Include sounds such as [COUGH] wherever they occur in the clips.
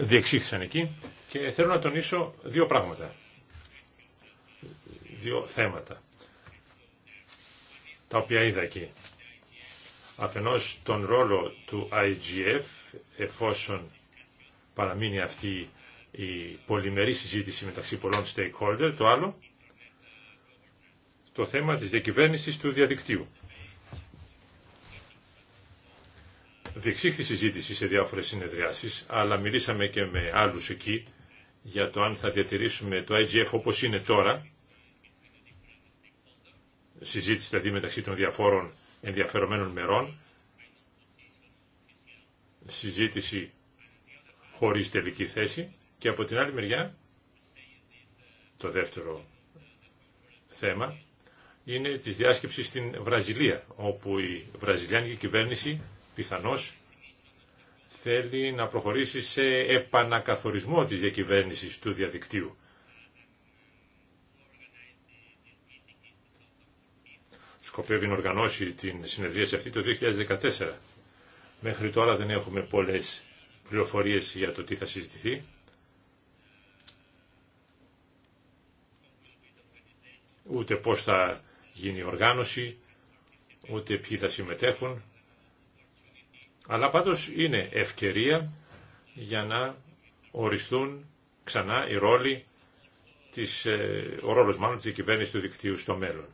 διεξήχθησαν εκεί και θέλω να τονίσω δύο πράγματα, δύο θέματα, τα οποία είδα εκεί. Αφενός τον ρόλο του IGF, εφόσον παραμείνει αυτή η πολυμερή συζήτηση μεταξύ πολλών stakeholder, το άλλο, το θέμα της διακυβέρνησης του διαδικτύου. διεξήχθη συζήτηση σε διάφορες συνεδριάσεις, αλλά μιλήσαμε και με άλλους εκεί για το αν θα διατηρήσουμε το IGF όπως είναι τώρα, συζήτηση δηλαδή μεταξύ των διαφόρων ενδιαφερομένων μερών, συζήτηση χωρίς τελική θέση και από την άλλη μεριά, το δεύτερο θέμα, είναι της διάσκεψης στην Βραζιλία, όπου η βραζιλιάνικη κυβέρνηση πιθανώς θέλει να προχωρήσει σε επανακαθορισμό της διακυβέρνησης του διαδικτύου. Σκοπεύει να οργανώσει την συνεδρία σε αυτή το 2014. Μέχρι τώρα δεν έχουμε πολλές πληροφορίες για το τι θα συζητηθεί. Ούτε πώς θα γίνει η οργάνωση, ούτε ποιοι θα συμμετέχουν. Αλλά πάντως είναι ευκαιρία για να οριστούν ξανά οι ρόλοι της, ε, ο ρόλος μάλλον της κυβέρνησης του δικτύου στο μέλλον.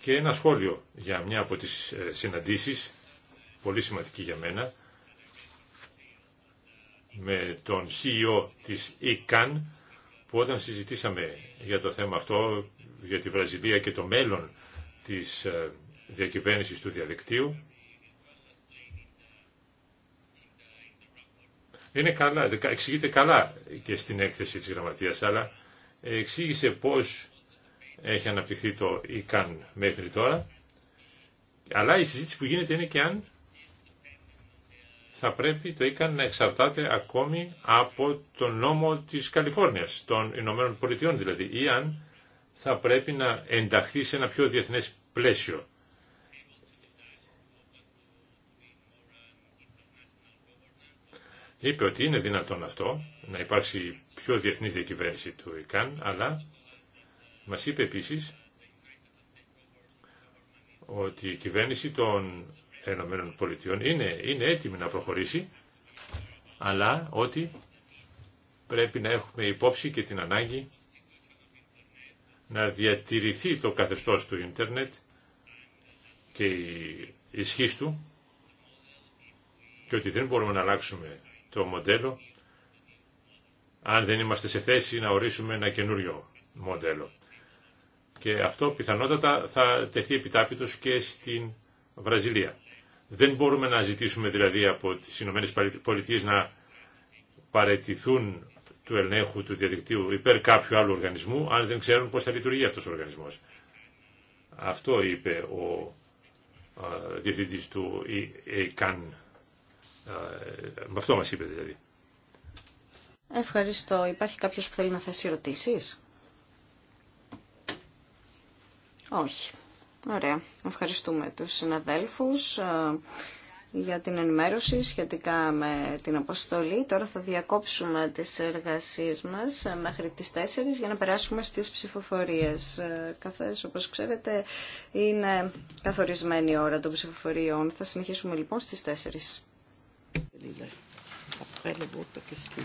Και ένα σχόλιο για μια από τις ε, συναντήσεις, πολύ σημαντική για μένα, με τον CEO της ICAN, που όταν συζητήσαμε για το θέμα αυτό, για τη Βραζιλία και το μέλλον της ε, διακυβέρνησης του διαδικτύου, Είναι καλά, εξηγείται καλά και στην έκθεση της γραμματείας, αλλά εξήγησε πώς έχει αναπτυχθεί το ΙΚΑΝ μέχρι τώρα, αλλά η συζήτηση που γίνεται είναι και αν θα πρέπει το ΙΚΑΝ να εξαρτάται ακόμη από τον νόμο της Καλιφόρνιας, των Ηνωμένων Πολιτειών δηλαδή, ή αν θα πρέπει να ενταχθεί σε ένα πιο διεθνές πλαίσιο. είπε ότι είναι δυνατόν αυτό, να υπάρξει πιο διεθνής διακυβέρνηση του ΕΚΑΝ αλλά μας είπε επίσης ότι η κυβέρνηση των Ενωμένων Πολιτειών είναι, είναι έτοιμη να προχωρήσει, αλλά ότι πρέπει να έχουμε υπόψη και την ανάγκη να διατηρηθεί το καθεστώς του ίντερνετ και η ισχύς του και ότι δεν μπορούμε να αλλάξουμε το μοντέλο αν δεν είμαστε σε θέση να ορίσουμε ένα καινούριο μοντέλο. Και αυτό πιθανότατα θα τεθεί επιτάπητος και στην Βραζιλία. Δεν μπορούμε να ζητήσουμε δηλαδή από τις Ηνωμένες Πολιτείες να παρετηθούν του ελέγχου του διαδικτύου υπέρ κάποιου άλλου οργανισμού, αν δεν ξέρουν πώς θα λειτουργεί αυτός ο οργανισμός. Αυτό είπε ο διευθυντής του ΕΚΑΝ με αυτό μας είπε δηλαδή. Ευχαριστώ. Υπάρχει κάποιος που θέλει να θέσει ερωτήσεις? Όχι. Ωραία. Ευχαριστούμε τους συναδέλφους ε, για την ενημέρωση σχετικά με την αποστολή. Τώρα θα διακόψουμε τις εργασίες μας ε, μέχρι τις 4 για να περάσουμε στις ψηφοφορίες. Ε, καθές, όπως ξέρετε, είναι καθορισμένη η ώρα των ψηφοφοριών. Θα συνεχίσουμε λοιπόν στις 4. Après le vote, qu'est-ce qu'il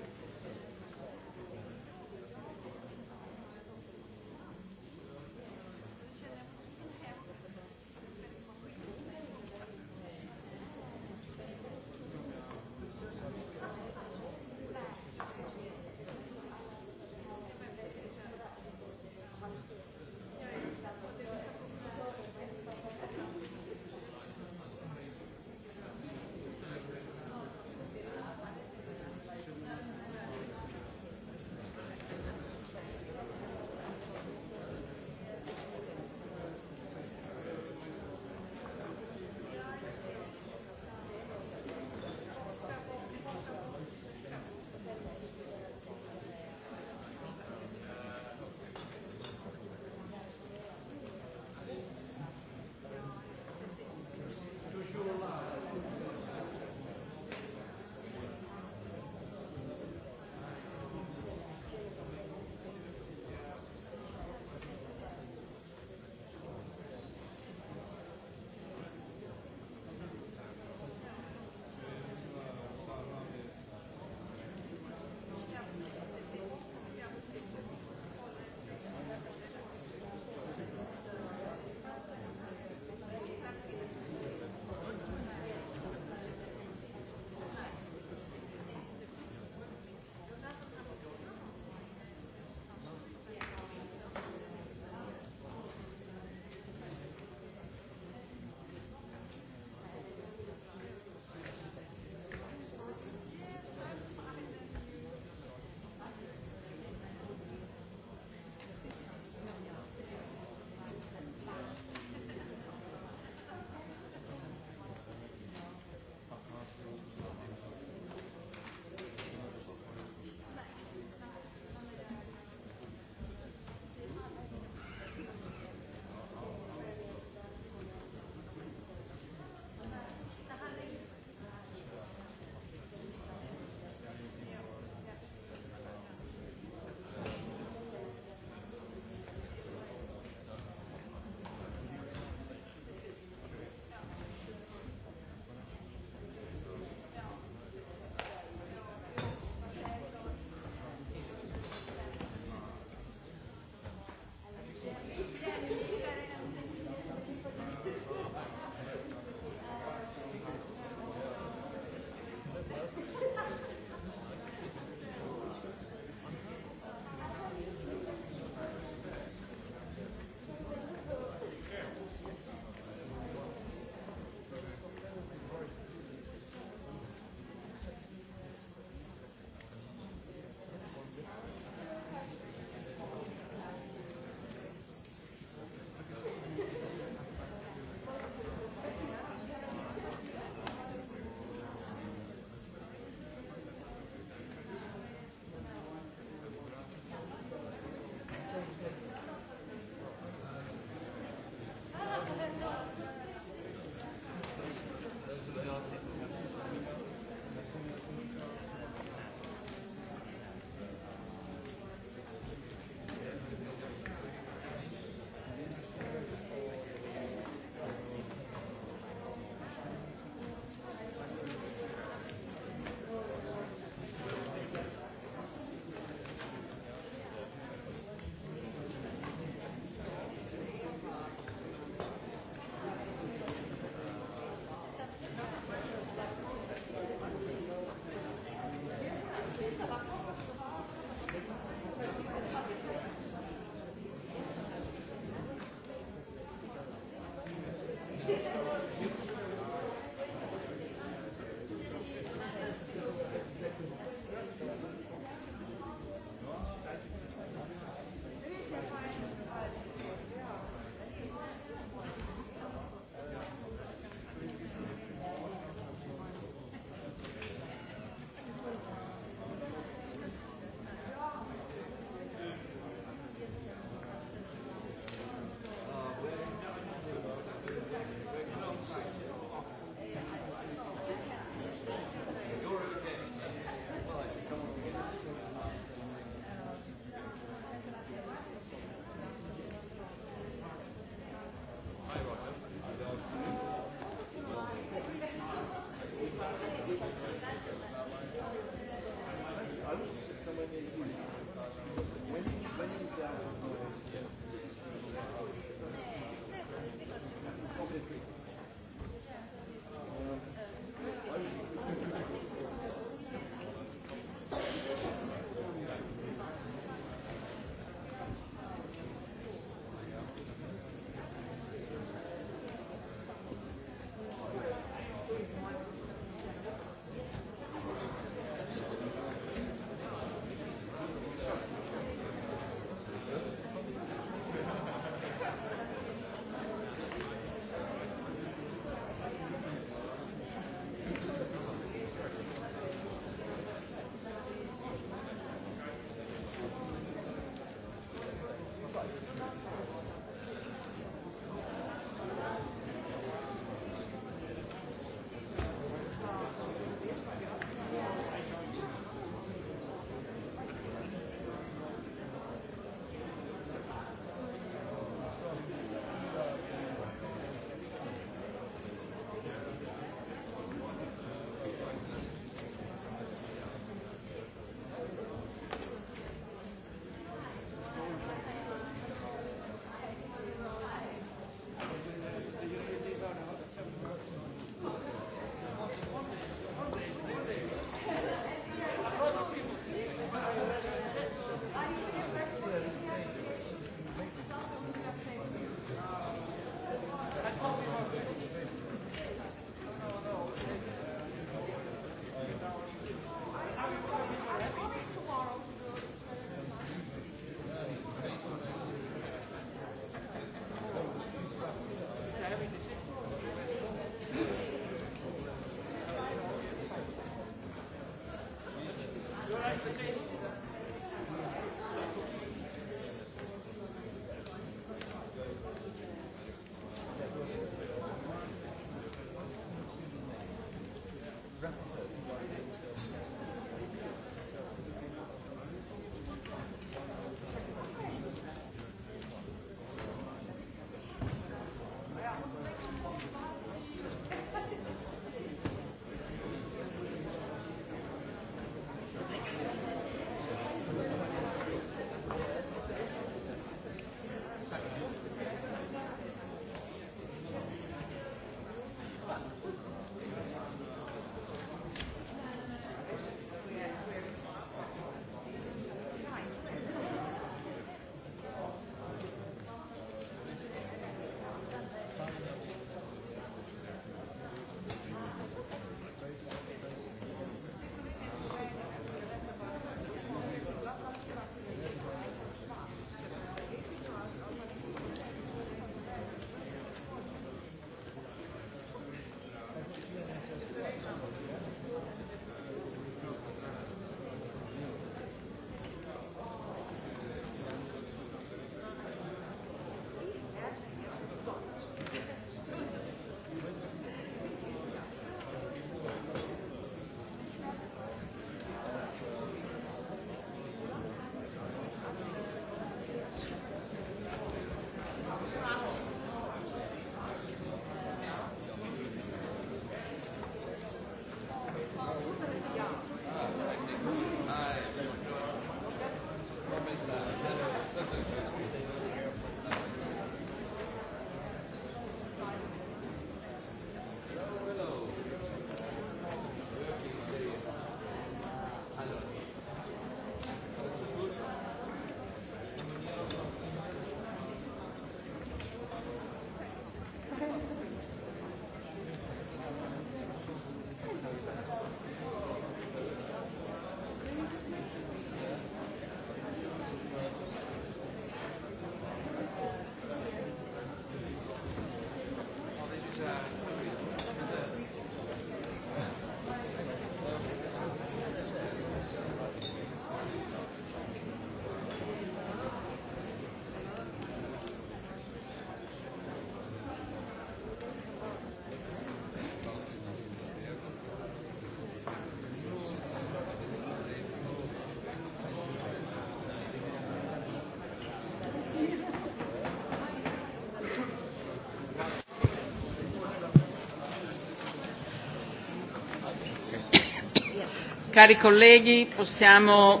Cari colleghi, possiamo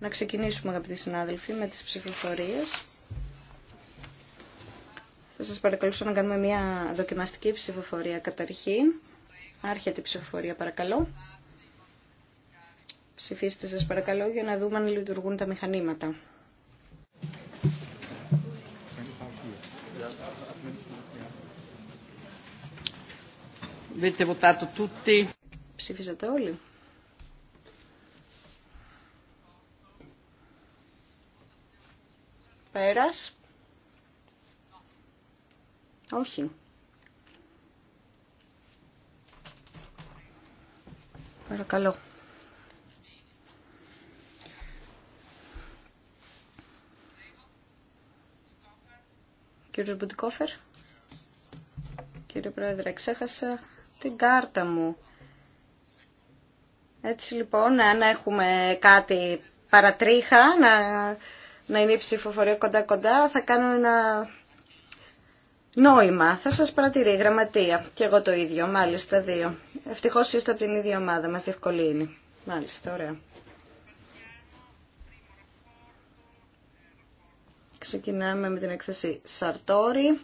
Να ξεκινήσουμε αγαπητοί συνάδελφοι με τις ψηφοφορίες. Θα σας παρακαλούσα να κάνουμε μια δοκιμαστική ψηφοφορία καταρχήν. Άρχεται η ψηφοφορία παρακαλώ. Ψηφίστε σας παρακαλώ για να δούμε αν λειτουργούν τα μηχανήματα. Avete votato tutti? Ψήφισατε όλοι. Πέρας. Όχι. Παρακαλώ. Κύριε Μπουτικόφερ. Κύριε Πρόεδρε, ξέχασα την κάρτα μου. Έτσι λοιπόν, αν έχουμε κάτι παρατρίχα, να, να είναι η ψηφοφορία κοντά-κοντά, θα κάνω ένα νόημα. Θα σας παρατηρεί η γραμματεία. Και εγώ το ίδιο, μάλιστα δύο. Ευτυχώς είστε από την ίδια ομάδα, μας διευκολύνει. Μάλιστα, ωραία. Ξεκινάμε με την έκθεση σαρτόρι,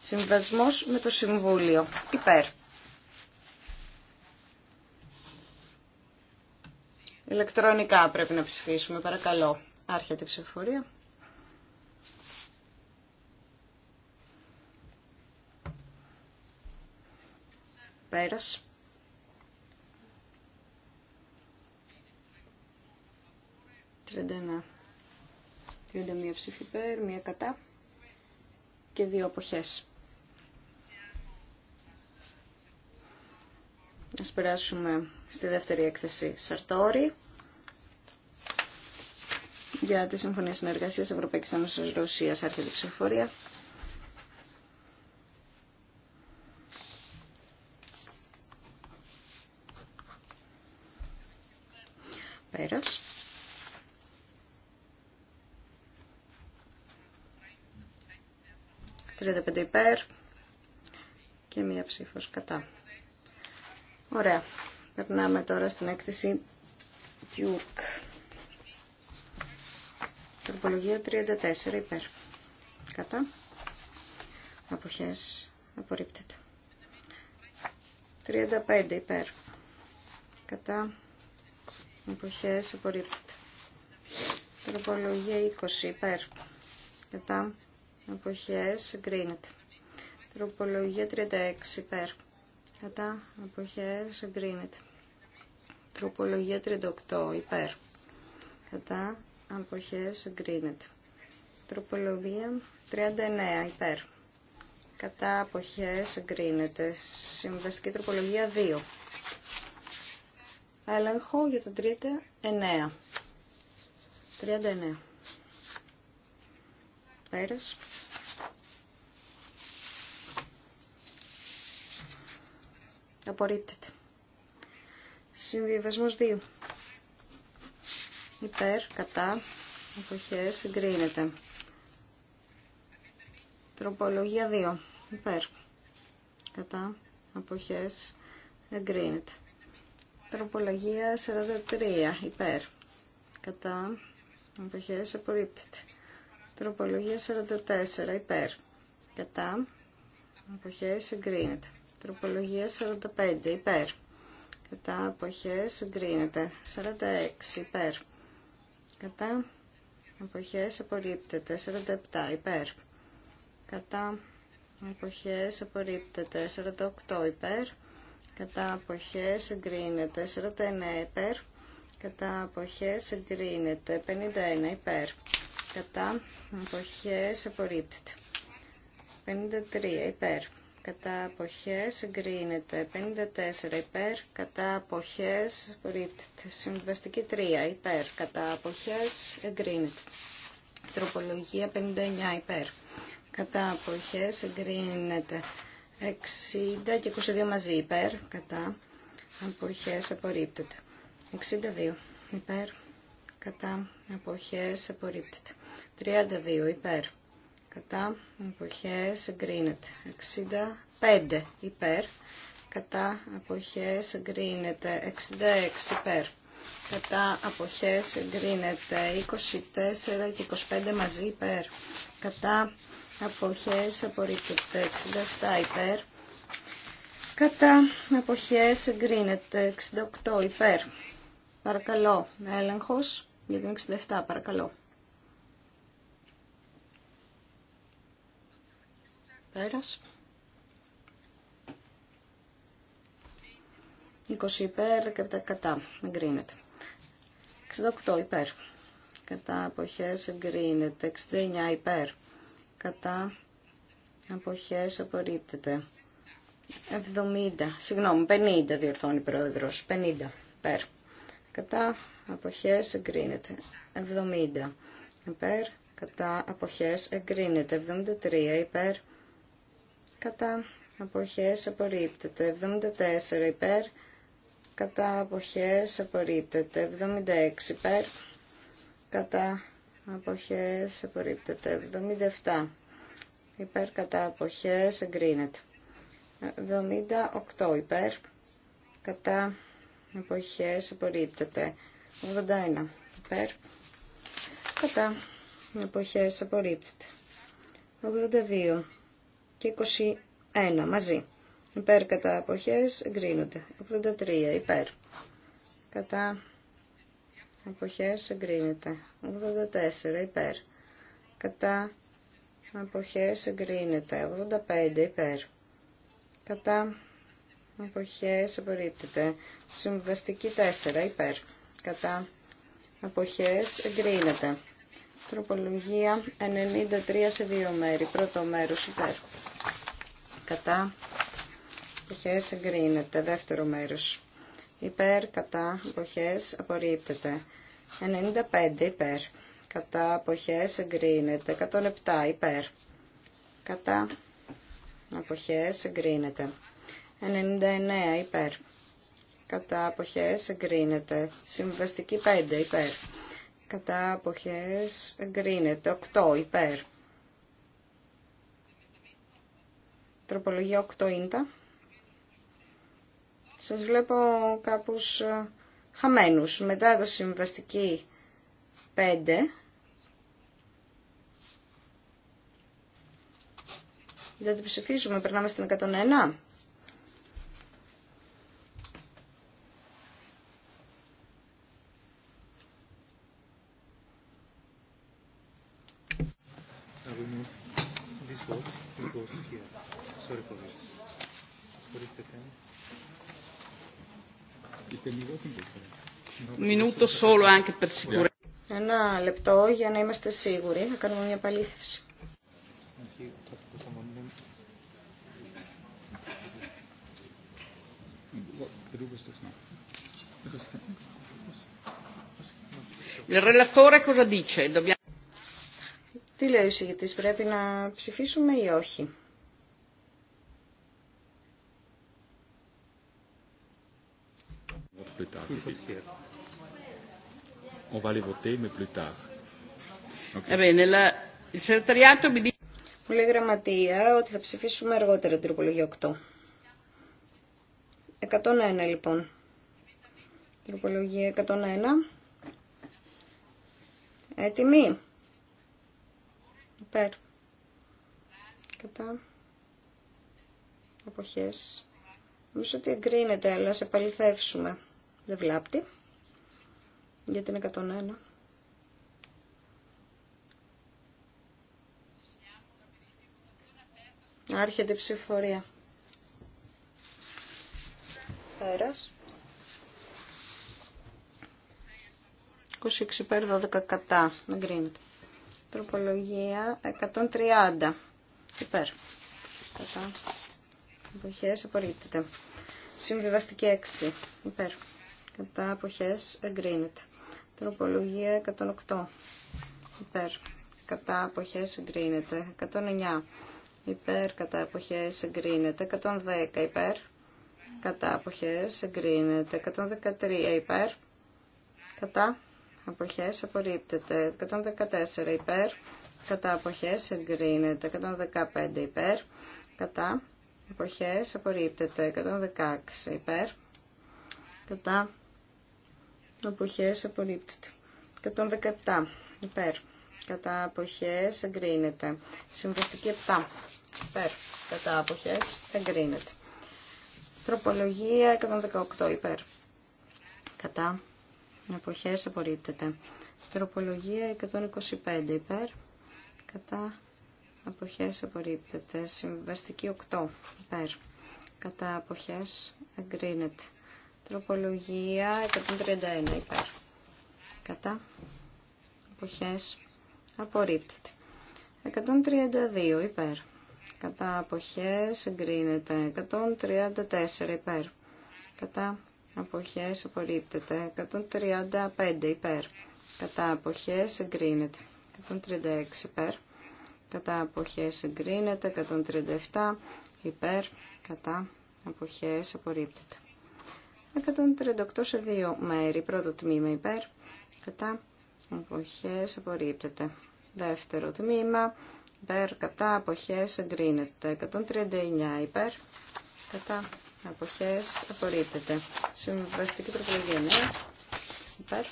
Συμβασμός με το Συμβούλιο. Υπέρ. Ηλεκτρονικά πρέπει να ψηφίσουμε, παρακαλώ. Άρχεται η ψηφοφορία. Πέρας. 31. 31 ψήφι περ, μία κατά και δύο αποχές. Ας περάσουμε στη δεύτερη έκθεση Σαρτόρη για τη Συμφωνία Συνεργασίας Ευρωπαϊκής Ένωσης Ρωσίας άρχεται ψηφοφορία. Πέρας. Τρει-πέντε υπέρ και μία ψήφος κατά. Ωραία. Περνάμε τώρα στην έκθεση Duke. Τροπολογία 34 υπέρ. Κατά. Αποχές απορρίπτεται. 35 υπέρ. Κατά. Αποχές απορρίπτεται. Τροπολογία 20 υπέρ. Κατά. Αποχές εγκρίνεται. Τροπολογία 36 υπέρ κατά αποχές εγκρίνεται. Τροπολογία 38 υπέρ κατά αποχές εγκρίνεται. Τροπολογία 39 υπέρ κατά αποχές εγκρίνεται. Συμβαστική τροπολογία 2. Έλεγχο για το 9. 39. Πέρας. Απορρίπτεται. Συμβιβασμός 2. Υπέρ, κατά, εποχές, εγκρίνεται. Τροπολογία 2. Υπέρ. Κατά, εποχές, εγκρίνεται. Τροπολογία 43. Υπέρ. Κατά, εποχές, απορρίπτεται. Τροπολογία 44. Υπέρ. Κατά, εποχές, εγκρίνεται. Τροπολογία 45 υπέρ. Κατά απόχέ, συγκρίνεται 46 υπέρ. Κατά αποχές απορρίπτεται. 47 υπέρ. Κατά αποχές απορρίπτεται. 48 υπέρ. Κατά απόχέ, συγκρίνεται 49 υπέρ. Κατά αποχές εγκρίνεται. 51 υπέρ. Κατά αποχές απορρίπτεται. 53 υπέρ κατά αποχές εγκρίνεται 54 υπέρ κατά αποχές ρίπτεται συμβαστική 3 υπέρ κατά αποχές εγκρίνεται τροπολογία 59 υπέρ κατά αποχές εγκρίνεται 60 και 22 μαζί υπέρ κατά αποχές απορρίπτεται 62 υπέρ κατά αποχές απορρίπτεται 32 υπέρ κατά εποχές εγκρίνεται. 65 υπέρ, κατά εποχές εγκρίνεται. 66 υπέρ, κατά αποχές εγκρίνεται. 24 και 25 μαζί υπέρ, κατά αποχές απορρίπτεται. 67 υπέρ, κατά αποχές εγκρίνεται. 68 υπέρ, παρακαλώ, έλεγχος για την 67 παρακαλώ. Πέρας. 20 υπέρ και κατά. Εγκρίνεται. 68 υπέρ. Κατά αποχές εγκρίνεται. 69 υπέρ. Κατά αποχές απορρίπτεται. 70. Συγγνώμη, 50 διορθώνει η πρόεδρος. 50 υπέρ. Κατά αποχές εγκρίνεται. 70 υπέρ. Κατά αποχές εγκρίνεται. 73 υπέρ κατά αποχές απορρίπτεται 74 υπέρ κατά αποχές απορρίπτεται 76 υπέρ κατά αποχές απορρίπτεται 77 υπέρ κατά αποχές εγκρίνεται 78 υπέρ κατά αποχές απορρίπτεται 81 υπέρ κατά αποχές απορρίπτεται 82 και 21 μαζί. Υπέρ κατά αποχές εγκρίνονται. 83 υπέρ. Κατά αποχές εγκρίνεται. 84 υπέρ. Κατά αποχές εγκρίνεται. 85 υπέρ. Κατά αποχές απορρίπτεται. Συμβαστική 4 υπέρ. Κατά αποχές εγκρίνεται. Τροπολογία 93 σε δύο μέρη. Πρώτο μέρος υπέρ. Κατά. Εποχές εγκρίνεται. Δεύτερο μέρος. Υπέρ, κατά, εποχέ, απορρίπτεται. 95 υπέρ. Κατά, εποχές εγκρίνεται. 107 υπέρ. Κατά, εποχές εγκρίνεται. 99 υπέρ. Κατά, αποχές εγκρίνεται. Συμβαστική 5 υπέρ κατά αποχές εγκρίνεται. 8 υπέρ. Τροπολογία 8 ίντα. Σας βλέπω κάπως ε, χαμένους. Μετάδοση συμβαστική 5. Δεν το ψηφίζουμε, περνάμε στην 101. Ένα λεπτό για να είμαστε σίγουροι. να κάνουμε μια παλήθευση. Τι λέει ο εισηγητής, πρέπει να ψηφίσουμε ή όχι on va les voter, mais plus tard. Eh Μου λέει η γραμματεία ότι θα ψηφίσουμε αργότερα την τροπολογία 8. 101 λοιπόν. Τροπολογία 101. Έτοιμοι. Υπέρ. Κατά. Αποχές. Νομίζω ότι εγκρίνεται, αλλά σε παληθεύσουμε. Δεν βλάπτει για την 101. Άρχεται η ψηφορία. Πέρας. 26 υπέρ 12 κατά. Εγκρίνεται. Τροπολογία 130. Υπέρ. Κατά. Εποχές απορρίπτεται. Συμβιβαστική 6. Υπέρ. Κατά εποχές εγκρίνεται. Τροπολογία 108. Υπέρ. Κατά αποχές εγκρίνεται. 109. Υπέρ. Κατά εποχέ εγκρίνεται. 110. Υπέρ. Κατά εποχέ εγκρίνεται. 113. Υπέρ. Κατά αποχές απορρίπτεται. 114. Υπέρ. Κατά εποχέ εγκρίνεται. 115. Υπέρ. Κατά αποχές απορρίπτεται. 116. Υπέρ. Κατά αποχές απορρίπτεται. 117 υπέρ κατά αποχές εγκρίνεται. Συμβαστική 7 υπέρ κατά αποχές εγκρίνεται. Τροπολογία 118 υπέρ κατά αποχές απορρίπτεται. Τροπολογία 125 υπέρ κατά αποχές απορρίπτεται. Συμβαστική 8 υπέρ κατά αποχές εγκρίνεται. Τροπολογία 131 υπέρ. Κατά. Αποχές. Απορρίπτεται. 132 υπέρ. Κατά αποχές εγκρίνεται. 134 υπέρ. Κατά αποχές απορρίπτεται. 135 υπέρ. Κατά αποχές εγκρίνεται. 136 υπέρ. Κατά αποχές εγκρίνεται. 137 υπέρ. Κατά αποχές απορρίπτεται. 138 σε δύο μέρη. Πρώτο τμήμα υπέρ, κατά, εποχές απορρίπτεται. Δεύτερο τμήμα υπέρ, κατά, αποχές εγκρίνεται. 139 υπέρ, κατά, αποχές απορρίπτεται. Συμβαστική τροπολογία 9 ναι. υπέρ,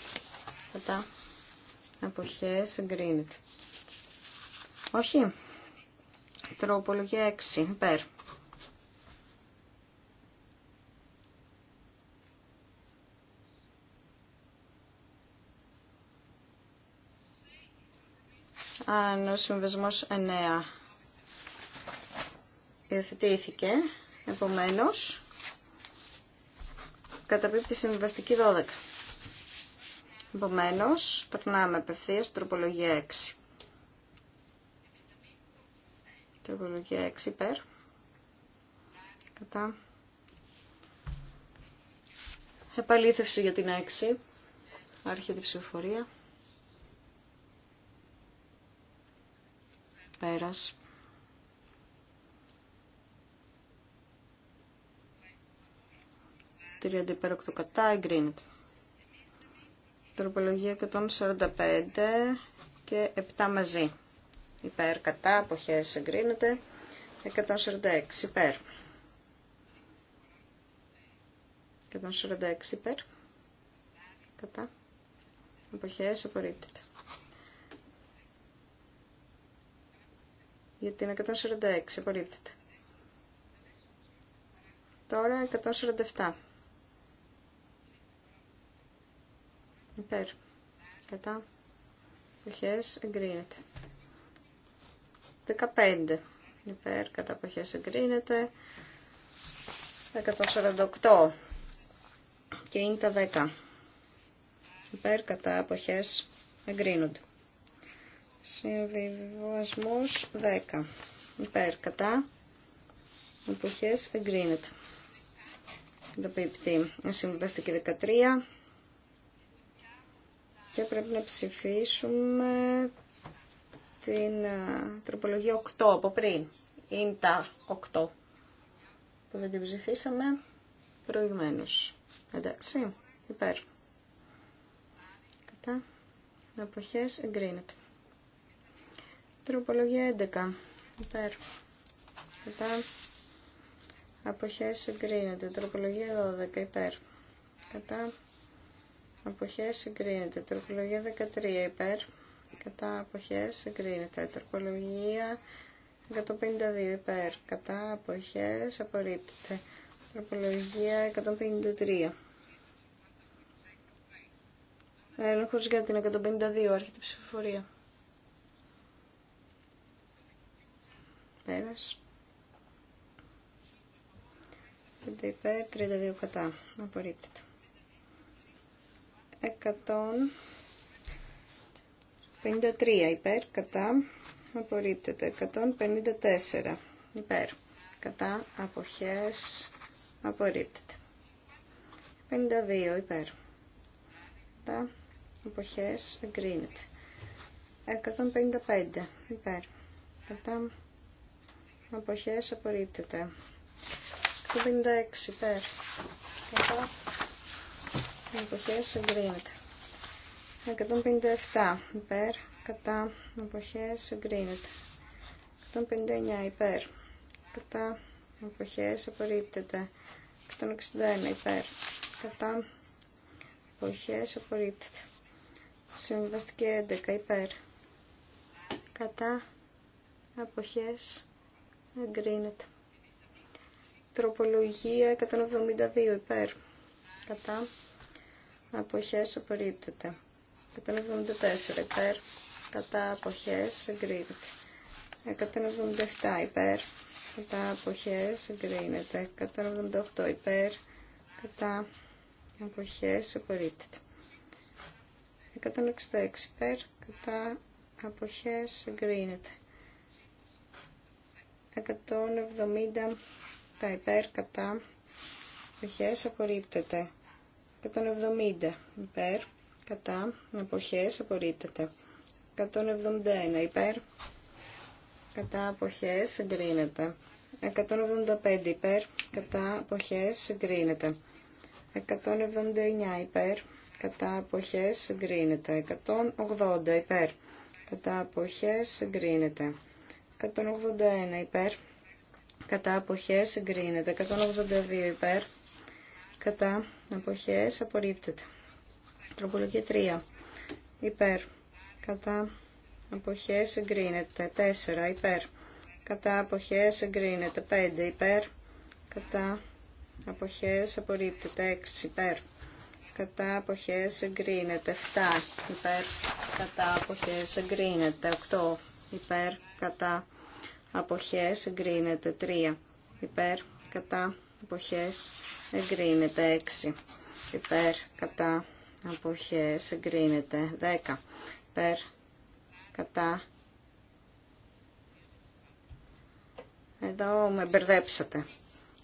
κατά, αποχές εγκρίνεται. Όχι. Τροπολογία 6 υπέρ Αν ο συμβεσμός 9 υιοθετήθηκε, επομένως, καταπίπτει συμβαστική 12. Επομένως, περνάμε απευθεία στην τροπολογία 6. Τροπολογία 6 υπέρ. Κατά. Επαλήθευση για την 6. Άρχεται η ψηφοφορία. Πέρας. Τριάντα υπέρ κατά εγκρίνεται. Τροπολογία 145 και 7 μαζί. Υπέρ κατά αποχές εγκρίνεται. 146 υπέρ. 146 υπέρ. Κατά. Αποχές απορρίπτεται. γιατί είναι 146 απορρίπτεται. Τώρα 147. Υπέρ. Κατά. Αποχές εγκρίνεται. 15. Υπέρ. Κατά αποχές εγκρίνεται. 148. Και είναι τα 10. Υπέρ. Κατά αποχές εγκρίνονται. Συμβιβασμός 10. Υπέρ, κατά. Εποχές εγκρίνεται. Το πίπτη. Συμβιβαστική 13. Και πρέπει να ψηφίσουμε την τροπολογία 8 από πριν. Είναι τα 8 που δεν την ψηφίσαμε προηγουμένως. Εντάξει, υπέρ. Κατά. Εποχές εγκρίνεται. Τροπολογία 11. Υπέρ. Κατά. Αποχές συγκρίνεται, Τροπολογία 12. Υπέρ. Κατά. Αποχές συγκρίνεται, Τροπολογία 13. Υπέρ. Κατά. Αποχές συγκρίνεται. Τροπολογία 152. Υπέρ. Κατά. Αποχές απορρίπτεται. Τροπολογία 153. Έλεγχος για την 152. Άρχεται ψηφοφορία. πέρα. 5 υπέρ, 32 κατά. Απορρίπτεται. 153 υπέρ, κατά. Απορρίπτεται. 154 υπέρ, κατά. Αποχές. Απορρίπτεται. 52 υπέρ. Κατά. Αποχές. Εγκρίνεται. 155 υπέρ. Κατά αποχές απορρίπτεται 56 υπέρ κατά αποχές εγκρίνεται 157 υπέρ κατά αποχές εγκρίνεται 159 υπέρ κατά αποχές απορρίπτεται 161 υπέρ κατά αποχές απορρίπτεται συμβαστική 11 υπέρ κατά αποχές εγκρίνεται. Τροπολογία 172 υπέρ. Κατά. Αποχές απορρίπτεται. 174 υπέρ. Κατά αποχές εγκρίνεται. 177 υπέρ. Κατά αποχές εγκρίνεται. 178 υπέρ. Κατά αποχές απορρίπτεται. 166 υπέρ. Κατά αποχές εγκρίνεται. 170 τα υπέρ κατά εποχές απορρίπτεται. 170 υπέρ κατά εποχές απορρίπτεται. 171 υπέρ κατά εποχές εγκρίνεται. 175 υπέρ κατά εποχές εγκρίνεται. 179 υπέρ κατά εποχές εγκρίνεται. 180 υπέρ κατά εποχές εγκρίνεται. 181 υπέρ, κατά αποχές εγκρίνεται. 182 υπέρ, κατά αποχές απορρίπτεται. Τροπολογία 3 υπέρ, κατά αποχές εγκρίνεται. 4 υπέρ, κατά αποχές εγκρίνεται. 5 υπέρ, κατά αποχές απορρίπτεται. 6 υπέρ κατά αποχές εγκρίνεται 7 υπέρ κατά αποχές εγκρίνεται 8 υπέρ κατά αποχές εγκρίνεται 3 υπέρ κατά αποχές εγκρίνεται 6 υπέρ κατά αποχές εγκρίνεται 10 υπέρ κατά εδώ με μπερδέψατε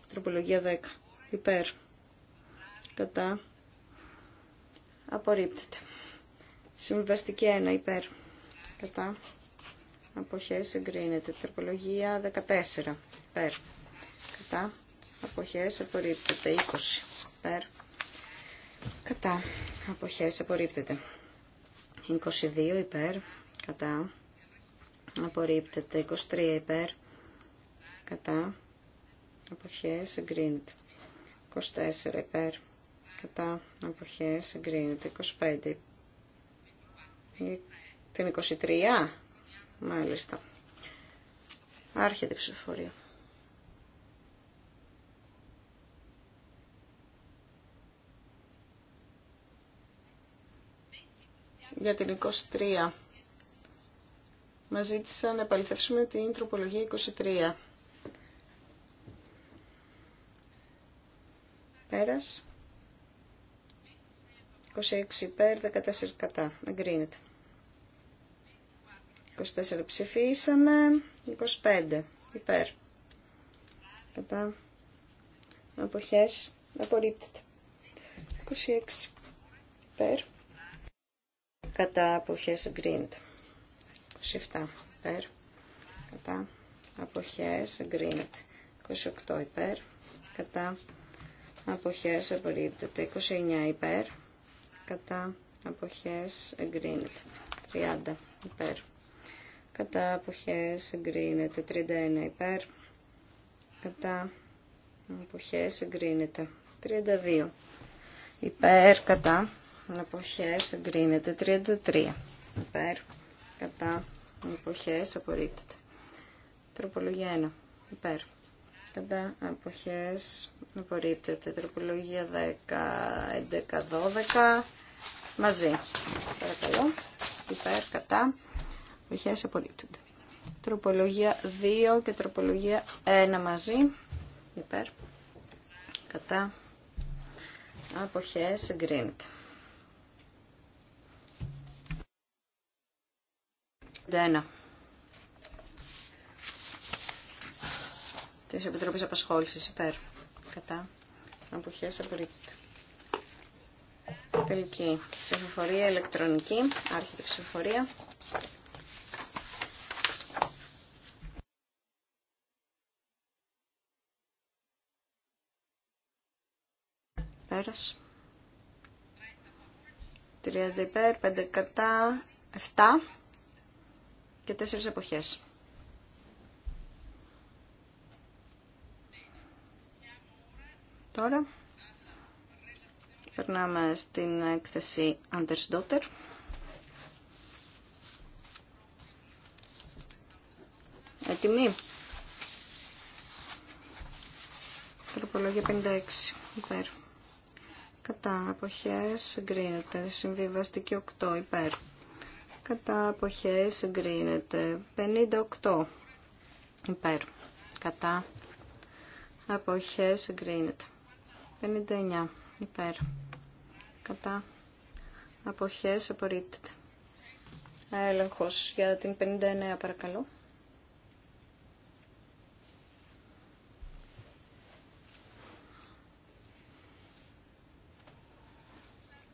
τροπολογία 10 υπέρ κατά απορρίπτεται συμβαστική 1 υπέρ κατά αποχές εγκρίνεται. Τροπολογία 14, Περ. Κατά, αποχές απορρίπτεται. 20, Περ. Κατά, αποχές απορρίπτεται. 22 υπέρ, κατά, απορρίπτεται. 23 υπέρ, κατά, αποχές εγκρίνεται. 24 υπέρ, κατά, αποχές εγκρίνεται. 25 την 23 Μάλιστα. Άρχεται η ψηφοφορία. Για την 23. Μας ζήτησαν να επαληθεύσουμε την τροπολογία 23. Πέρας. 26 υπέρ, 14 κατά. Εγκρίνεται. 24 ψηφίσαμε. 25 υπέρ. Κατά. Αποχές. Απορρίπτεται. 26 υπέρ. Κατά αποχές εγκρίνεται. 27 υπέρ. Κατά αποχές εγκρίνεται. 28 υπέρ. Κατά αποχές απορρίπτεται. 29 υπέρ. Κατά αποχές εγκρίνεται. 30 υπέρ κατά αποχές εγκρίνεται 31 υπέρ κατά αποχές εγκρίνεται 32 υπέρ κατά αποχές εγκρίνεται 33 υπέρ κατά αποχές απορρίπτεται τροπολογία 1 υπέρ κατά αποχές απορρίπτεται τροπολογία 10, 11, 12 μαζί παρακαλώ υπέρ κατά απολύπτονται. Τροπολογία 2 και τροπολογία 1 μαζί. Υπέρ. Κατά. Αποχέ εγκρίνεται. Τη Της απασχόληση Απασχόληση Υπέρ. Κατά. Αποχέ απορρίπτεται. Τελική ψηφοφορία ηλεκτρονική. Άρχεται ψηφοφορία. Πέρας. 30 υπέρ, 5 κατά, 7 και 4 εποχές. Τώρα περνάμε στην έκθεση Anders Dotter. Έτοιμοι. Τροπολογία 56 υπέρ κατά αποχές συγκρίνεται. Συμβιβαστική 8 υπέρ. Κατά αποχές συγκρίνεται. 58 υπέρ. Κατά αποχές συγκρίνεται. 59 υπέρ. Κατά αποχές απορρίπτεται. Έλεγχος για την 59 παρακαλώ.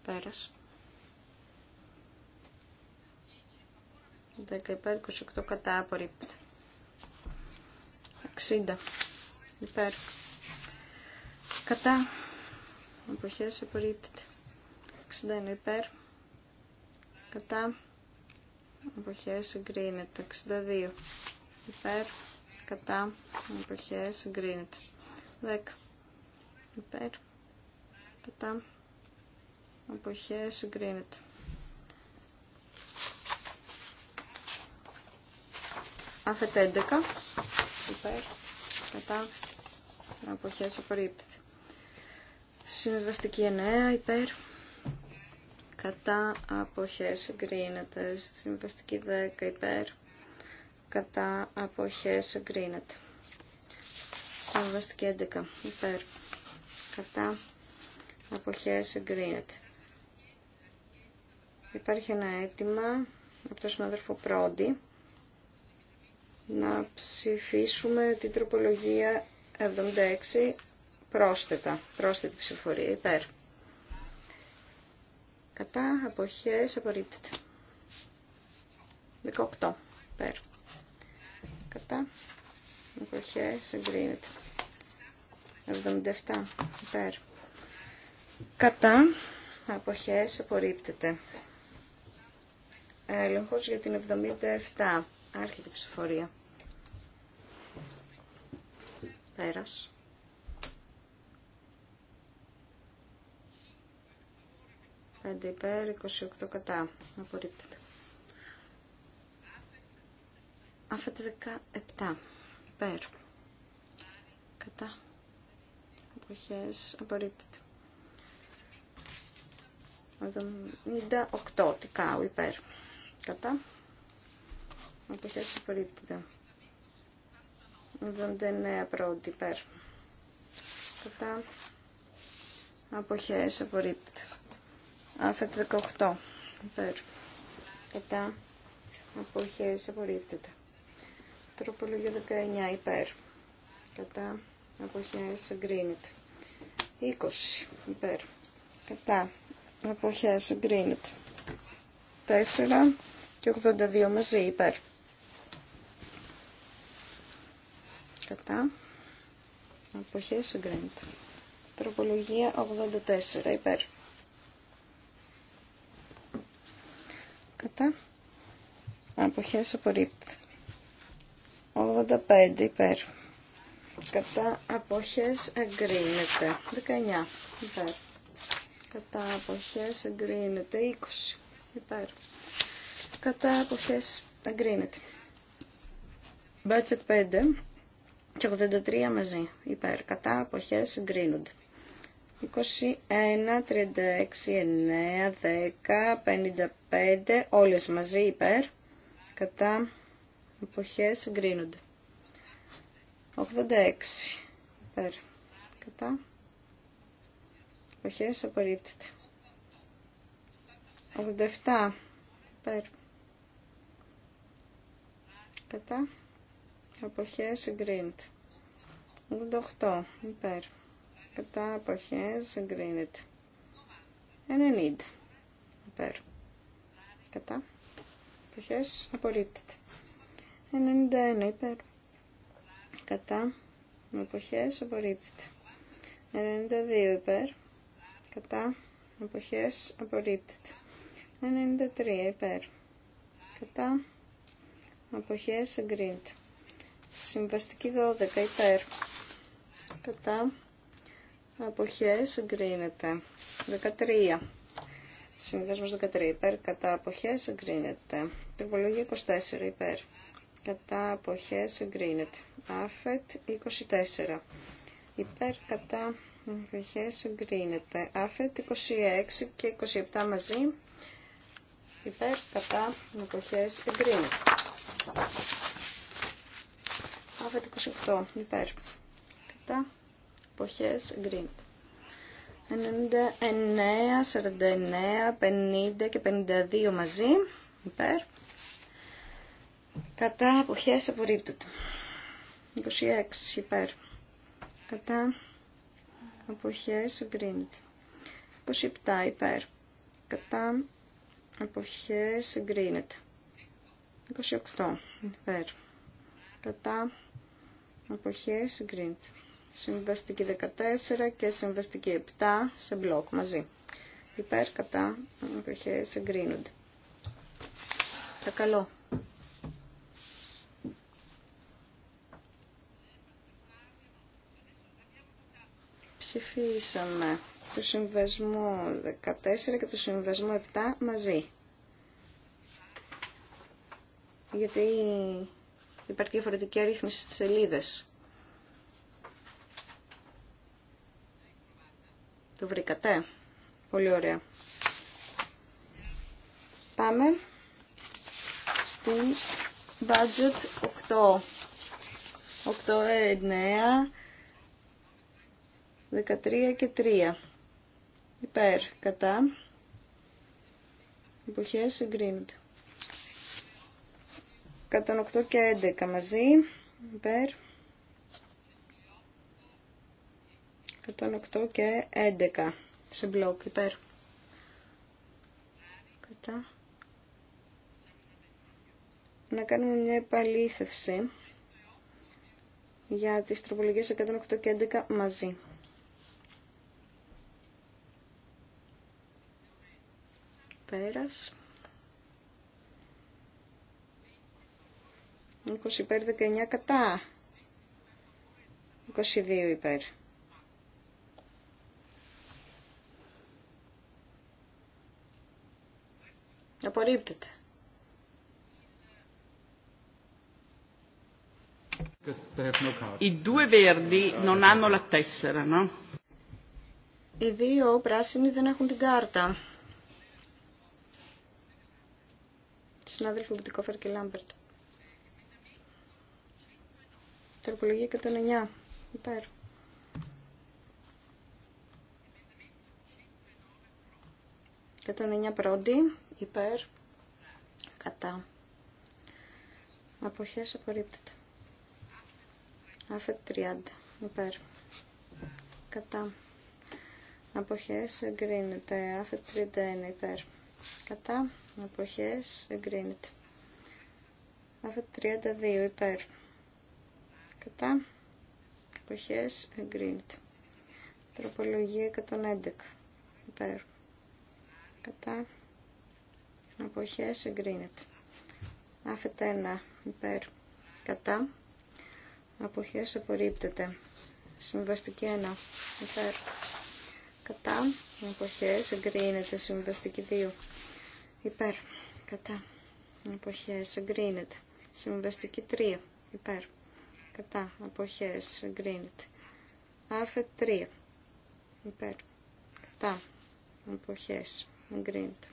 Πέρας. 10 υπέρ, 28 κατά, απορρίπτεται. 60 υπέρ. Κατά. Εποχές απορρίπτεται. 61 υπέρ. Κατά. Εποχές εγκρίνεται. 62 υπέρ. Κατά. Εποχές εγκρίνεται. 10 υπέρ. Κατά. Αποχές εγκρίνεται. Άφετ 11. Υπέρ. Κατά. Αποχές απορρίπτεται. Συμβαστική 9. Υπέρ. Κατά. Αποχές εγκρίνεται. Συμβαστική 10. Υπέρ. Κατά. Αποχές εγκρίνεται. Συμβαστική 11. Υπέρ. Κατά. Αποχές εγκρίνεται. Υπάρχει ένα αίτημα από τον συνάδελφο Πρόντι να ψηφίσουμε την τροπολογία 76 πρόσθετα, πρόσθετη ψηφορία υπέρ. Κατά αποχές απορρίπτεται. 18 υπέρ. Κατά αποχές εγκρίνεται. 77 υπέρ. Κατά αποχές απορρίπτεται έλεγχος για την 77. Άρχεται η ψηφορία. Πέρας. Πέντε υπέρ, 28 κατά. Απορρίπτεται. Άφετε 17. Υπέρ. Κατά. Αποχές. Απορρίπτεται. 78. Τικάου. Υπέρ κατά αποχές απορρίπτεται είναι πρώτη πέρα κατά αποχές απορρίπτεται άφετ 18 υπέρ κατά αποχές απορρίπτεται τροπολογία 19 υπέρ κατά απόχε εγκρίνεται 20 υπέρ κατά αποχές εγκρίνεται 4 και 82 μαζί υπέρ. Κατά. Αποχές εγκρίνεται. Τροπολογία 84 υπέρ. Κατά. Αποχές απορρίπτω. 85 υπέρ. Κατά αποχές εγκρίνεται. 19 υπέρ. Κατά αποχές εγκρίνεται. 20 υπέρ κατά εποχές εγκρίνεται. Budget 5 και 83 μαζί υπέρ κατά αποχές εγκρίνονται. 21, 36, 9, 10, 55, όλες μαζί υπέρ, κατά εποχές εγκρίνονται. 86 υπέρ, κατά εποχές απορρίπτεται. 87 υπέρ, κατά αποχές εγκρίνεται. 88 υπέρ κατά αποχές εγκρίνεται. 90 υπέρ κατά αποχές απορρίπτεται. 91 υπέρ κατά αποχές απορρίπτεται. 92 υπέρ κατά αποχές απορρίπτεται. 93 υπέρ κατά αποχές εγκρίνεται. Συμβαστική 12 υπέρ κατά αποχές εγκρίνεται. 13. Συμβιβασμός 13 υπέρ κατά αποχές εγκρίνεται. Τροπολογία 24 υπέρ κατά αποχές εγκρίνεται. Άφετ 24 υπέρ κατά αποχές εγκρίνεται. Άφετ 26 και 27 μαζί υπέρ κατά αποχές εγκρίνεται. Άβετ 28 υπέρ. Κατά εποχές γκριντ. 99, 49, 50 και 52 μαζί. Υπέρ. Κατά εποχές απορρίπτεται. 26 υπέρ. Κατά εποχές εγκρίνεται. 27 υπέρ. Κατά εποχές εγκρίνεται. 28 υπέρ κατά αποχές γκριντ. Συμβαστική 14 και συμβαστική 7 σε μπλοκ μαζί. Υπέρ κατά αποχές εγκρίνονται. Τα καλό. Ψηφίσαμε το συμβασμό 14 και το συμβασμό 7 μαζί γιατί υπάρχει διαφορετική αρρύθμιση στις σελίδες. Το βρήκατε. Πολύ ωραία. Πάμε στην budget 8. 8, 9, 13 και 3. Υπέρ, κατά. Εποχές συγκρίνονται. 108 και 11 μαζί. Υπέρ. 108 και 11 σε μπλοκ. Υπέρ. Κατά. Να κάνουμε μια επαλήθευση για τις τροπολογίες 108 και 11 μαζί. Πέρας. 20 υπέρ, 19 κατά. 22 υπέρ. Απορρίπτεται. Οι δύο βέρδι δεν έχουν la τέσσερα, no? Οι δύο πράσινοι δεν έχουν την κάρτα. Συνάδελφοι Μπουτικόφερ και Λάμπερτ. Τροπολογία 109. Υπέρ. Και 9 πρώτη, υπέρ, κατά. Αποχές απορρίπτεται. Άφετ 30, υπέρ, κατά. Αποχές εγκρίνεται. Άφετ 31, υπέρ, κατά. Αποχές εγκρίνεται. Άφετ 32, υπέρ, Κατά. εποχές εγκρίνεται. Τροπολογία 111. Υπέρ. Κατά. Αποχές εγκρίνεται. Άφετα 1. Υπέρ. Κατά. Αποχές απορρίπτεται. Συμβαστική 1. Υπέρ. Κατά. Αποχές εγκρίνεται. Συμβαστική 2. Υπέρ. Κατά. Αποχές εγκρίνεται. Συμβαστική 3. Υπέρ κατά αποχές εγκρίνεται. Άφετ 3 υπέρ κατά αποχές εγκρίνεται.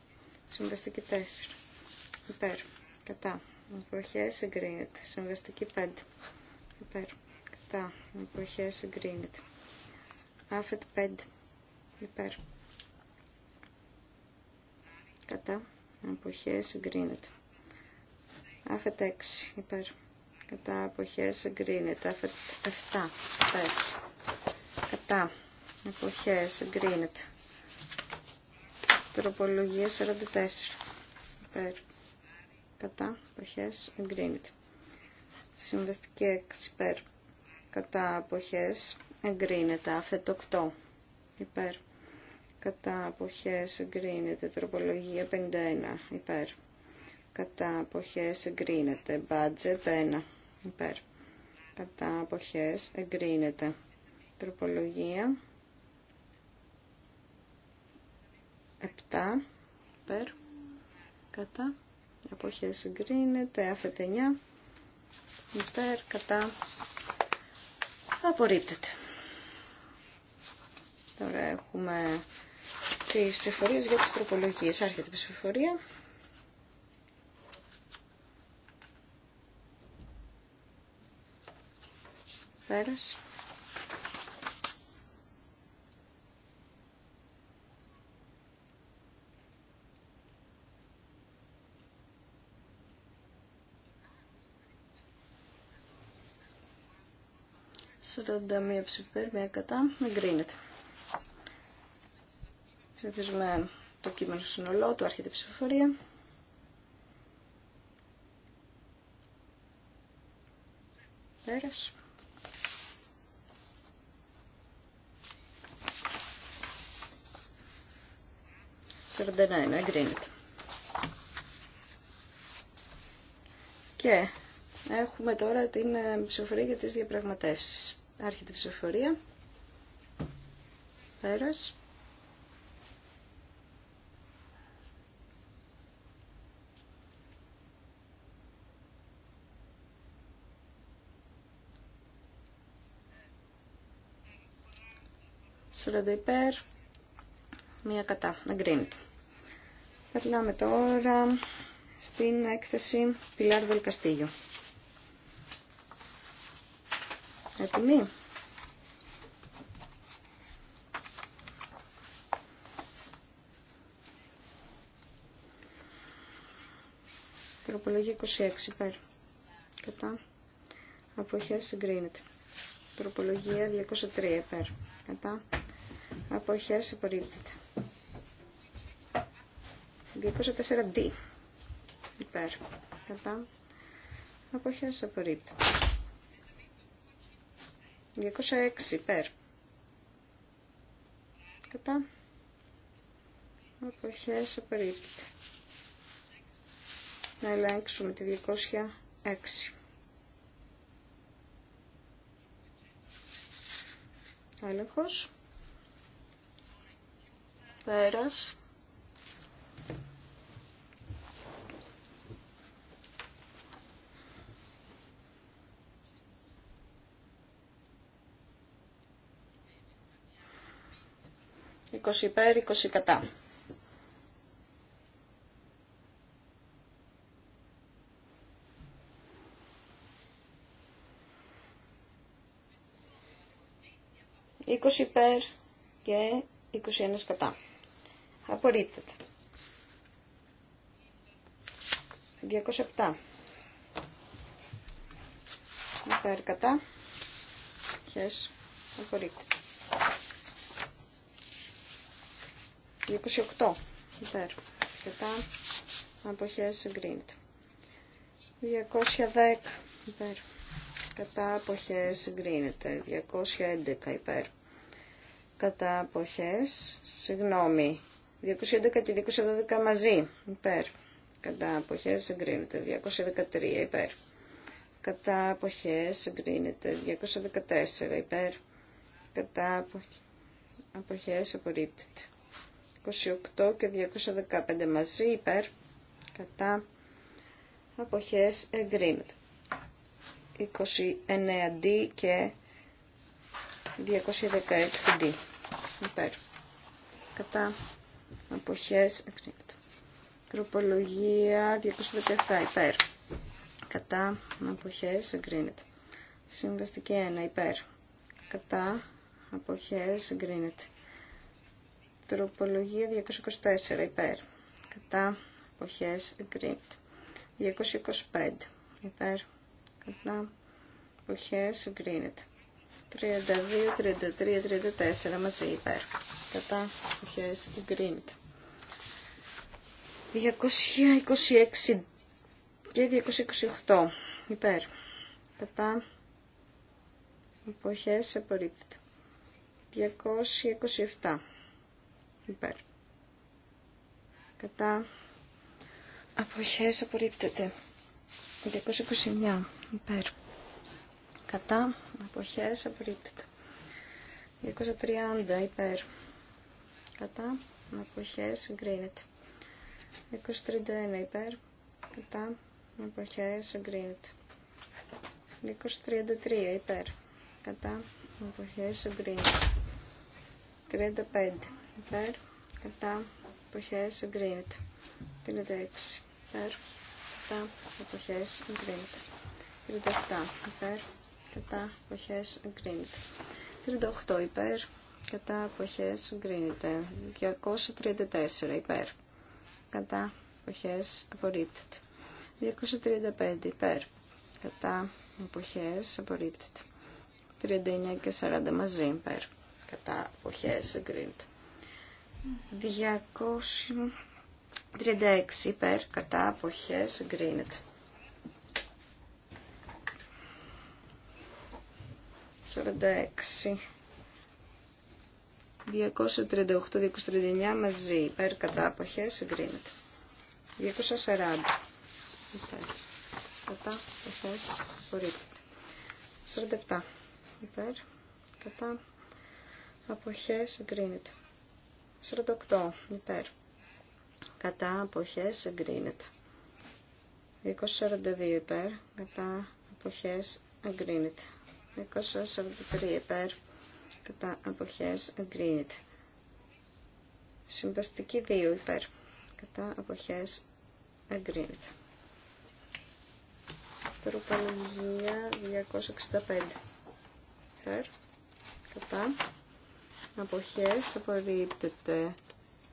Συμβαστική 4 υπέρ κατά αποχές εγκρίνεται. Συμβαστική 5 υπέρ κατά αποχές εγκρίνεται. Άφετ 5 υπέρ κατά αποχές εγκρίνεται. Άφετ 6 υπέρ κατά εποχές, εγκρίνεται 7 κατά εποχές, εγκρίνεται τροπολογία 44 υπέρ κατά εποχές, εγκρίνεται συμβαστική 6 υπέρ κατά εποχές, εγκρίνεται αφετ 8 υπέρ κατά εποχές, εγκρίνεται τροπολογία 51 υπέρ κατά αποχές εγκρίνεται. Budget 1 υπέρ κατά αποχές εγκρίνεται. Τροπολογία 7 υπέρ κατά αποχές εγκρίνεται. Αφετ 9 υπέρ κατά απορρίπτεται. Τώρα έχουμε τις ψηφορίες για τις τροπολογίες. Άρχεται η ψηφορία. Πέρας. Σαράντα μία ψηφέρ, μία κατά, εγκρίνεται. Ψηφίζουμε το κείμενο συνολό του, άρχεται η ψηφοφορία. Πέρασε. 49. εγκρίνεται. Και έχουμε τώρα την ε, ψηφοφορία για τις διαπραγματεύσεις. Άρχεται η ψηφοφορία. Πέρας. Σε υπέρ, μία κατά, εγκρίνεται. Περνάμε τώρα στην έκθεση Πιλάρ Δελκαστήγιο. Έτοιμοι. Τροπολογία 26 πέρα. Κατά. Αποχές συγκρίνεται. Τροπολογία 203 πέρα. Κατά. Αποχές απορρίπτεται. 204D. Υπέρ. Κατά. σε απορρίπτεται. 206 υπέρ. Κατά. Αποχές απορρίπτεται. Να ελέγξουμε τη 206. έλεγχος. Πέρας. 20 υπέρ, 20 κατά. Είκοσι υπέρ και 21 κατά. Απορρίπτεται. 207. Υπέρ κατά. Χες. Απορρίπτεται. 28 υπέρ κατά αποχές εγκρίνεται. 210 υπέρ κατά αποχές εγκρίνεται. 211 υπέρ κατά αποχές, συγγνώμη, 211 και 212 μαζί, υπέρ. Κατά αποχές εγκρίνεται 213 υπέρ. Κατά αποχές εγκρίνεται 214 υπέρ. Κατά αποχές απορρίπτεται. 28 και 215 μαζί υπέρ κατά αποχές εγκρίνεται. 29D και 216D υπέρ κατά αποχές εγκρίνεται. Τροπολογία 217 υπέρ κατά αποχές εγκρίνεται. Συμβαστική 1 υπέρ κατά αποχές εγκρίνεται. Τροπολογία 224 υπέρ. Κατά εποχέ εγκρίνεται. 225 υπέρ. Κατά εποχέ εγκρίνεται. 32, 33, 34 μαζί υπέρ. Κατά εποχές εγκρίνεται. 226 και 228 υπέρ. Κατά εποχές απορρίπτεται. 227 Υπέρ. Κατά. Αποχές απορρίπτεται. 229. Υπέρ. Κατά. Αποχές απορρίπτεται. 230. Υπέρ. Κατά. Αποχές συγκρίνεται. 231. Υπέρ. Κατά. Αποχές συγκρίνεται. 233. Υπέρ. Κατά. Αποχές συγκρίνεται. 35 υπέρ, κατά, εποχές, εγκρίνεται. 36 υπέρ, κατά, εποχές, εγκρίνεται. 37 υπέρ, κατά, εποχές, εγκρίνεται. 38 υπέρ, κατά, εποχές, εγκρίνεται. 234 υπέρ, κατά, εποχές, απορρίπτεται. 235 υπέρ, κατά, εποχές, απορρίπτεται. 39 και 40 μαζί υπέρ, κατά, εποχές, εγκρίνεται. 236 υπέρ κατά αποχές 46 Σαράντα 238-239 μαζί υπέρ κατά αποχές εγκρίνεται. 240 υπέρ κατά αποχές απορρίπτεται. 47 υπέρ κατά αποχές εγκρίνεται. 48 υπέρ. Κατά αποχές εγκρίνεται. 242 υπέρ. Κατά αποχές εγκρίνεται. 243 υπέρ. Κατά αποχές εγκρίνεται. Συμβαστική 2 υπέρ. Κατά αποχές εγκρίνεται. Τροπολογία 265 υπέρ. Κατά αποχές απορρίπτεται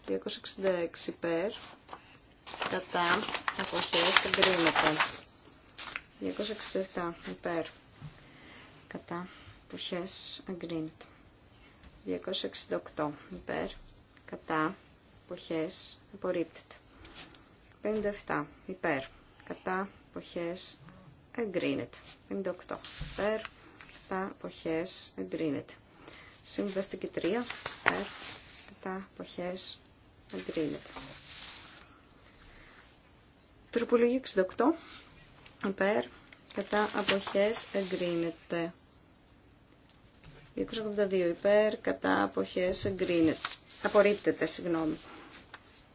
266 υπέρ κατά αποχές εγκρίνεται 267 υπέρ κατά αποχές εγκρίνεται 268 υπέρ κατά αποχές απορρίπτεται 57 υπέρ κατά αποχές εγκρίνεται 58 υπέρ κατά αποχές εγκρίνεται Συμβαστική 3 υπέρ κατά αποχές εγκρίνεται. Τροπολογή 68 υπέρ κατά αποχές εγκρίνεται. 282 υπέρ κατά αποχές εγκρίνεται. Απορρίπτεται, συγγνώμη.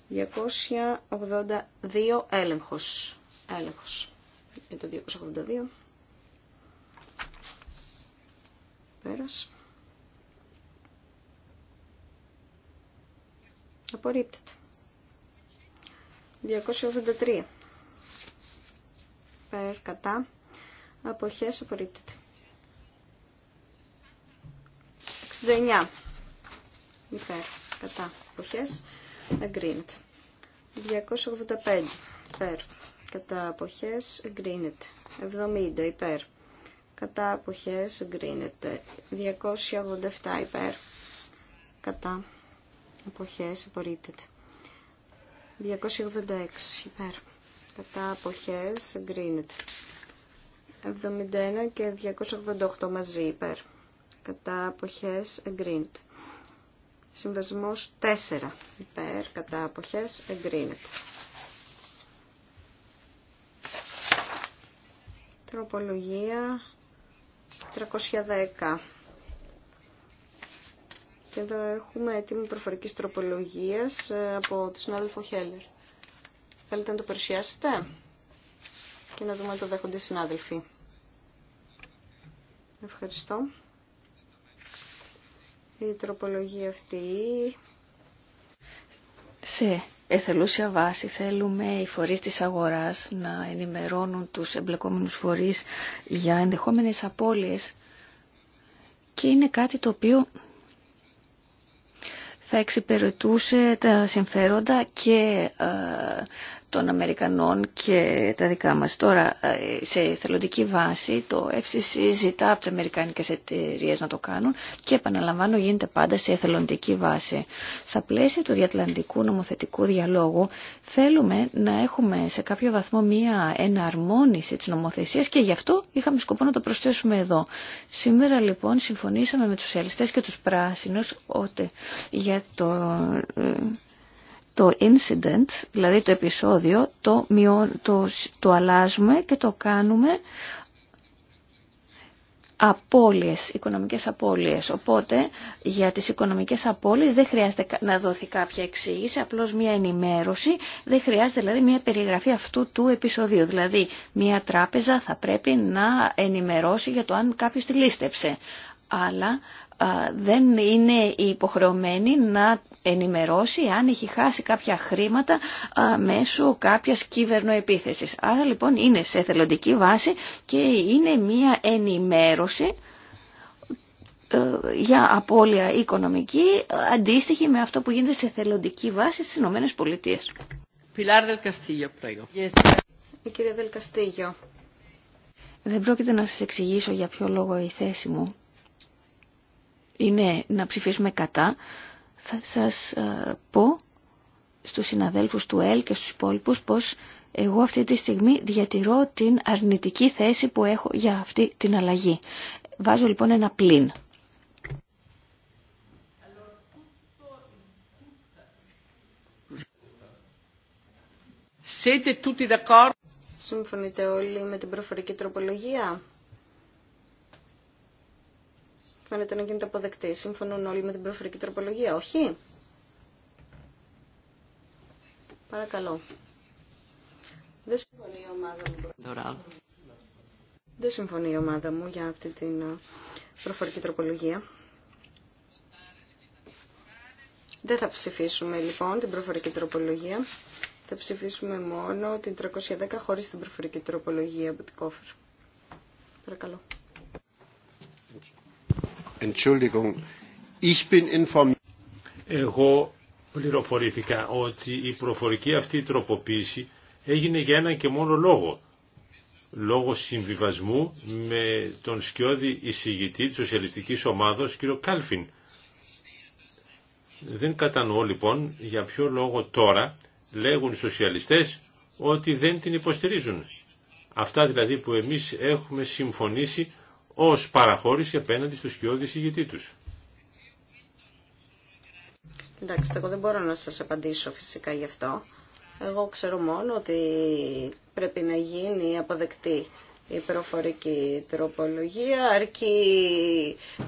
282 έλεγχος. Έλεγχος. Είναι το 282. Πέρας. Απορρίπτεται. 283. Περ, κατά. Αποχές απορρίπτεται. 69. Υπέρ, κατά. Αποχές εγκρίνεται. 285. Περ. Κατά αποχές εγκρίνεται. 70. Υπέρ. Κατά αποχές εγκρίνεται. 287. Υπέρ. Κατά αποχές απορρίπτεται. 286 υπέρ. Κατά αποχές εγκρίνεται. 71 και 288 μαζί υπέρ. Κατά αποχές εγκρίνεται. Συμβασμός 4 υπέρ. Κατά αποχές εγκρίνεται. Τροπολογία 310 και εδώ έχουμε έτοιμη προφορικής τροπολογίας ε, από τη συνάδελφο Χέλλερ. Θέλετε να το παρουσιάσετε και να δούμε αν το δέχονται οι συνάδελφοι. Ευχαριστώ. Η τροπολογία αυτή... Σε εθελούσια βάση θέλουμε οι φορείς της αγοράς να ενημερώνουν τους εμπλεκόμενους φορείς για ενδεχόμενες απώλειες και είναι κάτι το οποίο θα εξυπηρετούσε τα συμφέροντα και ε, των Αμερικανών και τα δικά μας. Τώρα, ε, σε θελοντική βάση, το FCC ζητά από τις Αμερικανικές εταιρείες να το κάνουν και επαναλαμβάνω γίνεται πάντα σε εθελοντική βάση. Στα πλαίσια του διατλαντικού νομοθετικού διαλόγου θέλουμε να έχουμε σε κάποιο βαθμό μία εναρμόνιση της νομοθεσίας και γι' αυτό είχαμε σκοπό να το προσθέσουμε εδώ. Σήμερα λοιπόν συμφωνήσαμε με τους ελιστές και τους πράσινους ότι για το ε, το incident, δηλαδή το επεισόδιο, το, το, το αλλάζουμε και το κάνουμε απώλειες, οικονομικές απώλειες. Οπότε για τις οικονομικές απώλειες δεν χρειάζεται να δοθεί κάποια εξήγηση, απλώς μια ενημέρωση, δεν χρειάζεται δηλαδή μια περιγραφή αυτού του επεισοδίου. Δηλαδή μια τράπεζα θα πρέπει να ενημερώσει για το αν κάποιος τη λίστεψε. Αλλά δεν είναι υποχρεωμένη να ενημερώσει αν έχει χάσει κάποια χρήματα μέσω κάποιας κυβερνοεπίθεσης. Άρα λοιπόν είναι σε θελοντική βάση και είναι μία ενημέρωση ε, για απώλεια οικονομική αντίστοιχη με αυτό που γίνεται σε θελοντική βάση στις Ηνωμένες Πολιτείες. Πιλάρ Η κυρία Δεν πρόκειται να σας εξηγήσω για ποιο λόγο η θέση μου είναι να ψηφίσουμε κατά θα σας ε, πω στους συναδέλφους του ΕΛ και στους υπόλοιπους πως εγώ αυτή τη στιγμή διατηρώ την αρνητική θέση που έχω για αυτή την αλλαγή. Βάζω λοιπόν ένα πλήν. Συμφωνείτε όλοι με την προφορική τροπολογία. Φαίνεται να γίνεται αποδεκτή. Συμφωνούν όλοι με την προφορική τροπολογία, όχι? Παρακαλώ. Δεν συμφωνεί η ομάδα μου. συμφωνεί ομάδα μου για αυτή την προφορική τροπολογία. Δεν θα ψηφίσουμε λοιπόν την προφορική τροπολογία. Θα ψηφίσουμε μόνο την 310 χωρίς την προφορική τροπολογία από την κόφερ. Παρακαλώ. Εγώ πληροφορήθηκα ότι η προφορική αυτή τροποποίηση έγινε για ένα και μόνο λόγο. Λόγω συμβιβασμού με τον σκιώδη εισηγητή της σοσιαλιστικής ομάδος, κύριο Κάλφιν. Δεν κατανοώ λοιπόν για ποιο λόγο τώρα λέγουν οι σοσιαλιστές ότι δεν την υποστηρίζουν. Αυτά δηλαδή που εμείς έχουμε συμφωνήσει ως παραχώρηση απέναντι στους σκιώδη ηγητή τους. Εντάξει, εγώ δεν μπορώ να σας απαντήσω φυσικά γι' αυτό. Εγώ ξέρω μόνο ότι πρέπει να γίνει αποδεκτή η προφορική τροπολογία, αρκεί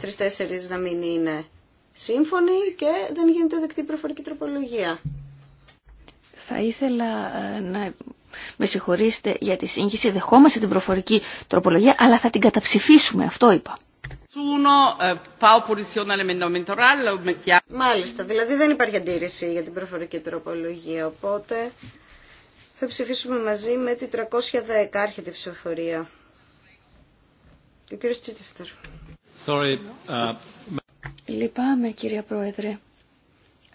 τρεις-τέσσερις να μην είναι σύμφωνοι και δεν γίνεται δεκτή η προφορική τροπολογία. Θα ήθελα ε, να με συγχωρήστε για τη σύγχυση, δεχόμαστε την προφορική τροπολογία, αλλά θα την καταψηφίσουμε, αυτό είπα. Eh, Μάλιστα, δηλαδή δεν υπάρχει αντίρρηση για την προφορική τροπολογία, οπότε θα ψηφίσουμε μαζί με την 310, άρχεται ψηφοφορία. Ο κύριος Τσίτσεστερ. Uh, Λυπάμαι κυρία Πρόεδρε,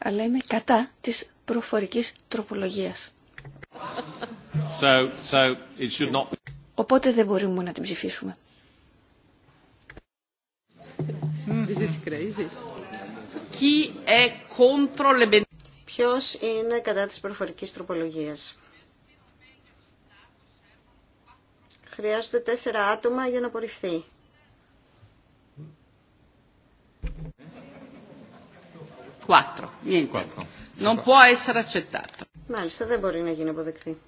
αλλά είμαι κατά της προφορικής τροπολογίας. Οπότε δεν μπορούμε να την ψηφίσουμε. Ποιο ε Ποιος είναι κατά της προφορικής τροπολογίας. Χρειάζονται τέσσερα άτομα για να απορριφθεί. Μάλιστα δεν μπορεί να γίνει αποδεκτή.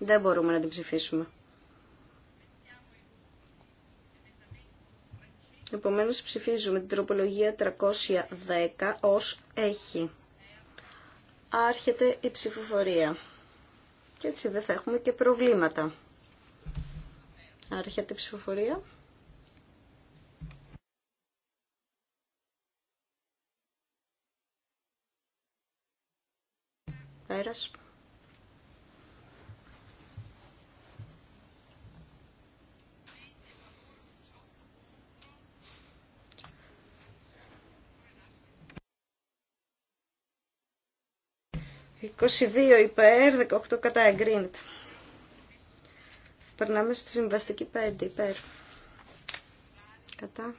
Δεν μπορούμε να την ψηφίσουμε. Επομένως ψηφίζουμε την τροπολογία 310 ως έχει. Άρχεται η ψηφοφορία. Και έτσι δεν θα έχουμε και προβλήματα. Άρχεται η ψηφοφορία. Πέρας. 22 υπέρ, 18 κατά εγκρίνεται. Περνάμε στη συμβαστική 5 υπέρ. Κατά.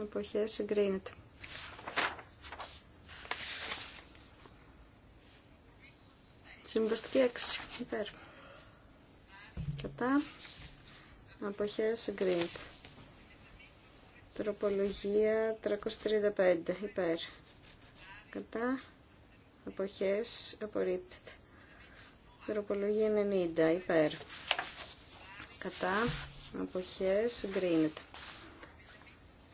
Εποχές εγκρίνεται. Συμβαστική 6 υπέρ. Κατά. Εποχές εγκρίνεται. Τροπολογία 335 υπέρ. Κατά εποχές απορρίπτεται. Τροπολογία 90 υπέρ. Κατά εποχές εγκρίνεται.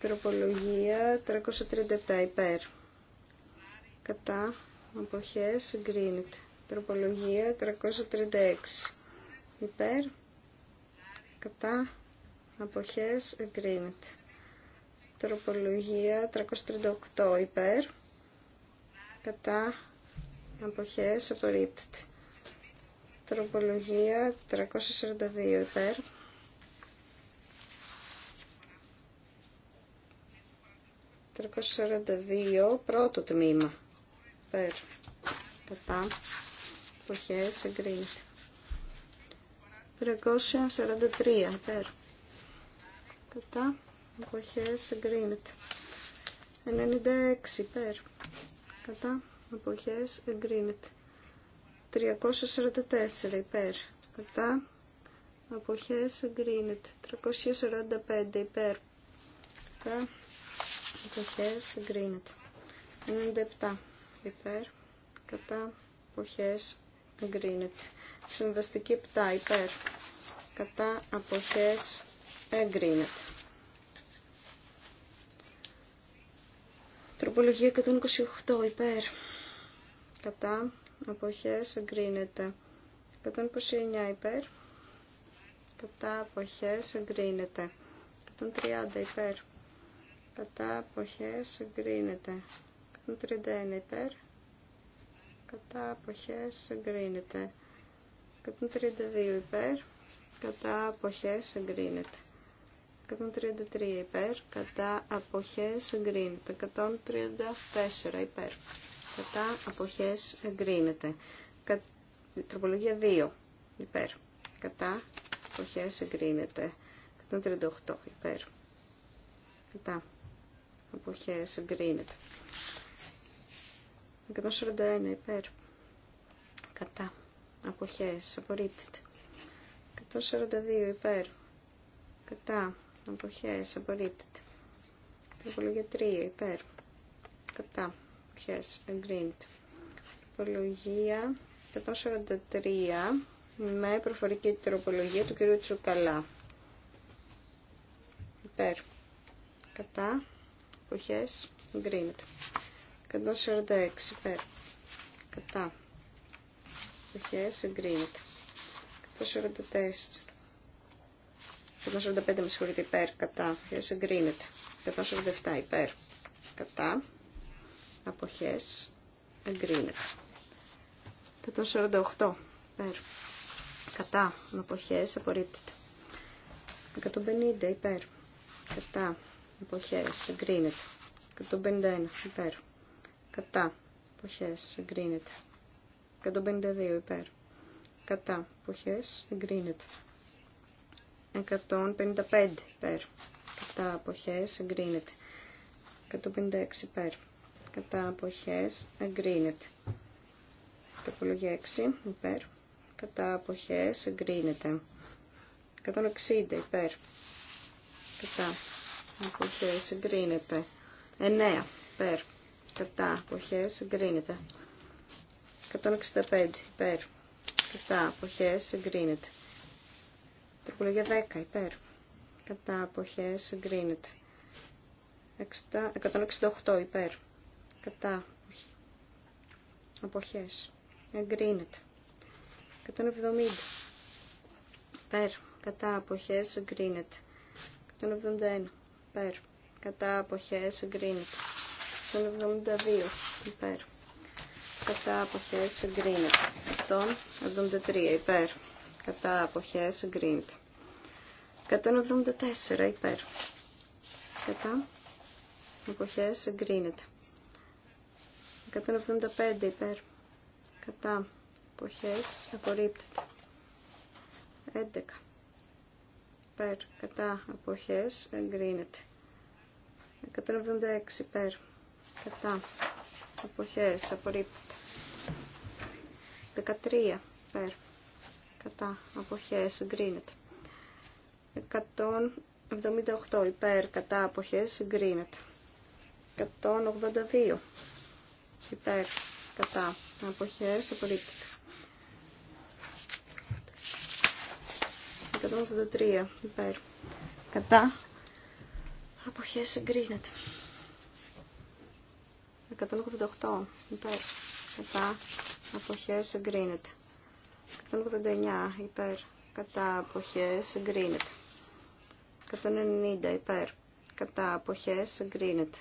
Τροπολογία 337 υπέρ. Κατά εποχές συγκρίνεται. Τροπολογία 336 υπέρ. Κατά εποχές εγκρίνεται. Τροπολογία 338 υπέρ. Κατά αποχές απορρίπτεται. Τροπολογία 342 υπέρ. ...342, πρώτο τμήμα, υπέρ, κατά, εποχές, εγκρίνεται. 343, υπέρ, κατά, εποχές, εγκρίνεται. 96, υπέρ, κατά, αποχές εγκρίνεται. 344 υπέρ κατά αποχές εγκρίνεται. 345 υπέρ κατά αποχές εγκρίνεται. 97 υπέρ κατά αποχές εγκρίνεται. Συμβαστική 7 υπέρ κατά αποχές εγκρίνεται. Τροπολογία 128 υπέρ κατά αποχές εγκρίνεται 129 υπέρ κατά αποχές εγκρίνεται 130 υπέρ κατά αποχές εγκρίνεται 131 υπέρ κατά αποχές εγκρίνεται 132 υπέρ κατά αποχές εγκρίνεται 133 υπέρ κατά αποχές εγκρίνεται 134 υπέρ κατά αποχές εγκρίνεται. Κα... Τροπολογία 2 υπέρ κατά αποχές εγκρίνεται. 138 υπέρ κατά αποχές εγκρίνεται. 141 υπέρ κατά αποχές απορρίπτεται. 142 υπέρ κατά αποχές απορρίπτεται. Τροπολογία 3 υπέρ κατά Αποχές. Εγκρίνεται. Τροπολογία 143 με προφορική τροπολογία του κ. Τσουκαλά. Υπέρ. Κατά. Αποχές. Εγκρίνεται. 146 υπέρ. Κατά. Αποχές. Εγκρίνεται. 144. 145 με συγχωρείτε υπέρ, κατά, αποχές εγκρίνεται. 147 υπέρ, κατά, αποχές εγκρίνεται. 148 υπέρ κατά αποχές απορρίπτεται. 150 υπέρ κατά αποχές εγκρίνεται. 151 υπέρ κατά αποχές εγκρίνεται. 152 υπέρ κατά αποχές εγκρίνεται. 155 υπέρ κατά αποχές εγκρίνεται. 156 υπέρ κατά αποχές εγκρίνεται. Τροπολογία 6 υπέρ κατά αποχές εγκρίνεται. 160 υπέρ κατά αποχές εγκρίνεται. 9 υπέρ κατά αποχές εγκρίνεται. 165 υπέρ κατά αποχές εγκρίνεται. Τροπολογία 10 υπέρ κατά αποχές εγκρίνεται. 168 υπέρ κατά αποχές εγκρίνεται 170 περ κατά αποχές εγκρίνεται 171 περ κατά αποχές εγκρίνεται 172 υπέρ κατά αποχές εγκρίνεται 173 υπέρ κατά αποχές εγκρίνεται 174 υπέρ κατά αποχές εγκρίνεται 175 υπέρ κατά εποχές απορρίπτεται 11 υπέρ κατά εποχές εγκρίνεται 176 υπέρ κατά εποχές απορρίπτεται 13 υπέρ κατά εποχές εγκρίνεται 178 υπέρ κατά εποχές εγκρίνεται 182 υπέρ, κατά, αποχές, απορρίπτεται. 183 υπέρ, κατά, αποχές, εγκρίνεται. 188 υπέρ, κατά, αποχές, εγκρίνεται. 189 υπέρ, κατά, απόχε εγκρίνεται. 190 υπέρ, κατά, απόχέ εγκρίνεται.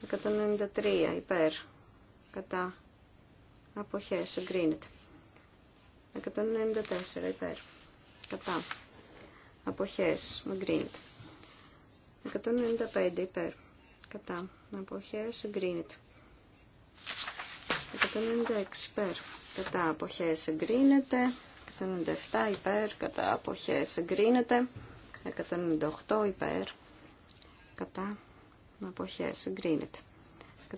193 υπέρ κατά αποχές εγκρίνεται 194 υπέρ κατά αποχές εγκρίνεται 195 υπέρ κατά αποχές εγκρίνεται 196 υπέρ κατά αποχές εγκρίνεται 197 υπέρ κατά αποχές εγκρίνεται 198 υπέρ κατά απόχέ εγκρίνεται.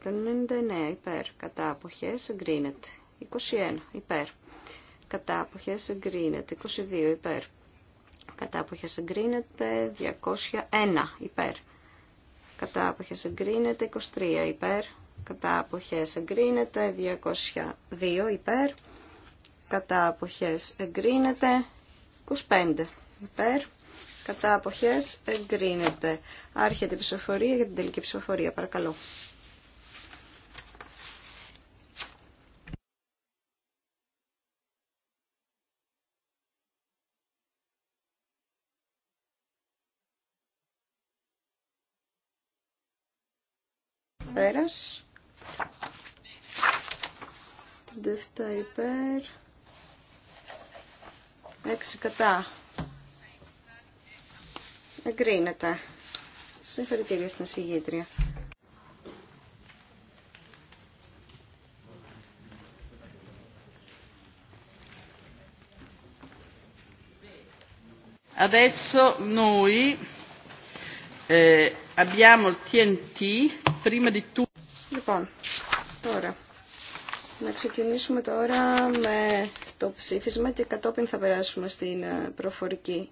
199 υπέρ κατά αποχέ συγκρίνεται, 21 υπέρ κατά αποχέ εγκρίνεται. 22 υπέρ κατά απόχε, συγκρίνεται, 201 υπέρ κατά αποχέ εγκρίνεται. 23 υπέρ κατά απόχέ εγκρίνεται. 202 υπέρ κατά αποχέ εγκρίνεται. 25 υπέρ κατά αποχές εγκρίνεται. Άρχεται η ψηφοφορία για την τελική ψηφοφορία. Παρακαλώ. Πέρας. δεύτερα υπέρ. Έξι κατά. Εγκρίνεται. Συγχαρητήρια στην συγγήτρια. Adesso noi eh, abbiamo il TNT, prima di tutto... Λοιπόν, τώρα, να ξεκινήσουμε τώρα με το ψήφισμα και κατόπιν θα περάσουμε στην ε, προφορική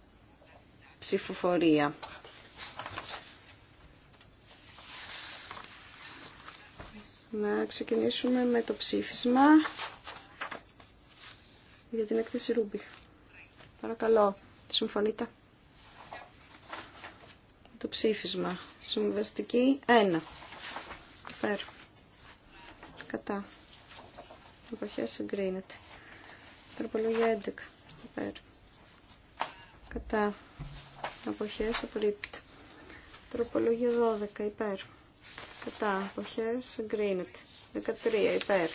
ψηφοφορία. Να ξεκινήσουμε με το ψήφισμα για την έκθεση Ρούμπι. Παρακαλώ, συμφωνείτε. Το ψήφισμα. Συμβαστική 1. Υπέρ. Κατά. Εποχέ συγκρίνεται. Τροπολογία 11. Υπέρ. Κατά αποχές απορρίπτεται. Τροπολογία 12 υπέρ. Κατά αποχές εγκρίνεται. 13 υπέρ.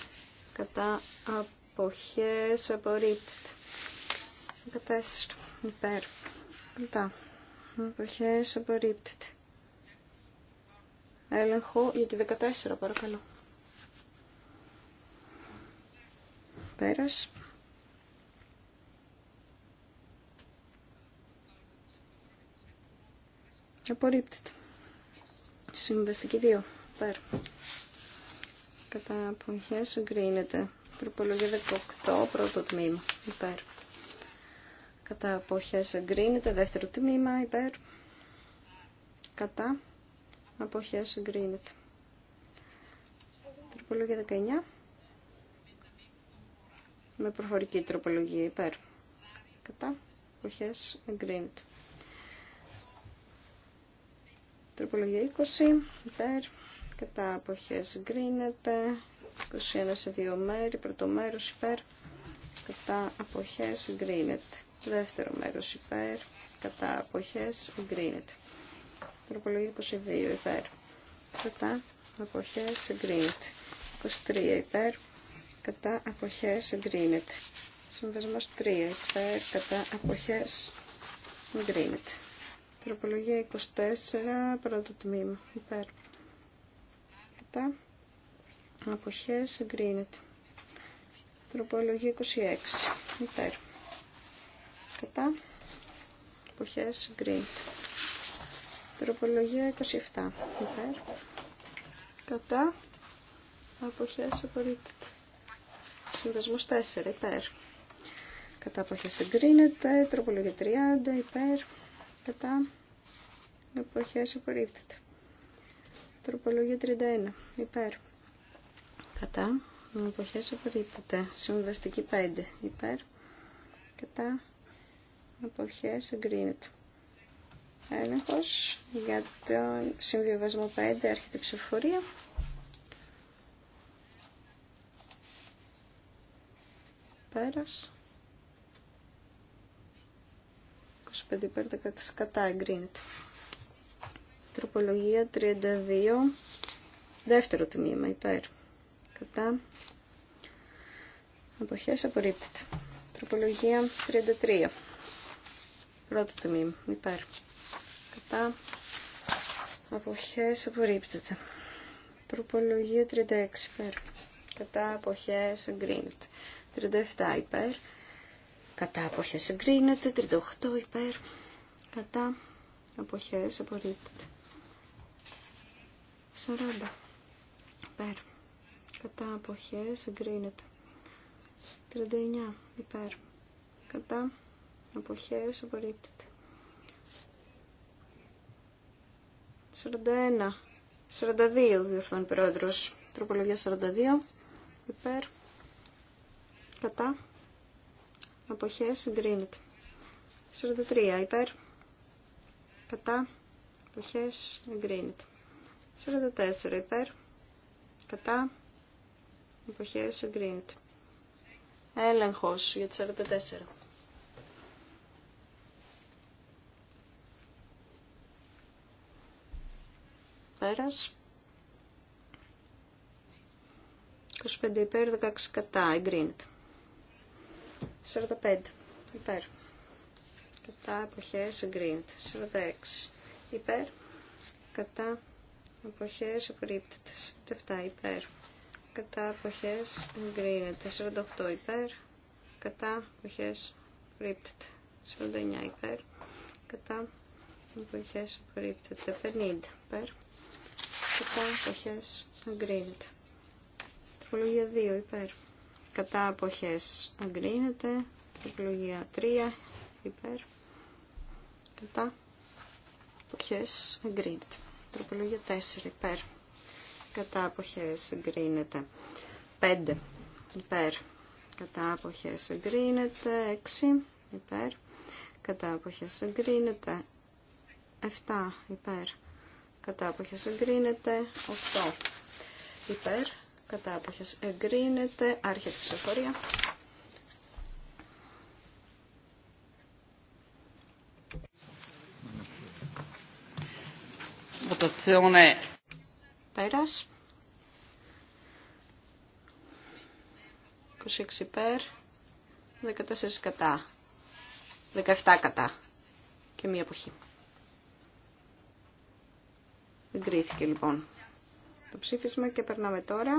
Κατά αποχές απορρίπτει. 14 υπέρ. Κατά αποχές απορρίπτει. Έλεγχο για τη 14 παρακαλώ. Πέρας. Απορρίπτεται. Συμβαστική 2. Πέρα. Κατά αποχές εγκρίνεται. Τροπολογία 18, πρώτο τμήμα. Υπέρ. Κατά αποχές εγκρίνεται. Δεύτερο τμήμα. Υπέρ. Κατά αποχές εγκρίνεται. Τροπολογία 19. Με προφορική τροπολογία υπέρ. Κατά απόχέ εγκρίνεται. Τροπολογία 20, υπέρ, κατά αποχές γκρίνεται, 21 σε δύο μέρη, πρώτο μέρος υπέρ, κατά αποχές γκρίνεται, δεύτερο μέρος υπέρ, κατά αποχές γκρίνεται. Τροπολογία 22 υπέρ, κατά αποχές εγκρίνεται, 23 υπέρ, κατά αποχές γκρίνεται. Συμβασμός 3 υπέρ, κατά αποχές εγκρίνεται. Τροπολογία 24, πρώτο τμήμα. Υπέρ. Κατά. Αποχές εγκρίνεται. Τροπολογία 26. Υπέρ. Κατά. Αποχές εγκρίνεται. Τροπολογία 27. Υπέρ. Κατά. απόχέ, απορρίπτεται. Συμβασμό 4. Υπέρ. Κατά αποχές εγκρίνεται. Τροπολογία 30. Υπέρ κατά εποχές απορρίπτεται. Τροπολογία 31 υπέρ κατά εποχές απορρίπτεται. Συμβαστική 5 υπέρ κατά εποχές εγκρίνεται. Έλεγχος για τον συμβιβασμό 5 έρχεται ψηφοφορία. Πέρας. 25 υπέρ 16 κατά εγκρίνεται. Τροπολογία 32, δεύτερο τμήμα υπέρ κατά αποχές απορρίπτεται. Τροπολογία 33, πρώτο τμήμα υπέρ κατά αποχές απορρίπτεται. Τροπολογία 36 υπέρ κατά αποχές εγκρίνεται. 37 υπέρ κατά αποχές εγκρίνεται, 38 υπέρ κατά αποχές απορρίπτεται. 40 υπέρ κατά αποχές εγκρίνεται. 39 υπέρ κατά αποχές απορρίπτεται. 41, 42 διορθώνει πρόεδρος, τροπολογία 42, υπέρ, κατά, αποχές εγκρίνεται. 43 υπέρ, κατά, αποχές εγκρίνεται. 44 υπέρ, κατά, αποχές εγκρίνεται. Έλεγχος για τις 44. Πέρας. 25 υπέρ, 16 κατά, εγκρίνεται. 45 υπέρ. Κατά αποχές εγκρίνεται. 46 υπέρ. Κατά αποχές απορρίπτεται. 47 υπέρ. Κατά αποχές εγκρίνεται. 48 υπέρ. Κατά αποχές απορρίπτεται. 49 υπέρ. Κατά αποχές απορρίπτεται. 50 υπέρ. Κατά αποχές εγκρίνεται. Τροπολογία 2 υπέρ κατά αποχές αγκρίνεται, τροπολογία 3 υπέρ, κατά αποχές αγκρίνεται, τροπολογία 4 υπέρ, κατά αποχές αγκρίνεται, 5 υπέρ, κατά αποχές αγκρίνεται, 6 υπέρ, κατά αποχές αγκρίνεται, 7 υπέρ, κατά αποχές αγκρίνεται, 8 υπέρ, κατά αποχές εγκρίνεται, άρχεται ψηφοφορία. Votazione. Πέρας. 26 υπέρ, 14 κατά, 17 κατά και μία εποχή. Εγκρίθηκε λοιπόν το ψήφισμα και περνάμε τώρα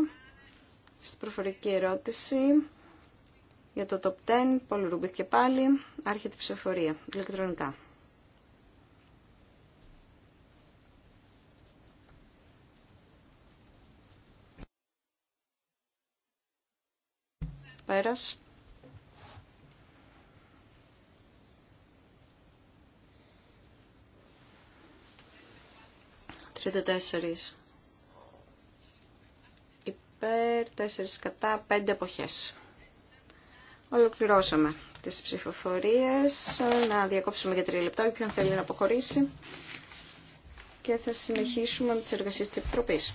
στην προφορική ερώτηση για το top 10, Rubik και πάλι, άρχεται η ψηφοφορία ηλεκτρονικά. Πέρας. Πέρας. τέσσερις υπέρ, 4 κατά, 5 εποχές. Ολοκληρώσαμε τις ψηφοφορίες. Να διακόψουμε για 3 λεπτά όποιον θέλει να αποχωρήσει. Και θα συνεχίσουμε με τις εργασίες της Επιτροπής.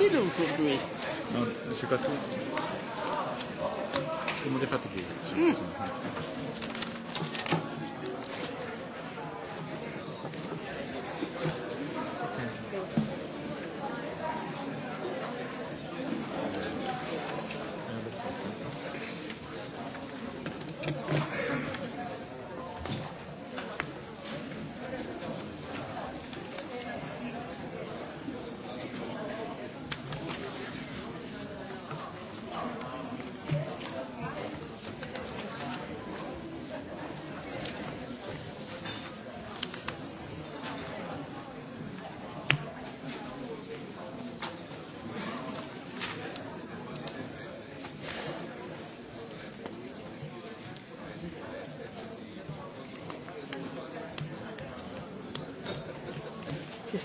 difficile aujourd'hui. Non, c'est pas tout. Tout le monde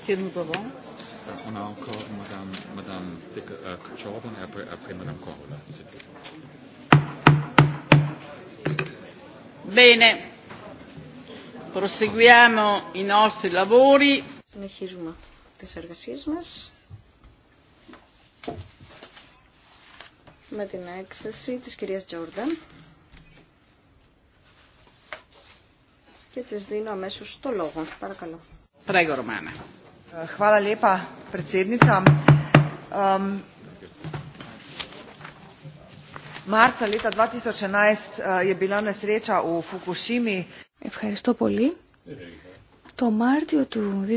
que nous avons On a encore Madame, Madame Jordan et après, après Madame Corolla. Bene, proseguiamo i nostri lavori. Συνεχίζουμε τις εργασίες μας με την έκθεση της κυρίας Τζόρνταν και της δίνω αμέσως το λόγο. Παρακαλώ. Πρέγω, Ρωμάνα. Um, uh, Ευχαριστώ πολύ. Το Μάρτιο του 2011,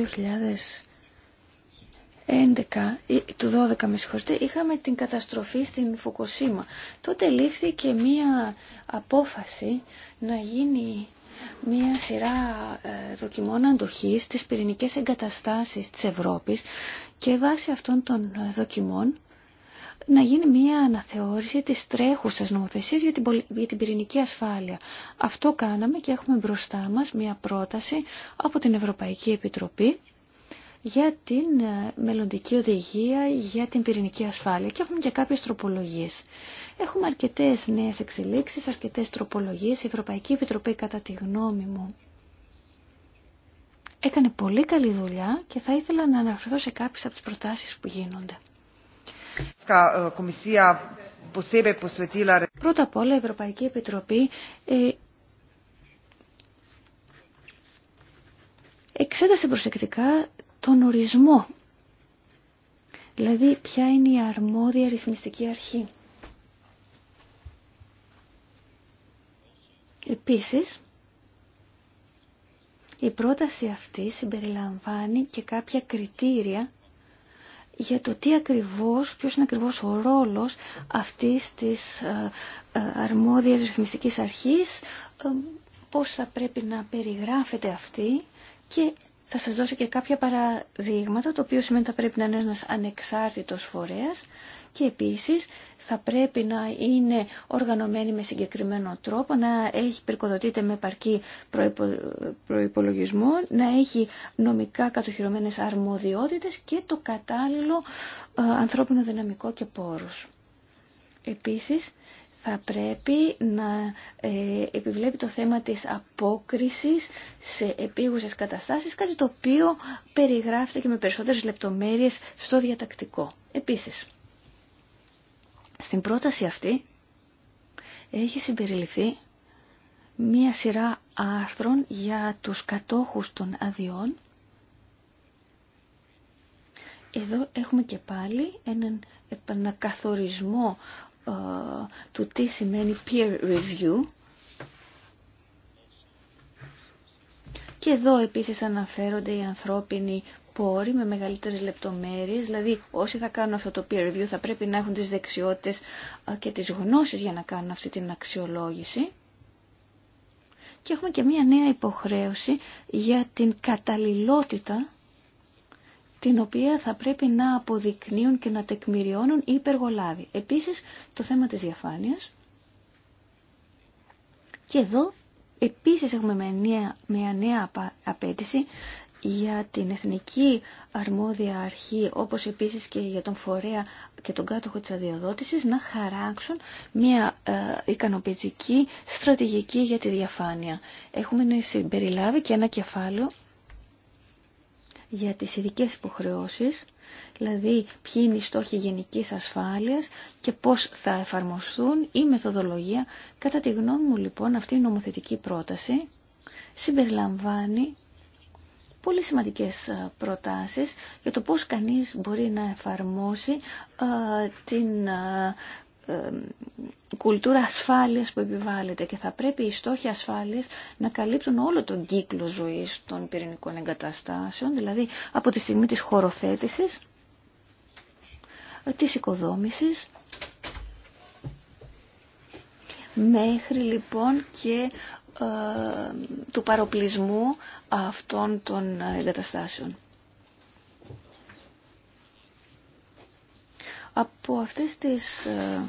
ε, του 12 με συγχωρείτε, είχαμε την καταστροφή στην Φουκοσίμα. Τότε λήφθηκε μία απόφαση να γίνει μία σειρά ε, δοκιμών αντοχής στις πυρηνικές εγκαταστάσεις της Ευρώπης και βάσει αυτών των ε, δοκιμών να γίνει μία αναθεώρηση της τρέχουσας νομοθεσίας για την, για την πυρηνική ασφάλεια. Αυτό κάναμε και έχουμε μπροστά μας μία πρόταση από την Ευρωπαϊκή Επιτροπή για την ε, μελλοντική οδηγία για την πυρηνική ασφάλεια και έχουμε και κάποιες τροπολογίες. Έχουμε αρκετές νέες εξελίξεις, αρκετές τροπολογίες. Η Ευρωπαϊκή Επιτροπή, κατά τη γνώμη μου, έκανε πολύ καλή δουλειά και θα ήθελα να αναφερθώ σε κάποιες από τις προτάσεις που γίνονται. Ε, Πρώτα απ' όλα η Ευρωπαϊκή Επιτροπή ε, εξέτασε προσεκτικά τον ορισμό. Δηλαδή ποια είναι η αρμόδια ρυθμιστική αρχή. Επίσης, η πρόταση αυτή συμπεριλαμβάνει και κάποια κριτήρια για το τι ακριβώς, ποιος είναι ακριβώς ο ρόλος αυτής της ε, ε, αρμόδιας ρυθμιστικής αρχής, ε, πώς θα πρέπει να περιγράφεται αυτή και θα σας δώσω και κάποια παραδείγματα, το οποίο σημαίνει ότι θα πρέπει να είναι ένας ανεξάρτητος φορέας και επίσης θα πρέπει να είναι οργανωμένη με συγκεκριμένο τρόπο, να έχει περικοδοτείται με επαρκή προϋπολογισμό, να έχει νομικά κατοχυρωμένες αρμοδιότητες και το κατάλληλο ε, ανθρώπινο δυναμικό και πόρους. Επίσης, θα πρέπει να ε, επιβλέπει το θέμα της απόκρισης σε επίγουσες καταστάσεις, κάτι το οποίο περιγράφεται και με περισσότερες λεπτομέρειες στο διατακτικό. Επίσης, στην πρόταση αυτή έχει συμπεριληφθεί μία σειρά άρθρων για τους κατόχους των αδειών. Εδώ έχουμε και πάλι έναν επανακαθορισμό ε, του τι σημαίνει peer review. Και εδώ επίσης αναφέρονται οι ανθρώπινοι πόροι με μεγαλύτερες λεπτομέρειες, δηλαδή όσοι θα κάνουν αυτό το peer review θα πρέπει να έχουν τις δεξιότητες ε, και τις γνώσεις για να κάνουν αυτή την αξιολόγηση. Και έχουμε και μία νέα υποχρέωση για την καταλληλότητα την οποία θα πρέπει να αποδεικνύουν και να τεκμηριώνουν οι υπεργολάβοι. Επίσης, το θέμα της διαφάνειας. Και εδώ, επίσης, έχουμε μια νέα απέτηση για την Εθνική Αρμόδια Αρχή, όπως επίσης και για τον φορέα και τον κάτοχο της αδειοδότησης, να χαράξουν μια ε, ικανοποιητική στρατηγική για τη διαφάνεια. Έχουμε να συμπεριλάβει και ένα κεφάλαιο για τις ειδικέ υποχρεώσεις, δηλαδή ποιοι είναι οι στόχοι γενικής ασφάλειας και πώς θα εφαρμοστούν η μεθοδολογία. Κατά τη γνώμη μου λοιπόν αυτή η νομοθετική πρόταση συμπεριλαμβάνει πολύ σημαντικές ε, προτάσεις για το πώς κανείς μπορεί να εφαρμόσει ε, την ε, ε, κουλτούρα ασφάλειας που επιβάλλεται και θα πρέπει οι στόχοι ασφάλειας να καλύπτουν όλο τον κύκλο ζωής των πυρηνικών εγκαταστάσεων, δηλαδή από τη στιγμή της χωροθέτησης, της οικοδόμησης, μέχρι λοιπόν και ε, του παροπλισμού αυτών των εγκαταστάσεων. Από αυτές τις ε,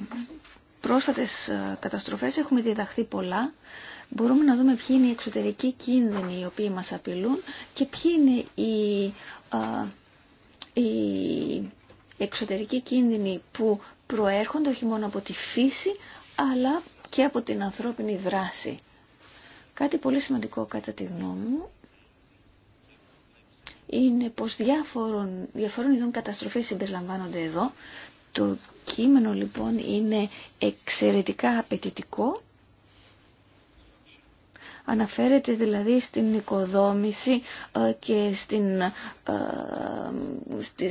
πρόσφατες ε, καταστροφές έχουμε διδαχθεί πολλά. Μπορούμε να δούμε ποιοι είναι οι εξωτερικοί κίνδυνοι οι οποίοι μας απειλούν και ποιοι είναι ε, οι, εξωτερικοί κίνδυνοι που προέρχονται όχι μόνο από τη φύση αλλά και από την ανθρώπινη δράση. Κάτι πολύ σημαντικό κατά τη γνώμη μου είναι πως διάφορων, διαφορών ειδών καταστροφές συμπεριλαμβάνονται εδώ. Το κείμενο λοιπόν είναι εξαιρετικά απαιτητικό. Αναφέρεται δηλαδή στην οικοδόμηση ε, και στην, ε,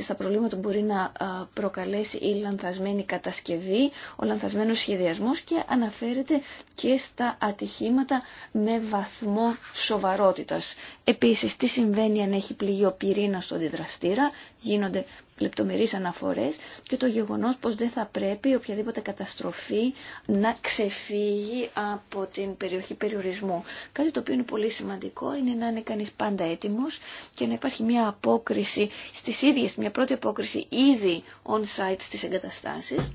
στα προβλήματα που μπορεί να ε, προκαλέσει η λανθασμένη κατασκευή, ο λανθασμένος σχεδιασμός και αναφέρεται και στα ατυχήματα με βαθμό σοβαρότητας. Επίσης, τι συμβαίνει αν έχει πληγεί ο πυρήνας στον αντιδραστήρα, γίνονται λεπτομερείς αναφορές και το γεγονός πως δεν θα πρέπει οποιαδήποτε καταστροφή να ξεφύγει από την περιοχή περιορισμού. Κάτι το οποίο είναι πολύ σημαντικό είναι να είναι κανείς πάντα έτοιμος και να υπάρχει μια απόκριση στις ίδιες, μια πρώτη απόκριση ήδη on-site στις εγκαταστάσεις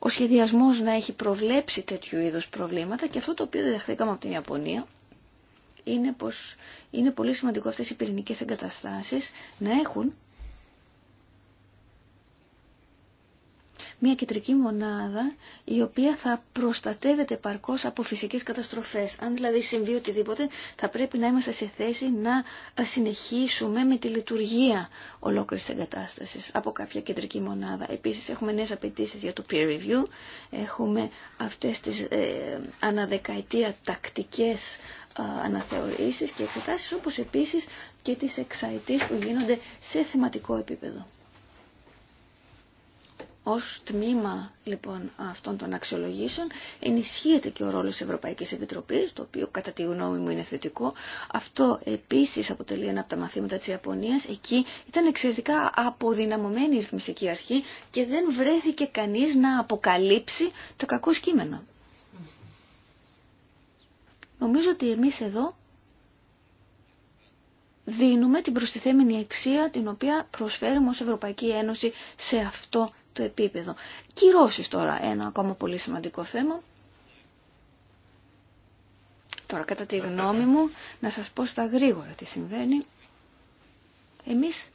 ο σχεδιασμός να έχει προβλέψει τέτοιου είδους προβλήματα και αυτό το οποίο διδαχθήκαμε από την Ιαπωνία είναι πως είναι πολύ σημαντικό αυτές οι πυρηνικές εγκαταστάσεις να έχουν μια κεντρική μονάδα η οποία θα προστατεύεται παρκώς από φυσικές καταστροφές. Αν δηλαδή συμβεί οτιδήποτε θα πρέπει να είμαστε σε θέση να συνεχίσουμε με τη λειτουργία ολόκληρης εγκατάστασης από κάποια κεντρική μονάδα. Επίσης έχουμε νέες απαιτήσει για το peer review, έχουμε αυτές τις ε, αναδεκαετία τακτικές ε, αναθεωρήσεις και εξετάσεις όπως επίσης και τις εξαετήσει που γίνονται σε θεματικό επίπεδο. Ως τμήμα λοιπόν αυτών των αξιολογήσεων ενισχύεται και ο ρόλος της Ευρωπαϊκής Επιτροπής, το οποίο κατά τη γνώμη μου είναι θετικό. Αυτό επίσης αποτελεί ένα από τα μαθήματα της Ιαπωνίας. Εκεί ήταν εξαιρετικά αποδυναμωμένη η ρυθμιστική αρχή και δεν βρέθηκε κανείς να αποκαλύψει το κακό κείμενα. Νομίζω ότι εμείς εδώ δίνουμε την προστιθέμενη αξία την οποία προσφέρουμε ως Ευρωπαϊκή Ένωση σε αυτό το επίπεδο. Κυρώσεις τώρα, ένα ακόμα πολύ σημαντικό θέμα. Τώρα, κατά τη γνώμη μου, να σας πω στα γρήγορα τι συμβαίνει. Εμείς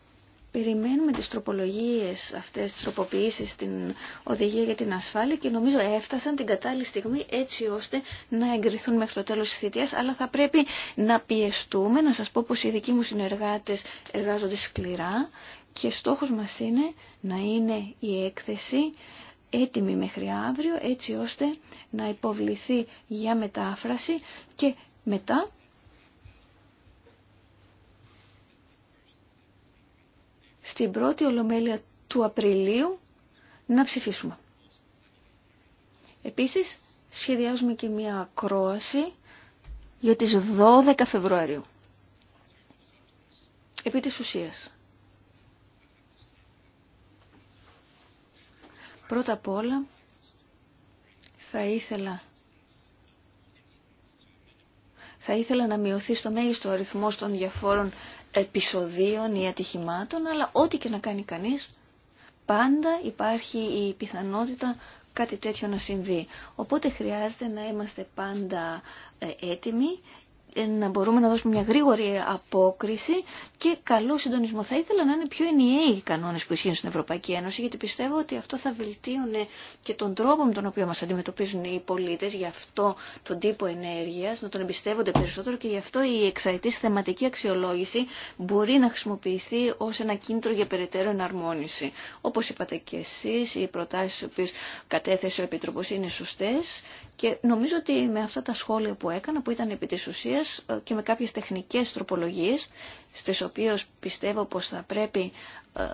περιμένουμε τις τροπολογίες αυτές, τις τροποποιήσεις στην οδηγία για την ασφάλεια και νομίζω έφτασαν την κατάλληλη στιγμή έτσι ώστε να εγκριθούν μέχρι το τέλος της θητείας, αλλά θα πρέπει να πιεστούμε, να σας πω πως οι δικοί μου συνεργάτες εργάζονται σκληρά και στόχος μας είναι να είναι η έκθεση έτοιμη μέχρι αύριο έτσι ώστε να υποβληθεί για μετάφραση και μετά στην πρώτη ολομέλεια του Απριλίου να ψηφίσουμε. Επίσης σχεδιάζουμε και μια ακρόαση για τις 12 Φεβρουαρίου. Επί της ουσίας. Πρώτα απ' όλα θα ήθελα θα ήθελα να μειωθεί στο μέγιστο αριθμό των διαφόρων επεισοδίων ή ατυχημάτων, αλλά ό,τι και να κάνει κανείς, πάντα υπάρχει η πιθανότητα κάτι τέτοιο να συμβεί. Οπότε χρειάζεται να είμαστε πάντα ε, έτοιμοι να μπορούμε να δώσουμε μια γρήγορη απόκριση και καλό συντονισμό. Θα ήθελα να είναι πιο ενιαίοι οι κανόνε που ισχύουν στην Ευρωπαϊκή Ένωση, γιατί πιστεύω ότι αυτό θα βελτίωνε και τον τρόπο με τον οποίο μα αντιμετωπίζουν οι πολίτε, γι' αυτό τον τύπο ενέργεια, να τον εμπιστεύονται περισσότερο και γι' αυτό η εξαετή θεματική αξιολόγηση μπορεί να χρησιμοποιηθεί ω ένα κίνητρο για περαιτέρω εναρμόνιση. Όπω είπατε και εσεί, οι προτάσει τι οποίε κατέθεσε ο Επίτροπο είναι σωστέ και νομίζω ότι με αυτά τα σχόλια που έκανα, που ήταν επί τη ουσία, ε, και με κάποιες τεχνικές τροπολογίες, στις οποίες πιστεύω πως θα πρέπει ε,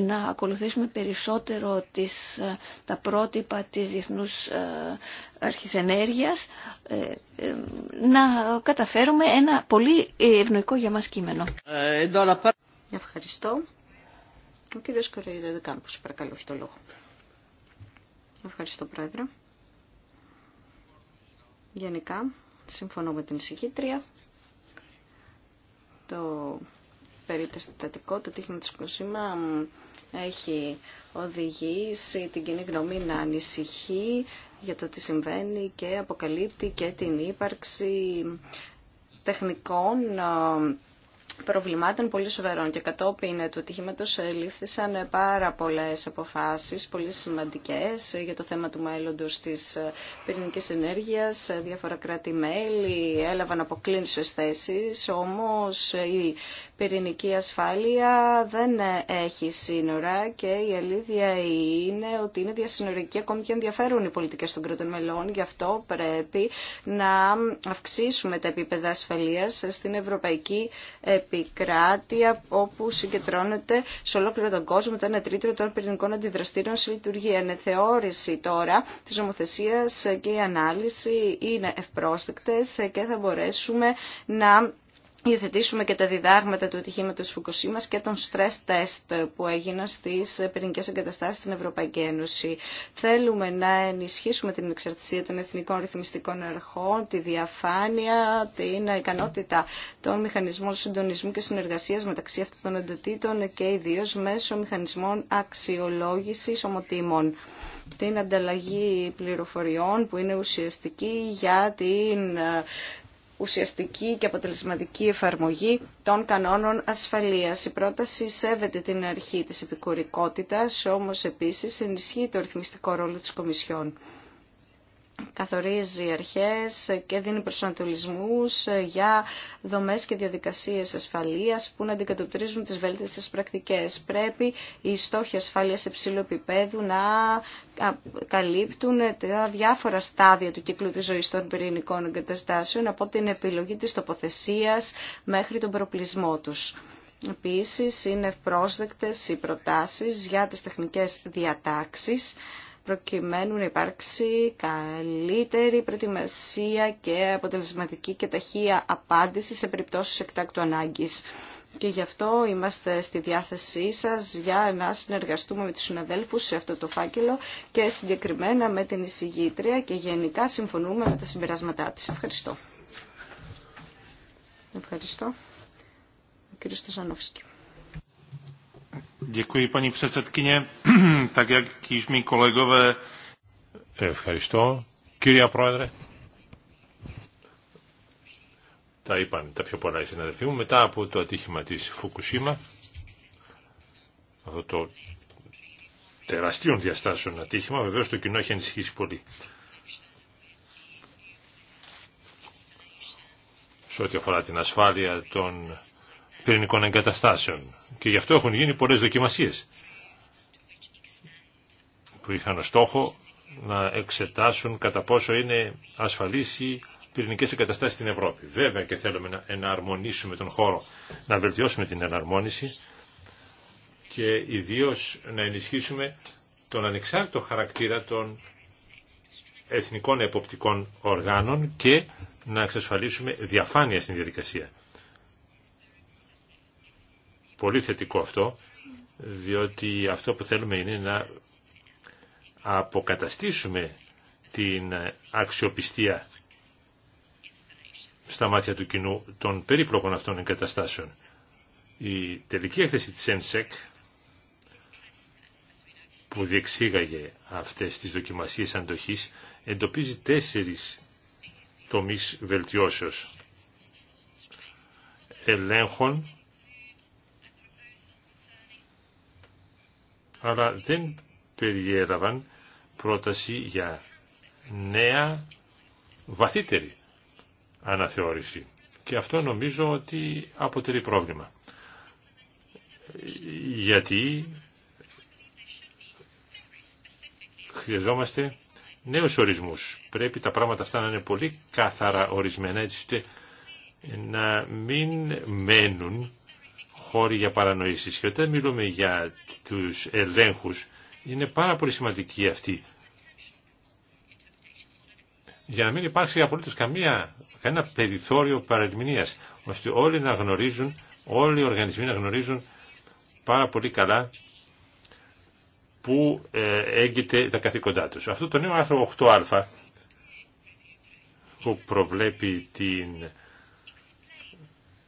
να ακολουθήσουμε περισσότερο τις, ε, τα πρότυπα της Διεθνούς Αρχής Ενέργειας, να καταφέρουμε ένα πολύ ευνοϊκό για μας κείμενο. Ευχαριστώ. Ο κύριος Κορέιδα παρακαλώ, έχει το λόγο. Ευχαριστώ, Πρόεδρε. Γενικά, Συμφωνώ με την συγκήτρια. Το περίτεστατικό, το τύχημα της Κοσίμα έχει οδηγήσει την κοινή γνώμη να ανησυχεί για το τι συμβαίνει και αποκαλύπτει και την ύπαρξη τεχνικών προβλημάτων πολύ σοβαρών και κατόπιν του ατυχήματο ε, λήφθησαν ε, πάρα πολλές αποφάσεις, πολύ σημαντικέ ε, για το θέμα του μέλλοντο τη πυρηνικη ενεργειας ενέργειας. Διάφορα κράτη-μέλη έλαβαν αποκλίνουσες θέσεις, όμως η πυρηνική ασφάλεια δεν έχει σύνορα και η αλήθεια είναι ότι είναι διασυνορική ακόμη και ενδιαφέρουν οι πολιτικές των κρατών μελών. Γι' αυτό πρέπει να αυξήσουμε τα επίπεδα ασφαλείας στην ευρωπαϊκή επικράτεια όπου συγκεντρώνεται σε ολόκληρο τον κόσμο το 1 τρίτο των πυρηνικών αντιδραστήρων σε λειτουργία. θεώρηση τώρα της νομοθεσίας και η ανάλυση είναι ευπρόσδεκτες και θα μπορέσουμε να υιοθετήσουμε και τα διδάγματα του ατυχήματο Φουκουσίμα και των stress test που έγιναν στι πυρηνικέ εγκαταστάσει στην Ευρωπαϊκή Ένωση. Θέλουμε να ενισχύσουμε την εξαρτησία των εθνικών ρυθμιστικών αρχών, τη διαφάνεια, την ικανότητα των μηχανισμών συντονισμού και συνεργασία μεταξύ αυτών των εντοτήτων και ιδίω μέσω μηχανισμών αξιολόγηση ομοτήμων την ανταλλαγή πληροφοριών που είναι ουσιαστική για την ουσιαστική και αποτελεσματική εφαρμογή των κανόνων ασφαλείας. Η πρόταση σέβεται την αρχή της επικουρικότητας, όμως επίσης ενισχύει το ρυθμιστικό ρόλο της Κομισιόν καθορίζει αρχές και δίνει προσανατολισμούς για δομές και διαδικασίες ασφαλείας που να αντικατοπτρίζουν τις βέλτιστες πρακτικές. Πρέπει οι στόχοι ασφάλειας σε ψηλό επίπεδο να καλύπτουν τα διάφορα στάδια του κύκλου της ζωής των πυρηνικών εγκαταστάσεων από την επιλογή της τοποθεσίας μέχρι τον προπλισμό τους. Επίσης, είναι πρόσδεκτες οι προτάσεις για τις τεχνικές διατάξεις προκειμένου να υπάρξει καλύτερη προετοιμασία και αποτελεσματική και ταχεία απάντηση σε περιπτώσεις εκτάκτου ανάγκης. Και γι' αυτό είμαστε στη διάθεσή σας για να συνεργαστούμε με τους συναδέλφους σε αυτό το φάκελο και συγκεκριμένα με την εισηγήτρια και γενικά συμφωνούμε με τα συμπεράσματά της. Ευχαριστώ. Ευχαριστώ. Ο [CLEARS THROAT] Ευχαριστώ. Κύριε Πρόεδρε, τα είπαν τα πιο πολλά οι συναδελφοί μου, μετά από το ατύχημα της Φουκουσίμα, αυτό το τεραστίων διαστάσεων ατύχημα, βεβαίως το κοινό έχει ανησυχήσει πολύ. Σε ό,τι αφορά την ασφάλεια των πυρηνικών εγκαταστάσεων και γι' αυτό έχουν γίνει πολλές δοκιμασίες που είχαν στόχο να εξετάσουν κατά πόσο είναι ασφαλή οι πυρηνικές εγκαταστάσεις στην Ευρώπη. Βέβαια και θέλουμε να εναρμονίσουμε τον χώρο, να βελτιώσουμε την εναρμόνιση και ιδίως να ενισχύσουμε τον ανεξάρτητο χαρακτήρα των εθνικών εποπτικών οργάνων και να εξασφαλίσουμε διαφάνεια στην διαδικασία. Πολύ θετικό αυτό, διότι αυτό που θέλουμε είναι να αποκαταστήσουμε την αξιοπιστία στα μάτια του κοινού των περίπλοκων αυτών εγκαταστάσεων. Η τελική έκθεση της ΕΝΣΕΚ που διεξήγαγε αυτές τις δοκιμασίες αντοχής εντοπίζει τέσσερις τομείς βελτιώσεως ελέγχων αλλά δεν περιέλαβαν πρόταση για νέα βαθύτερη αναθεώρηση. Και αυτό νομίζω ότι αποτελεί πρόβλημα. Γιατί χρειαζόμαστε νέους ορισμούς. Πρέπει τα πράγματα αυτά να είναι πολύ καθαρά ορισμένα, έτσι ώστε να μην μένουν χώροι για παρανοήσεις. Και όταν μιλούμε για τους ελέγχους, είναι πάρα πολύ σημαντική αυτή. Για να μην υπάρξει απολύτως καμία, κανένα περιθώριο παρελμηνίας ώστε όλοι να γνωρίζουν, όλοι οι οργανισμοί να γνωρίζουν πάρα πολύ καλά που ε, έγκυται τα καθήκοντά τους. Αυτό το νέο άρθρο 8α που προβλέπει την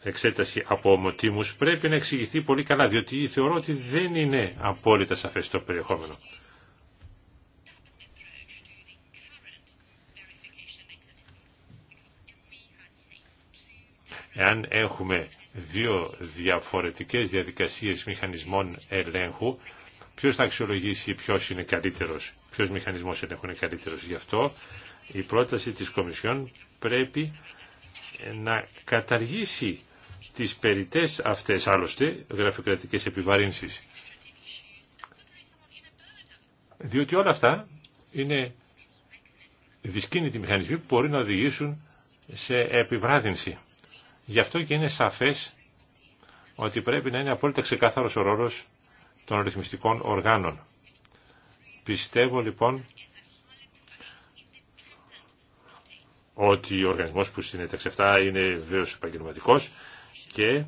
εξέταση από ομοτήμους πρέπει να εξηγηθεί πολύ καλά, διότι θεωρώ ότι δεν είναι απόλυτα σαφές το περιεχόμενο. Εάν έχουμε δύο διαφορετικές διαδικασίες μηχανισμών ελέγχου, ποιος θα αξιολογήσει ποιος είναι καλύτερος, ποιος μηχανισμός ελέγχου είναι καλύτερος. Γι' αυτό η πρόταση της Κομισιόν πρέπει να καταργήσει τις περιτές αυτές άλλωστε γραφειοκρατικές επιβαρύνσεις. Διότι όλα αυτά είναι δυσκίνητοι μηχανισμοί που μπορεί να οδηγήσουν σε επιβράδυνση. Γι' αυτό και είναι σαφές ότι πρέπει να είναι απόλυτα ξεκάθαρος ο ρόλος των ρυθμιστικών οργάνων. Πιστεύω λοιπόν ότι ο οργανισμός που συνέταξε αυτά είναι βέβαιος επαγγελματικό και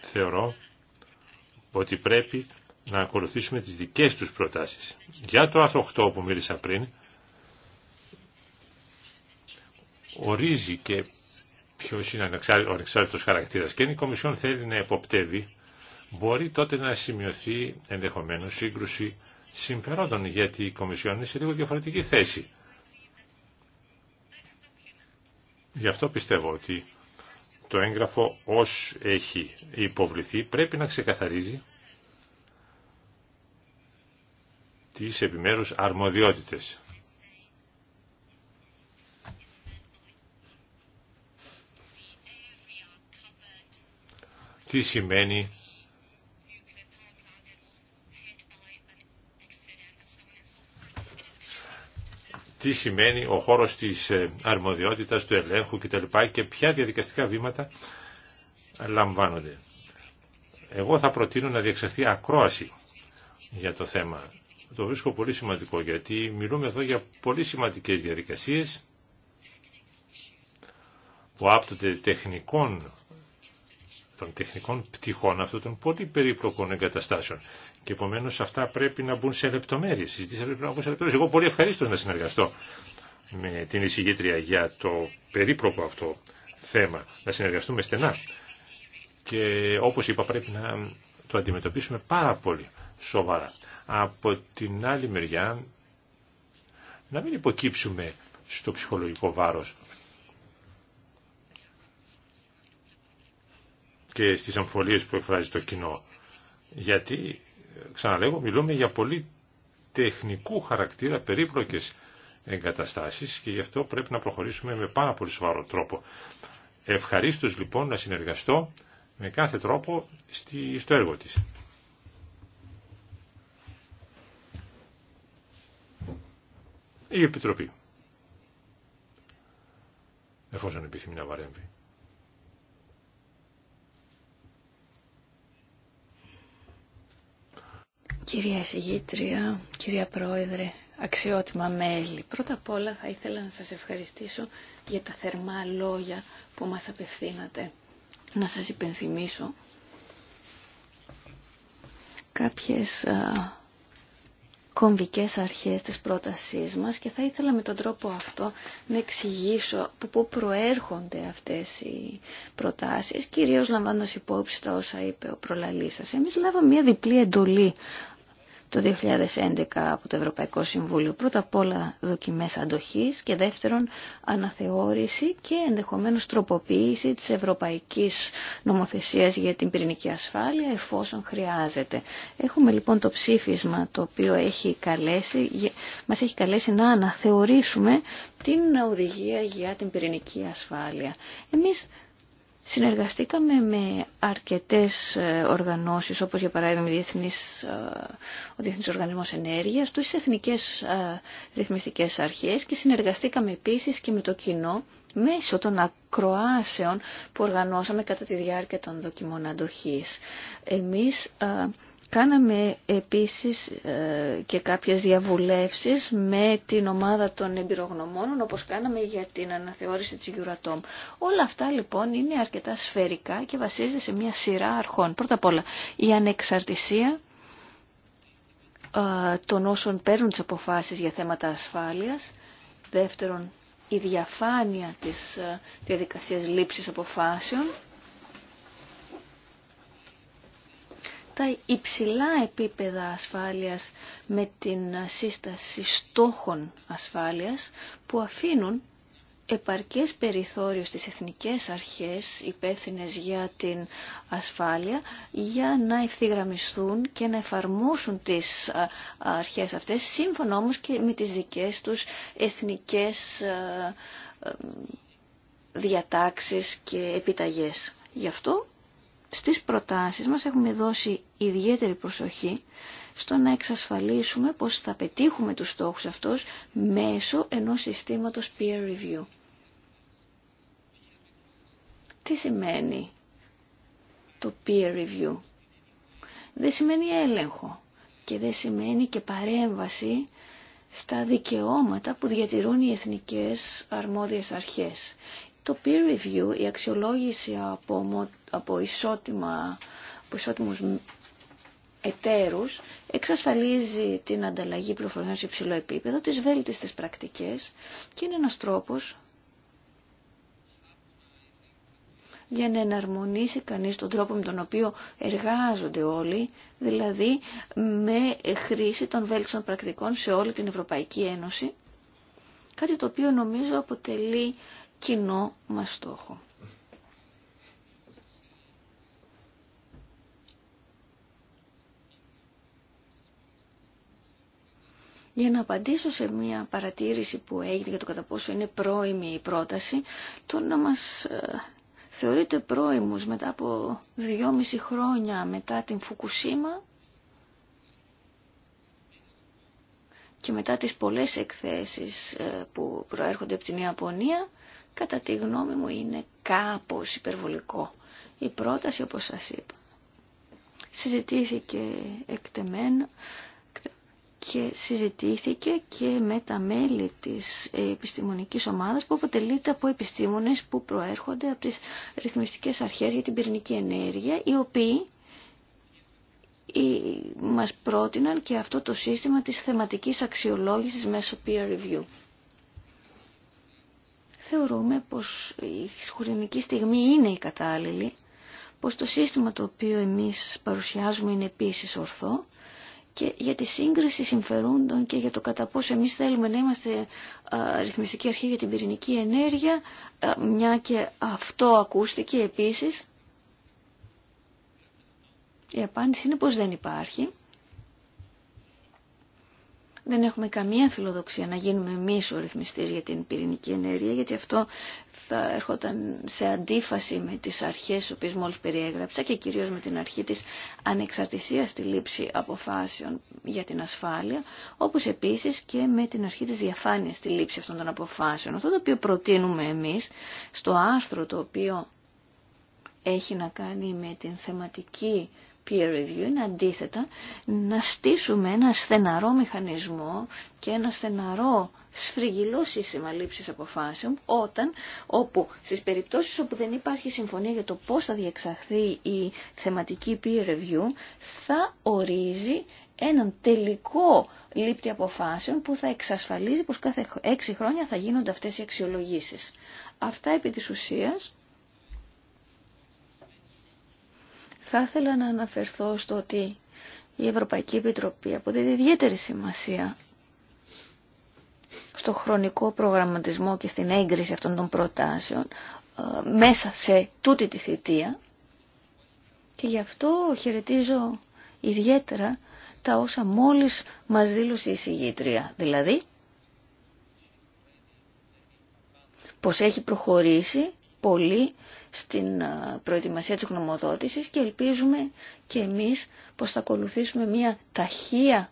θεωρώ ότι πρέπει να ακολουθήσουμε τις δικές τους προτάσεις. Για το άρθρο 8 που μίλησα πριν, ορίζει και ποιος είναι ο ανεξάρτητος χαρακτήρας και αν η Κομισιόν θέλει να εποπτεύει, μπορεί τότε να σημειωθεί ενδεχομένως σύγκρουση συμφερόντων, γιατί η Κομισιόν είναι σε λίγο διαφορετική θέση. Γι' αυτό πιστεύω ότι το έγγραφο ως έχει υποβληθεί πρέπει να ξεκαθαρίζει τις επιμέρους αρμοδιότητες. Τι σημαίνει τι σημαίνει ο χώρος της ε, αρμοδιότητας, του ελέγχου κτλ. και ποια διαδικαστικά βήματα λαμβάνονται. Εγώ θα προτείνω να διεξαχθεί ακρόαση για το θέμα. Το βρίσκω πολύ σημαντικό γιατί μιλούμε εδώ για πολύ σημαντικές διαδικασίες που άπτονται τεχνικών, των τεχνικών πτυχών αυτών των πολύ περίπλοκων εγκαταστάσεων. Και επομένω αυτά πρέπει να μπουν σε λεπτομέρειε. Συζητήσει πρέπει να μπουν σε λεπτομέρειε. Εγώ πολύ ευχαρίστω να συνεργαστώ με την εισηγήτρια για το περίπλοκο αυτό θέμα. Να συνεργαστούμε στενά. Και όπω είπα, πρέπει να το αντιμετωπίσουμε πάρα πολύ σοβαρά. Από την άλλη μεριά, να μην υποκύψουμε στο ψυχολογικό βάρος και στις αμφολίες που εκφράζει το κοινό. Γιατί ξαναλέγω, μιλούμε για πολύ τεχνικού χαρακτήρα περίπλοκες εγκαταστάσεις και γι' αυτό πρέπει να προχωρήσουμε με πάρα πολύ σοβαρό τρόπο. Ευχαρίστως λοιπόν να συνεργαστώ με κάθε τρόπο στο έργο της. Η Επιτροπή, εφόσον επιθυμεί να βαρέμβει. Κυρία Συγήτρια, κυρία Πρόεδρε, αξιότιμα μέλη, πρώτα απ' όλα θα ήθελα να σας ευχαριστήσω για τα θερμά λόγια που μας απευθύνατε. Να σας υπενθυμίσω κάποιες κομβικές αρχές της πρότασής μας και θα ήθελα με τον τρόπο αυτό να εξηγήσω από πού προέρχονται αυτές οι προτάσεις, κυρίως λαμβάνοντας υπόψη τα όσα είπε ο προλαλής σας. Εμείς λάβαμε μια διπλή εντολή το 2011 από το Ευρωπαϊκό Συμβούλιο. Πρώτα απ' όλα δοκιμές αντοχής και δεύτερον αναθεώρηση και ενδεχομένως τροποποίηση της Ευρωπαϊκής Νομοθεσίας για την πυρηνική ασφάλεια εφόσον χρειάζεται. Έχουμε λοιπόν το ψήφισμα το οποίο έχει καλέσει, μας έχει καλέσει να αναθεωρήσουμε την οδηγία για την πυρηνική ασφάλεια. Εμείς Συνεργαστήκαμε με αρκετές ε, οργανώσεις, όπως για παράδειγμα διεθνής, ε, ο Διεθνής Οργανισμός Ενέργειας, τους εθνικές ε, ρυθμιστικές αρχές και συνεργαστήκαμε επίσης και με το κοινό μέσω των ακροάσεων που οργανώσαμε κατά τη διάρκεια των δοκιμών αντοχής. Εμείς Κάναμε επίσης ε, και κάποιες διαβουλεύσεις με την ομάδα των εμπειρογνωμόνων, όπως κάναμε για την αναθεώρηση της Euratom. Όλα αυτά λοιπόν είναι αρκετά σφαιρικά και βασίζεται σε μια σειρά αρχών. Πρώτα απ' όλα, η ανεξαρτησία ε, των όσων παίρνουν τις αποφάσεις για θέματα ασφάλειας. Δεύτερον, η διαφάνεια της ε, διαδικασίας λήψης αποφάσεων. τα υψηλά επίπεδα ασφάλειας με την σύσταση στόχων ασφάλειας που αφήνουν επαρκές περιθώριο στις εθνικές αρχές υπεύθυνε για την ασφάλεια για να ευθυγραμμιστούν και να εφαρμόσουν τις αρχές αυτές σύμφωνα όμως και με τις δικές τους εθνικές διατάξεις και επιταγές. Γι' αυτό στις προτάσεις μας έχουμε δώσει ιδιαίτερη προσοχή στο να εξασφαλίσουμε πως θα πετύχουμε τους στόχους αυτούς μέσω ενός συστήματος peer review. Τι σημαίνει το peer review. Δεν σημαίνει έλεγχο και δεν σημαίνει και παρέμβαση στα δικαιώματα που διατηρούν οι εθνικές αρμόδιες αρχές. Το peer review, η αξιολόγηση από από, ισότιμα, από ισότιμους εταίρους εξασφαλίζει την ανταλλαγή πληροφοριών σε υψηλό επίπεδο, τις βέλτιστες πρακτικές και είναι ένας τρόπος για να εναρμονίσει κανείς τον τρόπο με τον οποίο εργάζονται όλοι, δηλαδή με χρήση των βέλτιστων πρακτικών σε όλη την Ευρωπαϊκή Ένωση, κάτι το οποίο νομίζω αποτελεί κοινό μας στόχο. Για να απαντήσω σε μια παρατήρηση που έγινε για το κατά πόσο είναι πρόημη η πρόταση, το να μας ε, θεωρείται πρόημους μετά από δυόμιση χρόνια μετά την Φουκουσίμα και μετά τις πολλές εκθέσεις ε, που προέρχονται από την Ιαπωνία, κατά τη γνώμη μου είναι κάπως υπερβολικό. Η πρόταση, όπως σας είπα, συζητήθηκε εκτεμένα και συζητήθηκε και με τα μέλη της επιστημονικής ομάδας που αποτελείται από επιστήμονες που προέρχονται από τις ρυθμιστικές αρχές για την πυρηνική ενέργεια, οι οποίοι μας πρότειναν και αυτό το σύστημα της θεματικής αξιολόγησης μέσω peer review. Θεωρούμε πως η χρονική στιγμή είναι η κατάλληλη, πως το σύστημα το οποίο εμείς παρουσιάζουμε είναι επίσης ορθό και για τη σύγκριση συμφερούντων και για το κατά πόσο εμείς θέλουμε να είμαστε ρυθμιστική αρχή για την πυρηνική ενέργεια, μια και αυτό ακούστηκε επίσης. Η απάντηση είναι πως δεν υπάρχει δεν έχουμε καμία φιλοδοξία να γίνουμε εμεί ο ρυθμιστής για την πυρηνική ενέργεια, γιατί αυτό θα έρχονταν σε αντίφαση με τις αρχές τι οποίε μόλι περιέγραψα και κυρίως με την αρχή της ανεξαρτησίας στη λήψη αποφάσεων για την ασφάλεια, όπως επίσης και με την αρχή της διαφάνειας στη λήψη αυτών των αποφάσεων. Αυτό το οποίο προτείνουμε εμεί στο άρθρο το οποίο έχει να κάνει με την θεματική peer review, είναι αντίθετα να στήσουμε ένα στεναρό μηχανισμό και ένα στεναρό σφριγγυλό σύστημα λήψη αποφάσεων όταν, όπου στις περιπτώσεις όπου δεν υπάρχει συμφωνία για το πώς θα διεξαχθεί η θεματική peer review, θα ορίζει έναν τελικό λήπτη αποφάσεων που θα εξασφαλίζει πως κάθε έξι χρόνια θα γίνονται αυτές οι αξιολογήσεις. Αυτά επί της ουσίας Θα ήθελα να αναφερθώ στο ότι η Ευρωπαϊκή Επιτροπή αποδίδει ιδιαίτερη σημασία στο χρονικό προγραμματισμό και στην έγκριση αυτών των προτάσεων ε, μέσα σε τούτη τη θητεία και γι' αυτό χαιρετίζω ιδιαίτερα τα όσα μόλις μας δήλωσε η συγγήτρια. Δηλαδή, πως έχει προχωρήσει πολύ στην ε, προετοιμασία της γνωμοδότησης και ελπίζουμε και εμείς πως θα ακολουθήσουμε μια ταχεία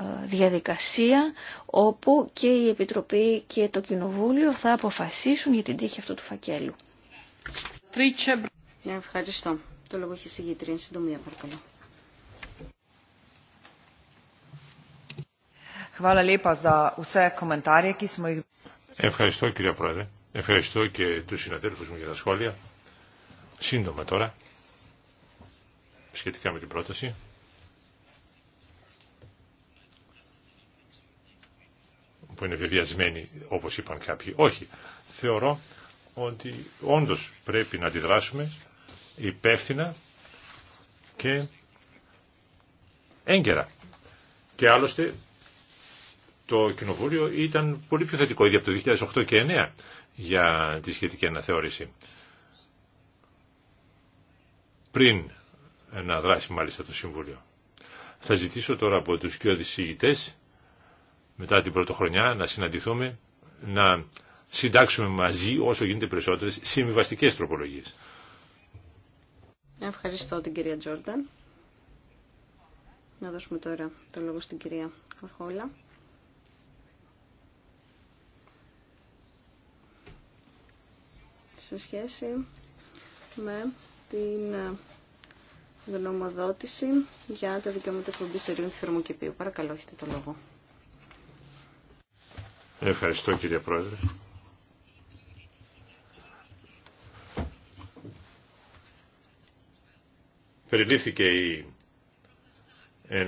ε, διαδικασία όπου και η Επιτροπή και το Κοινοβούλιο θα αποφασίσουν για την τύχη αυτού του φακέλου. Ναι, ευχαριστώ. Το λόγο έχει συγγήτρια. Είναι συντομία, παρακαλώ. Ευχαριστώ, κύριε Πρόεδρε. Ευχαριστώ και τους συναδέλφους μου για τα σχόλια. Σύντομα τώρα, σχετικά με την πρόταση. που είναι βεβαιασμένη όπως είπαν κάποιοι. Όχι. Θεωρώ ότι όντως πρέπει να αντιδράσουμε υπεύθυνα και έγκαιρα. Και άλλωστε το Κοινοβούλιο ήταν πολύ πιο θετικό ήδη από το 2008 και 2009 για τη σχετική αναθεώρηση. Πριν να δράσει μάλιστα το Συμβούλιο. Θα ζητήσω τώρα από τους και οδησηγητές, μετά την πρωτοχρονιά, να συναντηθούμε, να συντάξουμε μαζί όσο γίνεται περισσότερες συμβιβαστικές τροπολογίες. Ευχαριστώ την κυρία Τζόρνταν. Να δώσουμε τώρα το λόγο στην κυρία Αρχόλα. σε σχέση με την ε, γνωμοδότηση για τα δικαιώματα του αερίων του θερμοκηπίου. Παρακαλώ, έχετε το λόγο. Ευχαριστώ κύριε Πρόεδρε. Περιλήφθηκε η ε,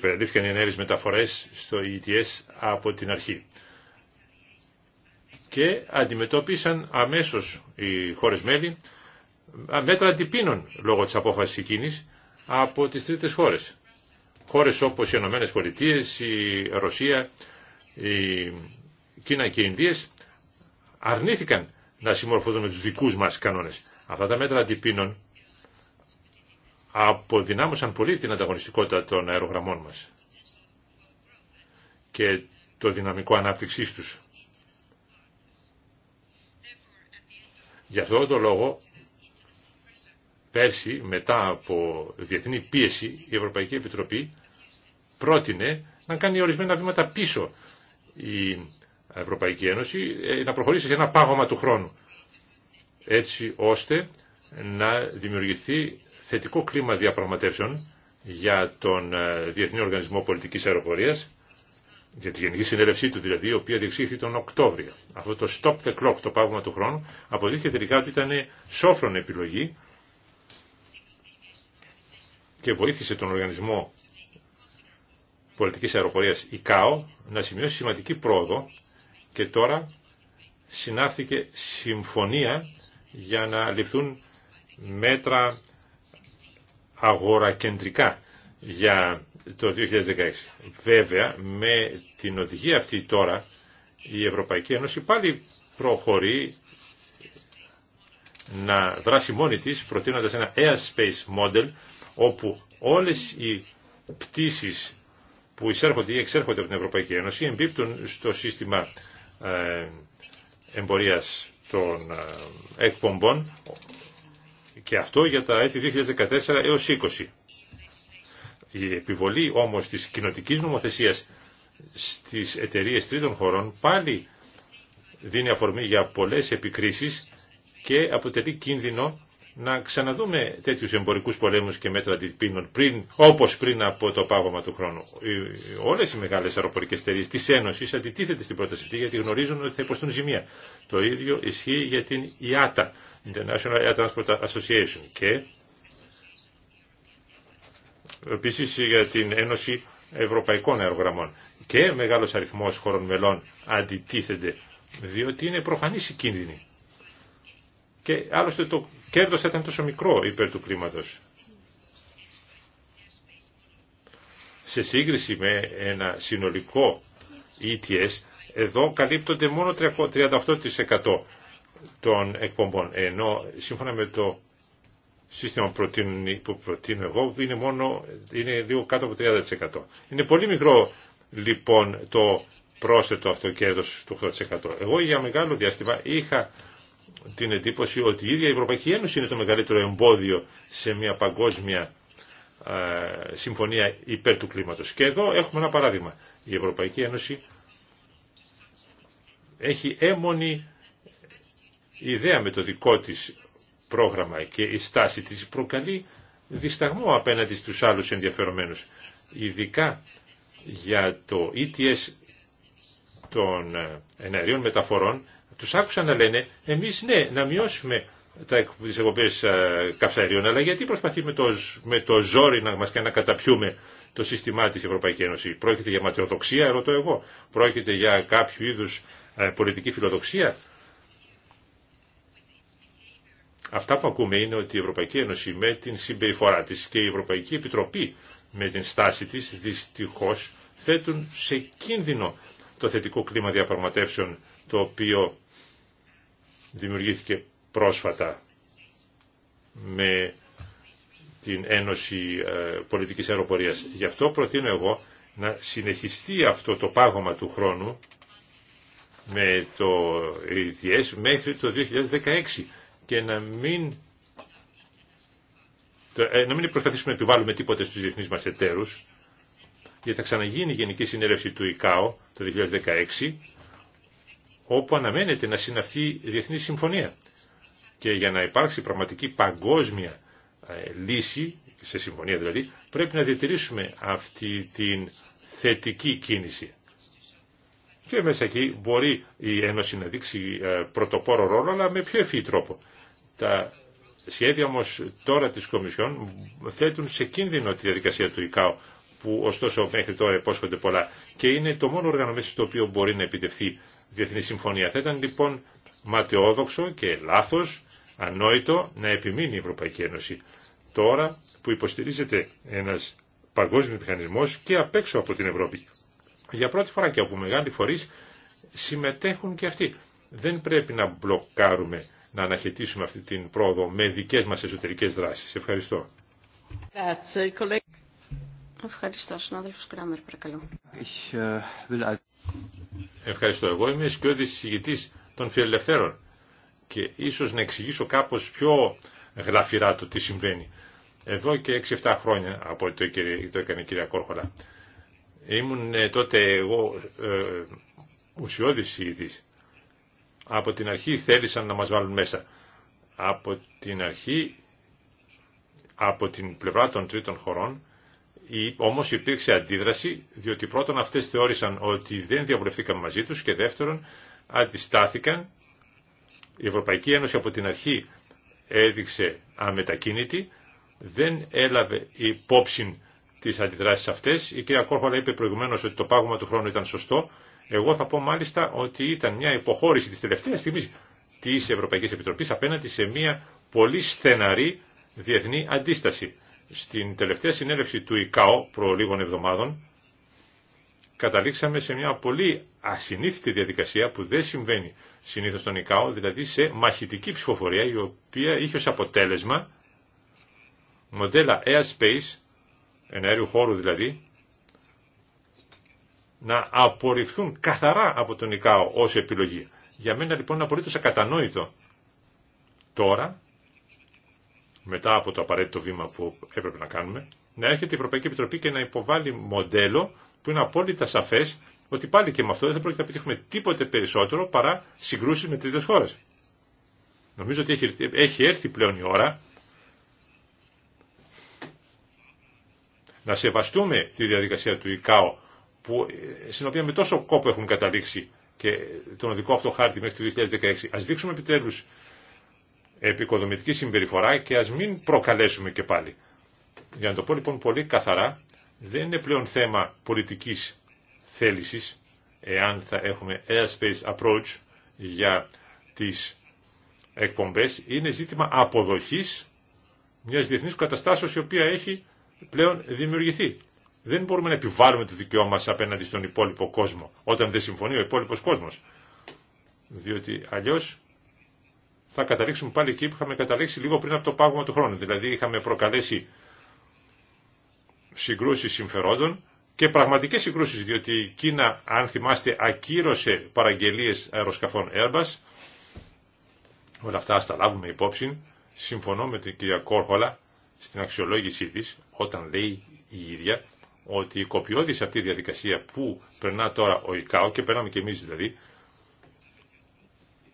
περιλήφθηκαν οι ενέργειες μεταφορές στο ETS από την αρχή και αντιμετώπισαν αμέσως οι χώρες μέλη μέτρα αντιπίνων λόγω της απόφασης εκείνης από τις τρίτες χώρες. Χώρες όπως οι Ηνωμένες Πολιτείες, η Ρωσία, η Κίνα και οι Ινδίες αρνήθηκαν να συμμορφωθούν με τους δικούς μας κανόνες. Αυτά τα μέτρα αντιπίνων αποδυνάμωσαν πολύ την ανταγωνιστικότητα των αερογραμμών μας και το δυναμικό ανάπτυξής τους. Για αυτό τον λόγο πέρσι μετά από διεθνή πίεση η Ευρωπαϊκή Επιτροπή πρότεινε να κάνει ορισμένα βήματα πίσω η Ευρωπαϊκή Ένωση ε, να προχωρήσει σε ένα πάγωμα του χρόνου έτσι ώστε να δημιουργηθεί θετικό κλίμα διαπραγματεύσεων για τον ε, Διεθνή Οργανισμό Πολιτικής Αεροπορίας για τη Γενική Συνέλευσή του δηλαδή, η οποία διεξήχθη τον Οκτώβριο. Αυτό το stop the clock, το πάγωμα του χρόνου, αποδείχθηκε τελικά ότι ήταν σόφρον επιλογή και βοήθησε τον οργανισμό πολιτικής αεροπορίας ΙΚΑΟ να σημειώσει σημαντική πρόοδο και τώρα συνάφθηκε συμφωνία για να ληφθούν μέτρα αγορακεντρικά για το 2016. Βέβαια, με την οδηγία αυτή τώρα, η Ευρωπαϊκή Ένωση πάλι προχωρεί να δράσει μόνη της, προτείνοντας ένα airspace model, όπου όλες οι πτήσεις που εισέρχονται ή εξέρχονται από την Ευρωπαϊκή Ένωση εμπίπτουν στο σύστημα ε, εμπορίας των ε, εκπομπών και αυτό για τα έτη 2014 έως 2020. Η επιβολή όμως της κοινοτικής νομοθεσίας στις εταιρείες τρίτων χωρών πάλι δίνει αφορμή για πολλές επικρίσεις και αποτελεί κίνδυνο να ξαναδούμε τέτοιους εμπορικούς πολέμους και μέτρα αντιπίνων πριν, όπως πριν από το πάγωμα του χρόνου. Όλες οι μεγάλες αεροπορικές εταιρείες της Ένωσης αντιτίθεται στην πρόταση αυτή γιατί γνωρίζουν ότι θα υποστούν ζημία. Το ίδιο ισχύει για την IATA, International Air Transport Association και Επίση για την Ένωση Ευρωπαϊκών Αερογραμμών. Και μεγάλος αριθμός χωρών μελών αντιτίθενται, διότι είναι προφανής η κίνδυνη. Και άλλωστε το κέρδος θα ήταν τόσο μικρό υπέρ του κλίματο. Σε σύγκριση με ένα συνολικό ETS, εδώ καλύπτονται μόνο 38% των εκπομπών, ενώ σύμφωνα με το σύστημα που προτείνω εγώ είναι, μόνο, είναι λίγο κάτω από 30%. Είναι πολύ μικρό λοιπόν το πρόσθετο αυτό κέρδος του 8%. Εγώ για μεγάλο διάστημα είχα την εντύπωση ότι η ίδια η Ευρωπαϊκή Ένωση είναι το μεγαλύτερο εμπόδιο σε μια παγκόσμια ε, συμφωνία υπέρ του κλίματος. Και εδώ έχουμε ένα παράδειγμα. Η Ευρωπαϊκή Ένωση έχει έμονη ιδέα με το δικό της πρόγραμμα και η στάση της προκαλεί δισταγμό απέναντι στους άλλους ενδιαφερομένους. Ειδικά για το ETS των ε, εναερίων μεταφορών, τους άκουσα να λένε εμείς ναι, να μειώσουμε τα εκπομπές ε, καυσαερίων, αλλά γιατί προσπαθεί με το, με το ζόρι να μας και να καταπιούμε το σύστημά της Ευρωπαϊκή Ένωση. Πρόκειται για ματαιοδοξία, ρωτώ εγώ. Πρόκειται για κάποιο είδους ε, πολιτική φιλοδοξία. Αυτά που ακούμε είναι ότι η Ευρωπαϊκή Ένωση με την συμπεριφορά της και η Ευρωπαϊκή Επιτροπή με την στάση της δυστυχώς θέτουν σε κίνδυνο το θετικό κλίμα διαπραγματεύσεων το οποίο δημιουργήθηκε πρόσφατα με την Ένωση ε, Πολιτικής Αεροπορίας. Γι' αυτό προτείνω εγώ να συνεχιστεί αυτό το πάγωμα του χρόνου με το ETS μέχρι το 2016 και να μην, ε, να μην προσπαθήσουμε να επιβάλλουμε τίποτε στους διεθνείς μας εταίρους, γιατί θα ξαναγίνει η Γενική Συνέλευση του ΙΚΑΟ το 2016, όπου αναμένεται να συναυθεί διεθνή συμφωνία. Και για να υπάρξει πραγματική παγκόσμια ε, λύση, σε συμφωνία δηλαδή, πρέπει να διατηρήσουμε αυτή την θετική κίνηση. Και μέσα εκεί μπορεί η Ένωση να δείξει ε, πρωτοπόρο ρόλο, αλλά με πιο ευφύ τρόπο. Τα σχέδια όμω τώρα της Κομισιόν θέτουν σε κίνδυνο τη διαδικασία του ΙΚΑΟ που ωστόσο μέχρι τώρα υπόσχονται πολλά και είναι το μόνο όργανο μέσα στο οποίο μπορεί να επιτευχθεί διεθνή συμφωνία. Θα ήταν λοιπόν ματαιόδοξο και λάθος, ανόητο να επιμείνει η Ευρωπαϊκή Ένωση. Τώρα που υποστηρίζεται ένας παγκόσμιος μηχανισμός και απ' έξω από την Ευρώπη. Για πρώτη φορά και από μεγάλη φορείς συμμετέχουν και αυτοί. Δεν πρέπει να μπλοκάρουμε να αναχαιτήσουμε αυτή την πρόοδο με δικές μας εσωτερικές δράσεις. Ευχαριστώ. Ευχαριστώ. Συνάδελφος Κράμερ, παρακαλώ. Äh, Ευχαριστώ. Εγώ είμαι σκιώδης συγητής των φιλελευθέρων και ίσως να εξηγήσω κάπως πιο γλαφυρά το τι συμβαίνει. Εδώ και 6-7 χρόνια από ό,τι το, το έκανε η κυρία Κόρχολα. Ήμουν ε, τότε εγώ ε, ουσιώδης από την αρχή θέλησαν να μας βάλουν μέσα. Από την αρχή, από την πλευρά των τρίτων χωρών, όμως υπήρξε αντίδραση, διότι πρώτον αυτές θεώρησαν ότι δεν διαβουλευτήκαμε μαζί τους και δεύτερον αντιστάθηκαν. Η Ευρωπαϊκή Ένωση από την αρχή έδειξε αμετακίνητη, δεν έλαβε υπόψη τις αντιδράσεις αυτές. Η κυρία Κόρχολα είπε προηγουμένως ότι το πάγωμα του χρόνου ήταν σωστό εγώ θα πω μάλιστα ότι ήταν μια υποχώρηση της τελευταίας στιγμής της Ευρωπαϊκής Επιτροπής απέναντι σε μια πολύ στεναρή διεθνή αντίσταση. Στην τελευταία συνέλευση του ΙΚΑΟ προ λίγων εβδομάδων καταλήξαμε σε μια πολύ ασυνήθιστη διαδικασία που δεν συμβαίνει συνήθως στον ΙΚΑΟ, δηλαδή σε μαχητική ψηφοφορία η οποία είχε ως αποτέλεσμα μοντέλα airspace, αέριου χώρου δηλαδή, να απορριφθούν καθαρά από τον ΙΚΑΟ ως επιλογή. Για μένα λοιπόν είναι απολύτως ακατανόητο τώρα, μετά από το απαραίτητο βήμα που έπρεπε να κάνουμε, να έρχεται η Ευρωπαϊκή Επιτροπή και να υποβάλει μοντέλο που είναι απόλυτα σαφές ότι πάλι και με αυτό δεν θα πρόκειται να πετύχουμε τίποτε περισσότερο παρά συγκρούσεις με τρίτες χώρες. Νομίζω ότι έχει έρθει πλέον η ώρα να σεβαστούμε τη διαδικασία του ΙΚΑΟ που, ε, στην οποία με τόσο κόπο έχουν καταλήξει και τον οδικό αυτό χάρτη μέχρι το 2016. Ας δείξουμε επιτέλους επικοδομητική συμπεριφορά και ας μην προκαλέσουμε και πάλι. Για να το πω λοιπόν πολύ καθαρά, δεν είναι πλέον θέμα πολιτικής θέλησης, εάν θα έχουμε airspace approach για τις εκπομπές, είναι ζήτημα αποδοχής μιας διεθνής καταστάσεως η οποία έχει πλέον δημιουργηθεί. Δεν μπορούμε να επιβάλλουμε το δικαίωμα μας απέναντι στον υπόλοιπο κόσμο, όταν δεν συμφωνεί ο υπόλοιπο κόσμο. Διότι αλλιώ θα καταλήξουμε πάλι εκεί που είχαμε καταλήξει λίγο πριν από το πάγωμα του χρόνου. Δηλαδή είχαμε προκαλέσει συγκρούσει συμφερόντων και πραγματικέ συγκρούσει, διότι η Κίνα, αν θυμάστε, ακύρωσε παραγγελίε αεροσκαφών Airbus. Όλα αυτά ας τα λάβουμε υπόψη. Συμφωνώ με την κυρία Κόρχολα στην αξιολόγησή τη όταν λέει η ίδια ότι η κοπιώδη σε αυτή τη διαδικασία που περνά τώρα ο ΙΚΑΟ και περνάμε και εμείς δηλαδή,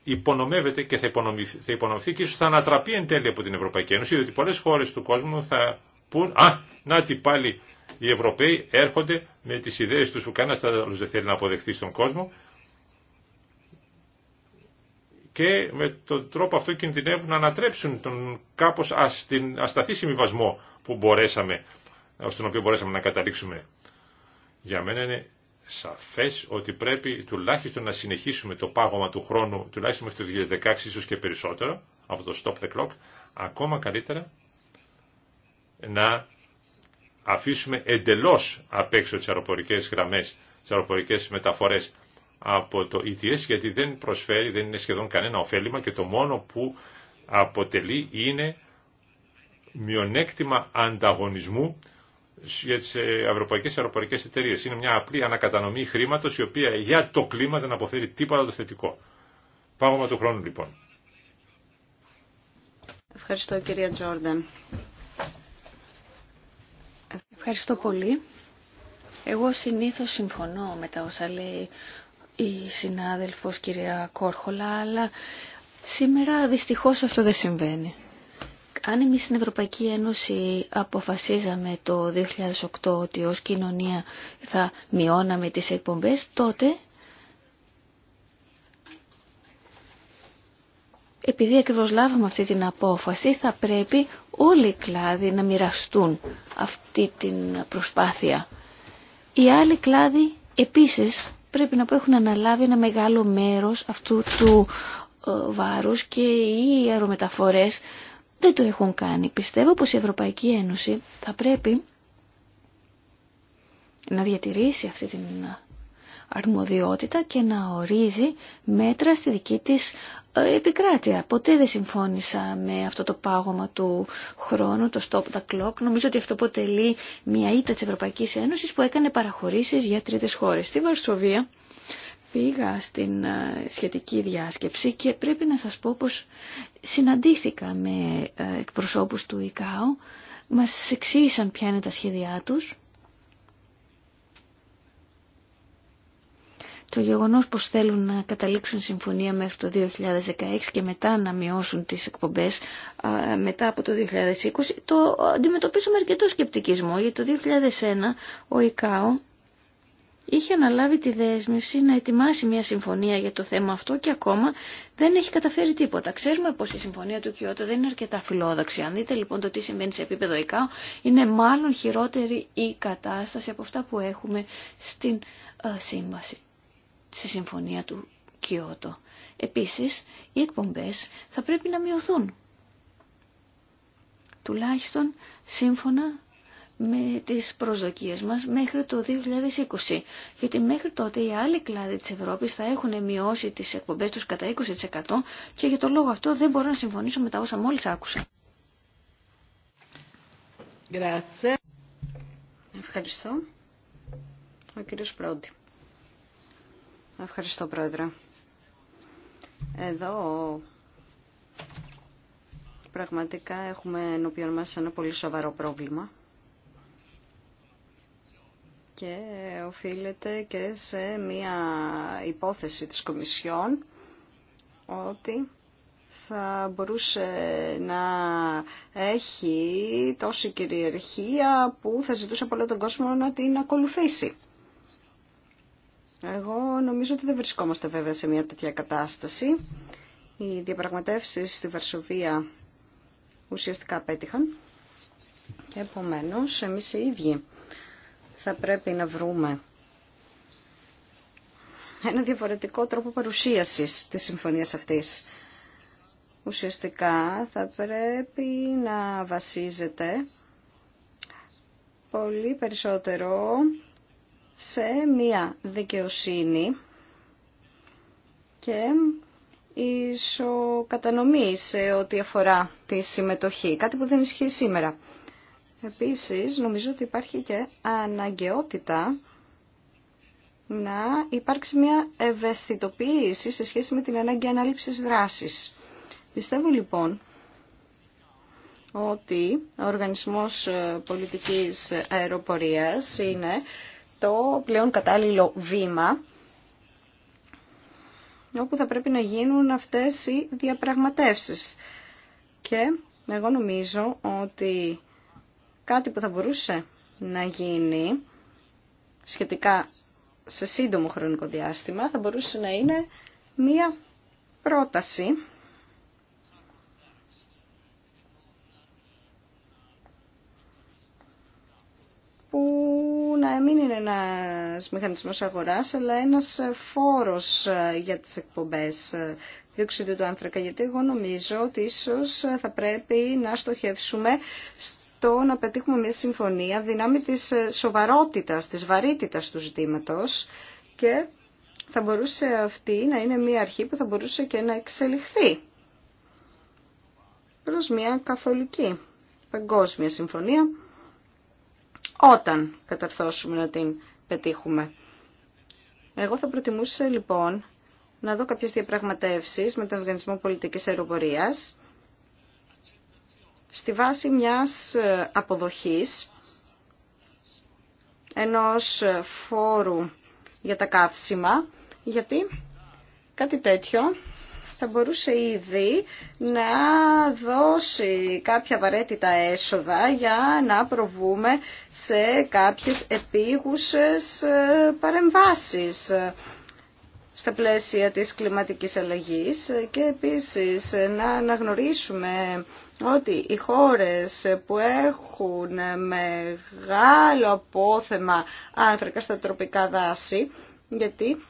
υπονομεύεται και θα υπονομηθεί, θα και ίσως θα ανατραπεί εν τέλει από την Ευρωπαϊκή Ένωση, διότι πολλές χώρες του κόσμου θα πούν «Α, να τι πάλι οι Ευρωπαίοι έρχονται με τις ιδέες τους που κανένας άλλος δεν θέλει να αποδεχθεί στον κόσμο και με τον τρόπο αυτό κινδυνεύουν να ανατρέψουν τον κάπως ασταθή συμβιβασμό που μπορέσαμε τον οποίο μπορέσαμε να καταλήξουμε. Για μένα είναι σαφές ότι πρέπει τουλάχιστον να συνεχίσουμε το πάγωμα του χρόνου τουλάχιστον μέχρι το 2016 ίσως και περισσότερο από το stop the clock ακόμα καλύτερα να αφήσουμε εντελώς απ' έξω τις αεροπορικές γραμμές τις αεροπορικές μεταφορές από το ETS γιατί δεν προσφέρει, δεν είναι σχεδόν κανένα ωφέλιμα και το μόνο που αποτελεί είναι μειονέκτημα ανταγωνισμού για τις ε, ευρωπαϊκές αεροπορικέ εταιρείε Είναι μια απλή ανακατανομή χρήματο, η οποία για το κλίμα δεν αποφέρει τίποτα το θετικό. με τον χρόνο, λοιπόν. Ευχαριστώ κυρία Τζόρνταν. Ευχαριστώ πολύ. Εγώ συνήθως συμφωνώ με τα όσα λέει η συνάδελφος κυρία Κόρχολα, αλλά σήμερα δυστυχώς αυτό δεν συμβαίνει αν εμείς στην Ευρωπαϊκή Ένωση αποφασίζαμε το 2008 ότι ως κοινωνία θα μειώναμε τις εκπομπές, τότε επειδή ακριβώς λάβαμε αυτή την απόφαση θα πρέπει όλοι οι κλάδοι να μοιραστούν αυτή την προσπάθεια. Οι άλλοι κλάδοι επίσης πρέπει να έχουν αναλάβει ένα μεγάλο μέρος αυτού του ε, βάρους και οι αερομεταφορές δεν το έχουν κάνει. Πιστεύω πως η Ευρωπαϊκή Ένωση θα πρέπει να διατηρήσει αυτή την αρμοδιότητα και να ορίζει μέτρα στη δική της ε, επικράτεια. Ποτέ δεν συμφώνησα με αυτό το πάγωμα του χρόνου, το stop the clock. Νομίζω ότι αυτό αποτελεί μια ήττα της Ευρωπαϊκής Ένωσης που έκανε παραχωρήσεις για τρίτες χώρες. Στη Βαρσοβία πήγα στην ε, σχετική διάσκεψη και πρέπει να σας πω πως συναντήθηκα με ε, εκπροσώπους του ΙΚΑΟ, μας εξήγησαν ποια είναι τα σχέδιά τους. Το γεγονός πως θέλουν να καταλήξουν συμφωνία μέχρι το 2016 και μετά να μειώσουν τις εκπομπές μετά από το 2020, το αντιμετωπίζουμε αρκετό σκεπτικισμό, γιατί το 2001 ο ΙΚΑΟ είχε αναλάβει τη δέσμευση να ετοιμάσει μια συμφωνία για το θέμα αυτό και ακόμα δεν έχει καταφέρει τίποτα. Ξέρουμε πως η συμφωνία του Κιώτο δεν είναι αρκετά φιλόδοξη. Αν δείτε λοιπόν το τι συμβαίνει σε επίπεδο ΙΚΑΟ, είναι μάλλον χειρότερη η κατάσταση από αυτά που έχουμε στην ε, σύμβαση, στη συμφωνία του Κιώτο. Επίσης, οι εκπομπές θα πρέπει να μειωθούν. Τουλάχιστον σύμφωνα με τις προσδοκίες μας μέχρι το 2020. Γιατί μέχρι τότε οι άλλοι κλάδοι της Ευρώπης θα έχουν μειώσει τις εκπομπές τους κατά 20% και για τον λόγο αυτό δεν μπορώ να συμφωνήσω με τα όσα μόλις άκουσα. Ευχαριστώ. Ο κύριος Πρόντι. Ευχαριστώ, Πρόεδρε. Εδώ πραγματικά έχουμε ενώπιον μας ένα πολύ σοβαρό πρόβλημα και οφείλεται και σε μία υπόθεση της Κομισιόν ότι θα μπορούσε να έχει τόση κυριαρχία που θα ζητούσε από όλο τον κόσμο να την ακολουθήσει. Εγώ νομίζω ότι δεν βρισκόμαστε βέβαια σε μια τέτοια κατάσταση. Οι διαπραγματεύσεις στη Βαρσοβία ουσιαστικά πέτυχαν και επομένως εμείς οι ίδιοι θα πρέπει να βρούμε ένα διαφορετικό τρόπο παρουσίασης της συμφωνίας αυτής. Ουσιαστικά θα πρέπει να βασίζεται πολύ περισσότερο σε μία δικαιοσύνη και ισοκατανομή σε ό,τι αφορά τη συμμετοχή, κάτι που δεν ισχύει σήμερα. Επίσης, νομίζω ότι υπάρχει και αναγκαιότητα να υπάρξει μια ευαισθητοποίηση σε σχέση με την ανάγκη ανάληψης δράσης. Πιστεύω λοιπόν ότι ο Οργανισμός ε, Πολιτικής Αεροπορίας είναι το πλέον κατάλληλο βήμα όπου θα πρέπει να γίνουν αυτές οι διαπραγματεύσεις. Και εγώ νομίζω ότι Κάτι που θα μπορούσε να γίνει σχετικά σε σύντομο χρονικό διάστημα θα μπορούσε να είναι μία πρόταση που να μην είναι ένας μηχανισμός αγοράς, αλλά ένας φόρος ε, για τις εκπομπές διοξιδίου του άνθρακα. Γιατί εγώ νομίζω ότι ίσως θα πρέπει να στοχεύσουμε το να πετύχουμε μια συμφωνία δυνάμει της ε, σοβαρότητας, της βαρύτητας του ζητήματος και θα μπορούσε αυτή να είναι μια αρχή που θα μπορούσε και να εξελιχθεί προς μια καθολική παγκόσμια συμφωνία όταν καταρθώσουμε να την πετύχουμε. Εγώ θα προτιμούσα λοιπόν να δω κάποιες διαπραγματεύσεις με τον Οργανισμό Πολιτικής Αεροπορίας στη βάση μιας ε, αποδοχής ενός ε, φόρου για τα καύσιμα, γιατί κάτι τέτοιο θα μπορούσε ήδη να δώσει κάποια απαραίτητα έσοδα για να προβούμε σε κάποιες επίγουσες ε, παρεμβάσεις στα πλαίσια της κλιματικής αλλαγής και επίσης να αναγνωρίσουμε ότι οι χώρες που έχουν μεγάλο απόθεμα άνθρακα στα τροπικά δάση, γιατί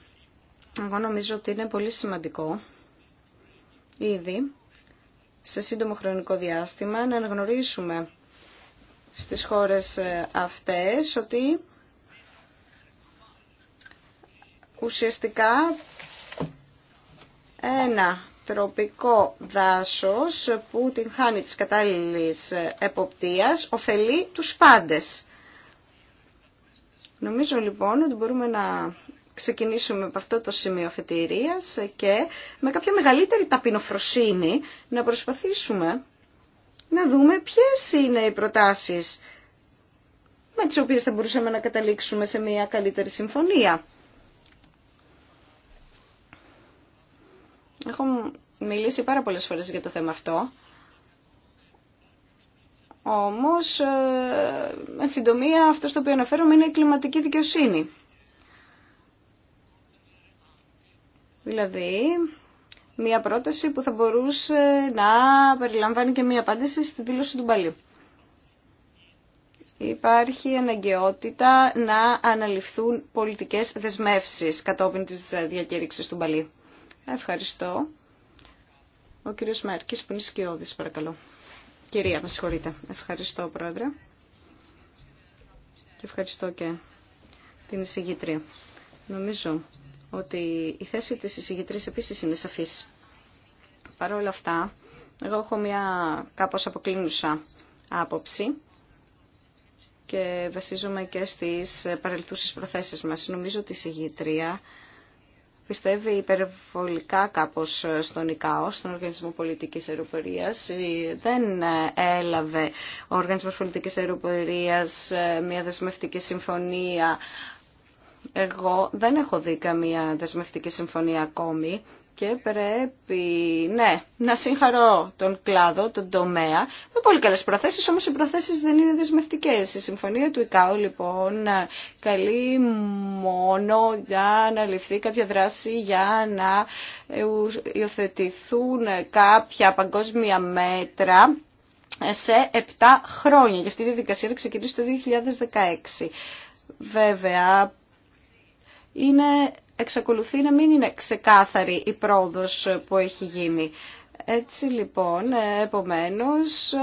εγώ νομίζω ότι είναι πολύ σημαντικό ήδη σε σύντομο χρονικό διάστημα να αναγνωρίσουμε στις χώρες αυτές ότι ουσιαστικά ένα τροπικό δάσος που την χάνει της κατάλληλης εποπτείας ωφελεί τους πάντες. Νομίζω λοιπόν ότι μπορούμε να ξεκινήσουμε από αυτό το σημείο αφετηρίας και με κάποια μεγαλύτερη ταπεινοφροσύνη να προσπαθήσουμε να δούμε ποιες είναι οι προτάσεις με τις οποίες θα μπορούσαμε να καταλήξουμε σε μια καλύτερη συμφωνία. Έχω μιλήσει πάρα πολλές φορές για το θέμα αυτό. Όμως, με συντομία, αυτό στο οποίο αναφέρομαι είναι η κλιματική δικαιοσύνη. Δηλαδή, μία πρόταση που θα μπορούσε να περιλαμβάνει και μία απάντηση στη δήλωση του Μπαλίου. Υπάρχει αναγκαιότητα να αναλυφθούν πολιτικές δεσμεύσεις κατόπιν της διακήρυξης του Μπαλίου. Ευχαριστώ. Ο κύριος Μέρκης που είναι σκιώδης, παρακαλώ. Κυρία, με συγχωρείτε. Ευχαριστώ, Πρόεδρε. Και ευχαριστώ και την εισηγήτρια. Νομίζω ότι η θέση της εισηγητρής επίσης είναι σαφής. Παρ' όλα αυτά, εγώ έχω μια κάπως αποκλίνουσα άποψη και βασίζομαι και στις παρελθούσες προθέσεις μας. Νομίζω ότι η εισηγήτρια πιστεύει υπερβολικά κάπως στον ΙΚΑΟ, στον Οργανισμό Πολιτικής Αεροπορίας. Δεν έλαβε ο Οργανισμός Πολιτικής Αεροπορίας ε, μια δεσμευτική συμφωνία εγώ δεν έχω δει καμία δεσμευτική συμφωνία ακόμη και πρέπει, ναι, να συγχαρώ τον κλάδο, τον τομέα, με πολύ καλές προθέσεις, όμως οι προθέσεις δεν είναι δεσμευτικές. Η συμφωνία του ΙΚΑΟ, λοιπόν, καλεί μόνο για να ληφθεί κάποια δράση, για να υιοθετηθούν κάποια παγκόσμια μέτρα σε 7 χρόνια. Γι' αυτή η διαδικασία ξεκινήσει το 2016. Βέβαια, είναι, εξακολουθεί να μην είναι ξεκάθαρη η πρόοδος που έχει γίνει. Έτσι λοιπόν, ε, επομένως, ε,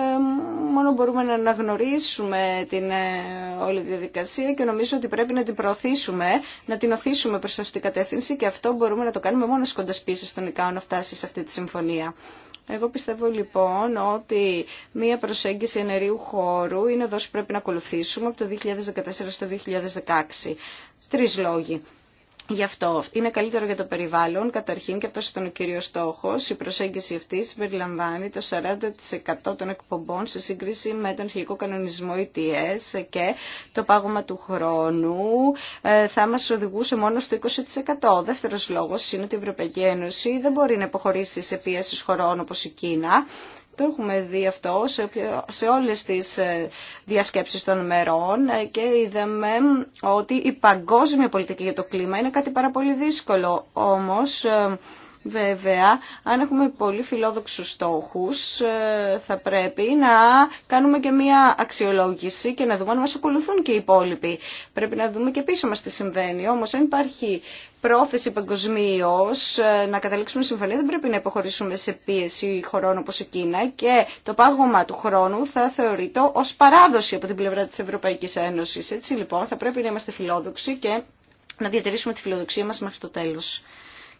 μόνο μπορούμε να αναγνωρίσουμε την ε, όλη διαδικασία και νομίζω ότι πρέπει να την προωθήσουμε, να την οθήσουμε προς αυτή την κατεύθυνση και αυτό μπορούμε να το κάνουμε μόνο σκοντας πίσω στον ΙΚΑΟ να φτάσει σε αυτή τη συμφωνία. Εγώ πιστεύω λοιπόν ότι μία προσέγγιση ενερίου χώρου είναι εδώ που πρέπει να ακολουθήσουμε από το 2014 στο 2016. Τρεις λόγοι. Γι' αυτό είναι καλύτερο για το περιβάλλον, καταρχήν και αυτό ήταν ο κύριο στόχο. Η προσέγγιση αυτή συμπεριλαμβάνει το 40% των εκπομπών σε σύγκριση με τον αρχικό κανονισμό ETS ε και το πάγωμα του χρόνου ε, θα μα οδηγούσε μόνο στο 20%. Δεύτερο λόγο είναι ότι η Ευρωπαϊκή Ένωση δεν μπορεί να υποχωρήσει σε πίεση χωρών όπω η Κίνα το έχουμε δει αυτό σε όλες τις ε, διασκέψεις των μερών ε, και είδαμε ότι η παγκόσμια πολιτική για το κλίμα είναι κάτι πάρα πολύ δύσκολο. Όμως ε, Βέβαια, αν έχουμε πολύ φιλόδοξους στόχους, ε, θα πρέπει να κάνουμε και μία αξιολόγηση και να δούμε αν μας ακολουθούν και οι υπόλοιποι. Πρέπει να δούμε και πίσω μας τι συμβαίνει. Όμως, αν υπάρχει πρόθεση παγκοσμίω ε, να καταλήξουμε συμφωνία, δεν πρέπει να υποχωρήσουμε σε πίεση χωρών όπως η Κίνα και το πάγωμα του χρόνου θα θεωρείται ως παράδοση από την πλευρά της Ευρωπαϊκής Ένωσης. Έτσι λοιπόν θα πρέπει να είμαστε φιλόδοξοι και να διατηρήσουμε τη φιλοδοξία μας μέχρι το τέλος.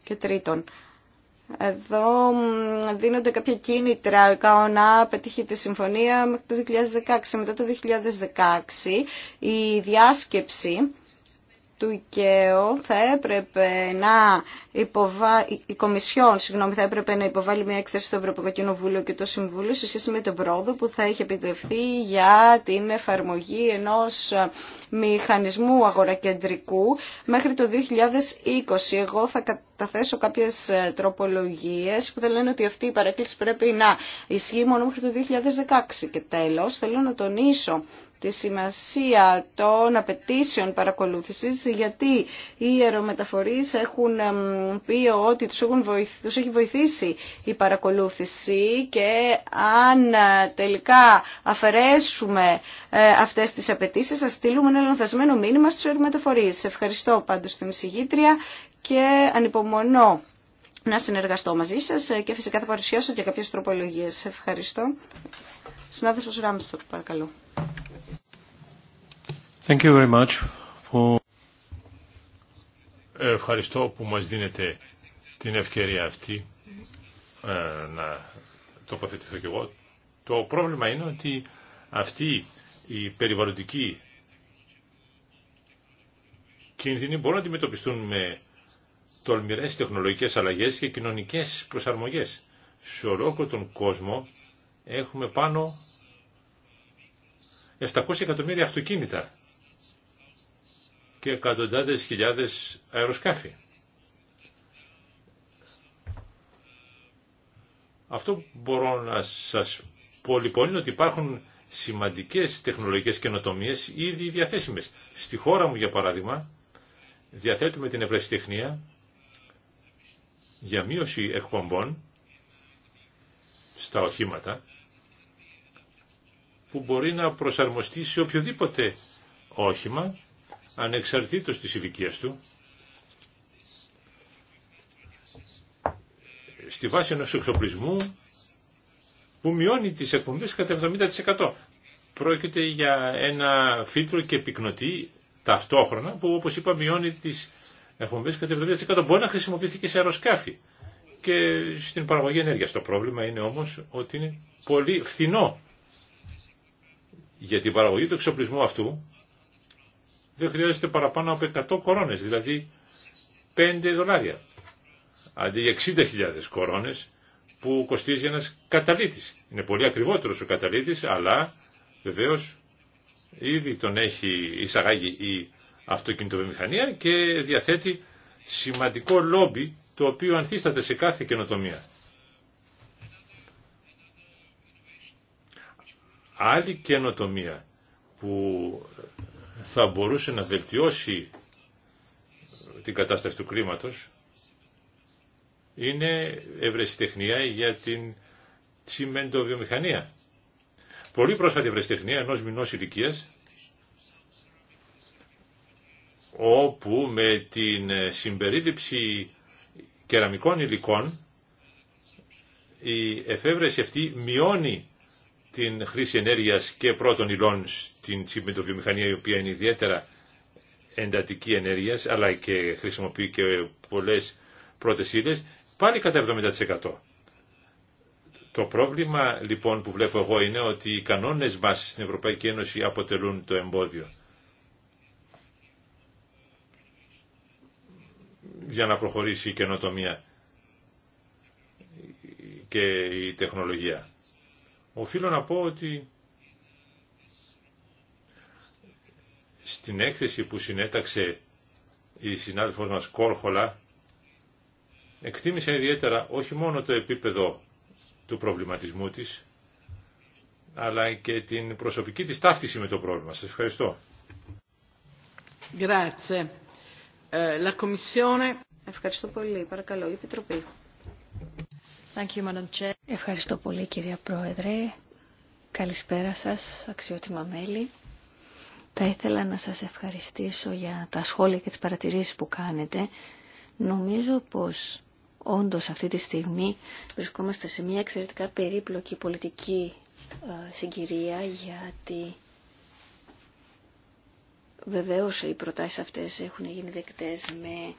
Και τρίτον, εδώ δίνονται κάποια κίνητρα να πετύχει τη συμφωνία μέχρι το 2016. Μετά το 2016 η διάσκεψη του ΙΚΕΟ θα έπρεπε να υποβα... η Κομισιόν συγγνώμη, θα έπρεπε να υποβάλει μια έκθεση στο Ευρωπαϊκό Κοινοβούλιο και το Συμβούλιο σε σχέση με τον πρόοδο που θα έχει επιτευχθεί για την εφαρμογή ενός μηχανισμού αγορακεντρικού μέχρι το 2020. Εγώ θα καταθέσω κάποιες ε, τροπολογίες που θα λένε ότι αυτή η παρέκκληση πρέπει να ισχύει μόνο μέχρι το 2016. Και τέλος θέλω να τονίσω τη σημασία των απαιτήσεων παρακολούθησης γιατί οι αερομεταφορείς έχουν πει ότι τους, έχουν έχει βοηθήσει η παρακολούθηση και αν ε, τελικά αφαιρέσουμε ε, αυτές τις απαιτήσει, θα στείλουμε ένα λανθασμένο μήνυμα στους αερομεταφορείς. Ευχαριστώ πάντως την εισηγήτρια και ανυπομονώ να συνεργαστώ μαζί σας ε, και φυσικά θα παρουσιάσω και κάποιες τροπολογίες. Ευχαριστώ. Συνάδελφος Ράμστορ, παρακαλώ. Thank you very much for... Ευχαριστώ που μας δίνετε την ευκαιρία αυτή ε, να τοποθετηθώ κι εγώ. Το πρόβλημα είναι ότι αυτή η περιβαλλοντική κίνδυνοι μπορούν να αντιμετωπιστούν με τολμηρές τεχνολογικές αλλαγές και κοινωνικές προσαρμογές. Σε ολόκληρο τον κόσμο έχουμε πάνω 700 εκατομμύρια αυτοκίνητα και εκατοντάδες χιλιάδες αεροσκάφη. Αυτό μπορώ να σας πω λοιπόν είναι ότι υπάρχουν σημαντικές τεχνολογικές καινοτομίες ήδη διαθέσιμες. Στη χώρα μου για παράδειγμα διαθέτουμε την ευρεσιτεχνία για μείωση εκπομπών στα οχήματα που μπορεί να προσαρμοστεί σε οποιοδήποτε όχημα ανεξαρτήτως της ηλικία του στη βάση ενός εξοπλισμού που μειώνει τις εκπομπές κατά 70%. Πρόκειται για ένα φίλτρο και πυκνοτή ταυτόχρονα που όπως είπα μειώνει τις Έχουμε πει ότι το 70% μπορεί να χρησιμοποιηθεί και σε αεροσκάφη και στην παραγωγή ενέργειας. Το πρόβλημα είναι όμως ότι είναι πολύ φθηνό. Για την παραγωγή του εξοπλισμού αυτού δεν χρειάζεται παραπάνω από 100 κορώνε, δηλαδή 5 δολάρια. Αντί για 60.000 κορώνε που κοστίζει ένα καταλήτη. Είναι πολύ ακριβότερο ο καταλήτη, αλλά βεβαίω ήδη τον έχει εισαγάγει η αυτοκινητοβιομηχανία και διαθέτει σημαντικό λόμπι το οποίο ανθίσταται σε κάθε καινοτομία. Άλλη καινοτομία που θα μπορούσε να βελτιώσει την κατάσταση του κλίματος είναι ευρεσιτεχνία για την τσιμεντοβιομηχανία. Πολύ πρόσφατη ευρεσιτεχνία ενός μηνός ηλικίας όπου με την ε, συμπερίληψη κεραμικών υλικών η εφεύρεση αυτή μειώνει την χρήση ενέργειας και πρώτων υλών στην τσιμεντοβιομηχανία η οποία είναι ιδιαίτερα εντατική ενέργειας αλλά και χρησιμοποιεί και πολλές πρώτες ύλες πάλι κατά 70%. Το πρόβλημα λοιπόν που βλέπω εγώ είναι ότι οι κανόνες μας στην Ευρωπαϊκή Ένωση αποτελούν το εμπόδιο. για να προχωρήσει η καινοτομία και η τεχνολογία. Οφείλω να πω ότι στην έκθεση που συνέταξε η συνάδελφός μας Κόρχολα εκτίμησα ιδιαίτερα όχι μόνο το επίπεδο του προβληματισμού της αλλά και την προσωπική της ταύτιση με το πρόβλημα. Σας ευχαριστώ. Grazie. Ε, Ευχαριστώ πολύ. Παρακαλώ, η Επιτροπή. Ευχαριστώ πολύ, κυρία Πρόεδρε. Καλησπέρα σας, αξιότιμα μέλη. Θα ήθελα να σας ευχαριστήσω για τα σχόλια και τις παρατηρήσεις που κάνετε. Νομίζω πως όντως αυτή τη στιγμή βρισκόμαστε σε μια εξαιρετικά περίπλοκη πολιτική ε, συγκυρία γιατί Βεβαίως οι προτάσεις αυτές έχουν γίνει δεκτές με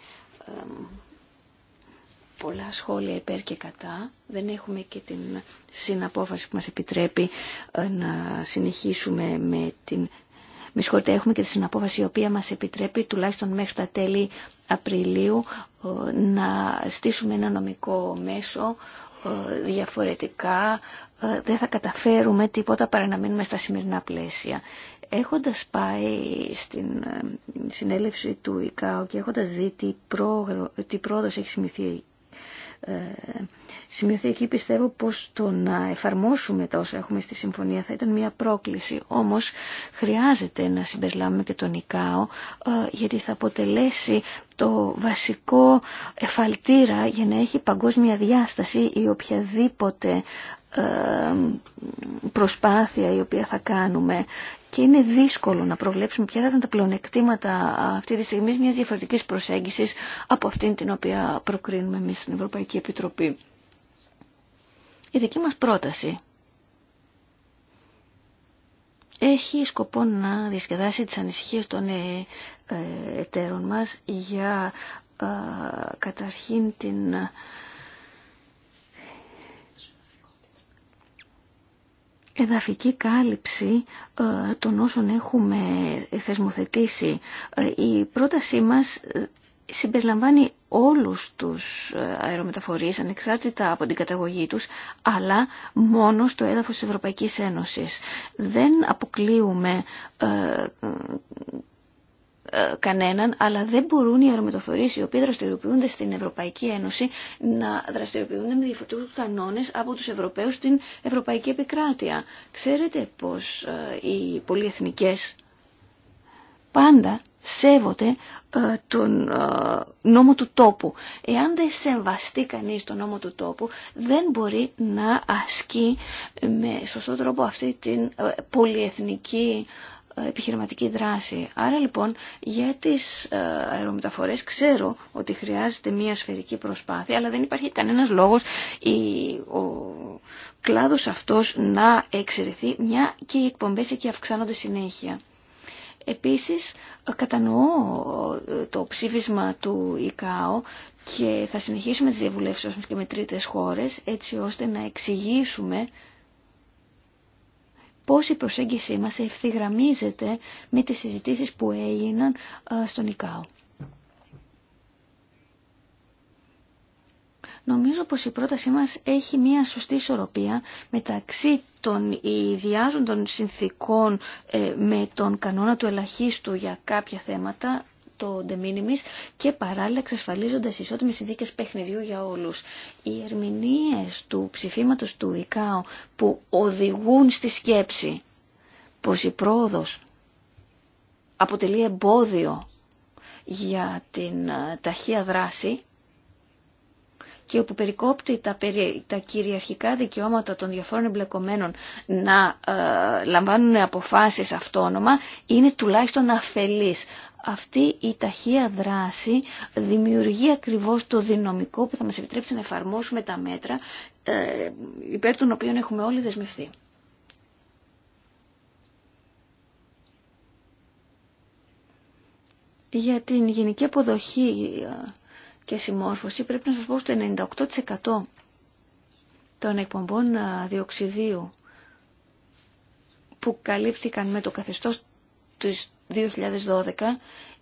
πολλά σχόλια υπέρ και κατά. Δεν έχουμε και την συναπόφαση που μας επιτρέπει ε, να συνεχίσουμε με την με έχουμε και τη συναπόφαση η οποία μας επιτρέπει τουλάχιστον μέχρι τα τέλη Απριλίου ε, να στήσουμε ένα νομικό μέσο ε, διαφορετικά ε, δεν θα καταφέρουμε τίποτα παρά να μείνουμε στα σημερινά πλαίσια. Έχοντας πάει στην συνέλευση του ΙΚΑΟ και έχοντας δει τι, πρόοδο τι πρόοδος έχει σημειωθεί ε, σημειωθεί εκεί πιστεύω πως το να εφαρμόσουμε τα όσα έχουμε στη συμφωνία θα ήταν μια πρόκληση. Όμως χρειάζεται να συμπεριλάμουμε και τον ΙΚΑΟ ε, γιατί θα αποτελέσει το βασικό εφαλτήρα για να έχει παγκόσμια διάσταση ή οποιαδήποτε ε, προσπάθεια η οποία θα κάνουμε και είναι δύσκολο να προβλέψουμε ποια θα ήταν τα πλεονεκτήματα αυτή τη στιγμή μιας διαφορετικής προσέγγισης από αυτήν την οποία προκρίνουμε εμείς στην Ευρωπαϊκή Επιτροπή. Η δική μας πρόταση έχει σκοπό να διασκεδάσει τις ανησυχίες των ε, ε, εταίρων μας για ε, καταρχήν την εδαφική κάλυψη των όσων έχουμε θεσμοθετήσει. Η πρότασή μας συμπεριλαμβάνει όλους τους ε, αερομεταφορείς ανεξάρτητα από την καταγωγή τους αλλά μόνο στο έδαφος της Ευρωπαϊκής Ένωσης. Δεν αποκλείουμε ε, ε, κανέναν αλλά δεν μπορούν οι αερομεταφορείς οι οποίοι δραστηριοποιούνται στην Ευρωπαϊκή Ένωση να δραστηριοποιούνται με διαφορετικούς κανόνες από τους Ευρωπαίους στην Ευρωπαϊκή Επικράτεια. Ξέρετε πως οι πολυεθνικές πάντα σέβονται ε, τον ε, νόμο του τόπου. Εάν δεν σεβαστεί κανείς τον νόμο του τόπου, δεν μπορεί να ασκεί με σωστό τρόπο αυτή την ε, πολυεθνική επιχειρηματική δράση. Άρα λοιπόν για τις αερομεταφορές ξέρω ότι χρειάζεται μια σφαιρική προσπάθεια αλλά δεν υπάρχει κανένας λόγος ο κλάδος αυτός να εξαιρεθεί μια και οι εκπομπές εκεί αυξάνονται συνέχεια. Επίσης, ε, κατανοώ ε, το ψήφισμα του ΙΚΑΟ και θα συνεχίσουμε τις διαβουλεύσεις μας και με τρίτες χώρες, έτσι ώστε να εξηγήσουμε πώς η προσέγγιση μας ευθυγραμμίζεται με τις συζητήσεις που έγιναν ε, στον ΙΚΑΟ. Νομίζω πως η πρότασή μας έχει μια σωστή ισορροπία μεταξύ των ιδιάζοντων συνθήκων ε, με τον κανόνα του ελαχίστου για κάποια θέματα το de minimis και παράλληλα εξασφαλίζοντα ισότιμε συνθήκε παιχνιδιού για όλου. Οι ερμηνείε του ψηφίματο του ΙΚΑΟ που οδηγούν στη σκέψη πω η πρόοδο αποτελεί εμπόδιο για την ε, ταχεία δράση και όπου περικόπτει τα, τα κυριαρχικά δικαιώματα των διαφόρων εμπλεκομένων να ε, λαμβάνουν αποφάσεις αυτόνομα είναι τουλάχιστον αφελής. Αυτή η ταχεία δράση δημιουργεί ακριβώς το δυναμικό που θα μας επιτρέψει να εφαρμόσουμε τα μέτρα ε, υπέρ των οποίων έχουμε όλοι δεσμευτεί. Για την γενική αποδοχή ε, και συμμόρφωση, πρέπει να σας πω ότι το 98% των εκπομπών διοξιδίου που καλύφθηκαν με το καθεστώς του 2012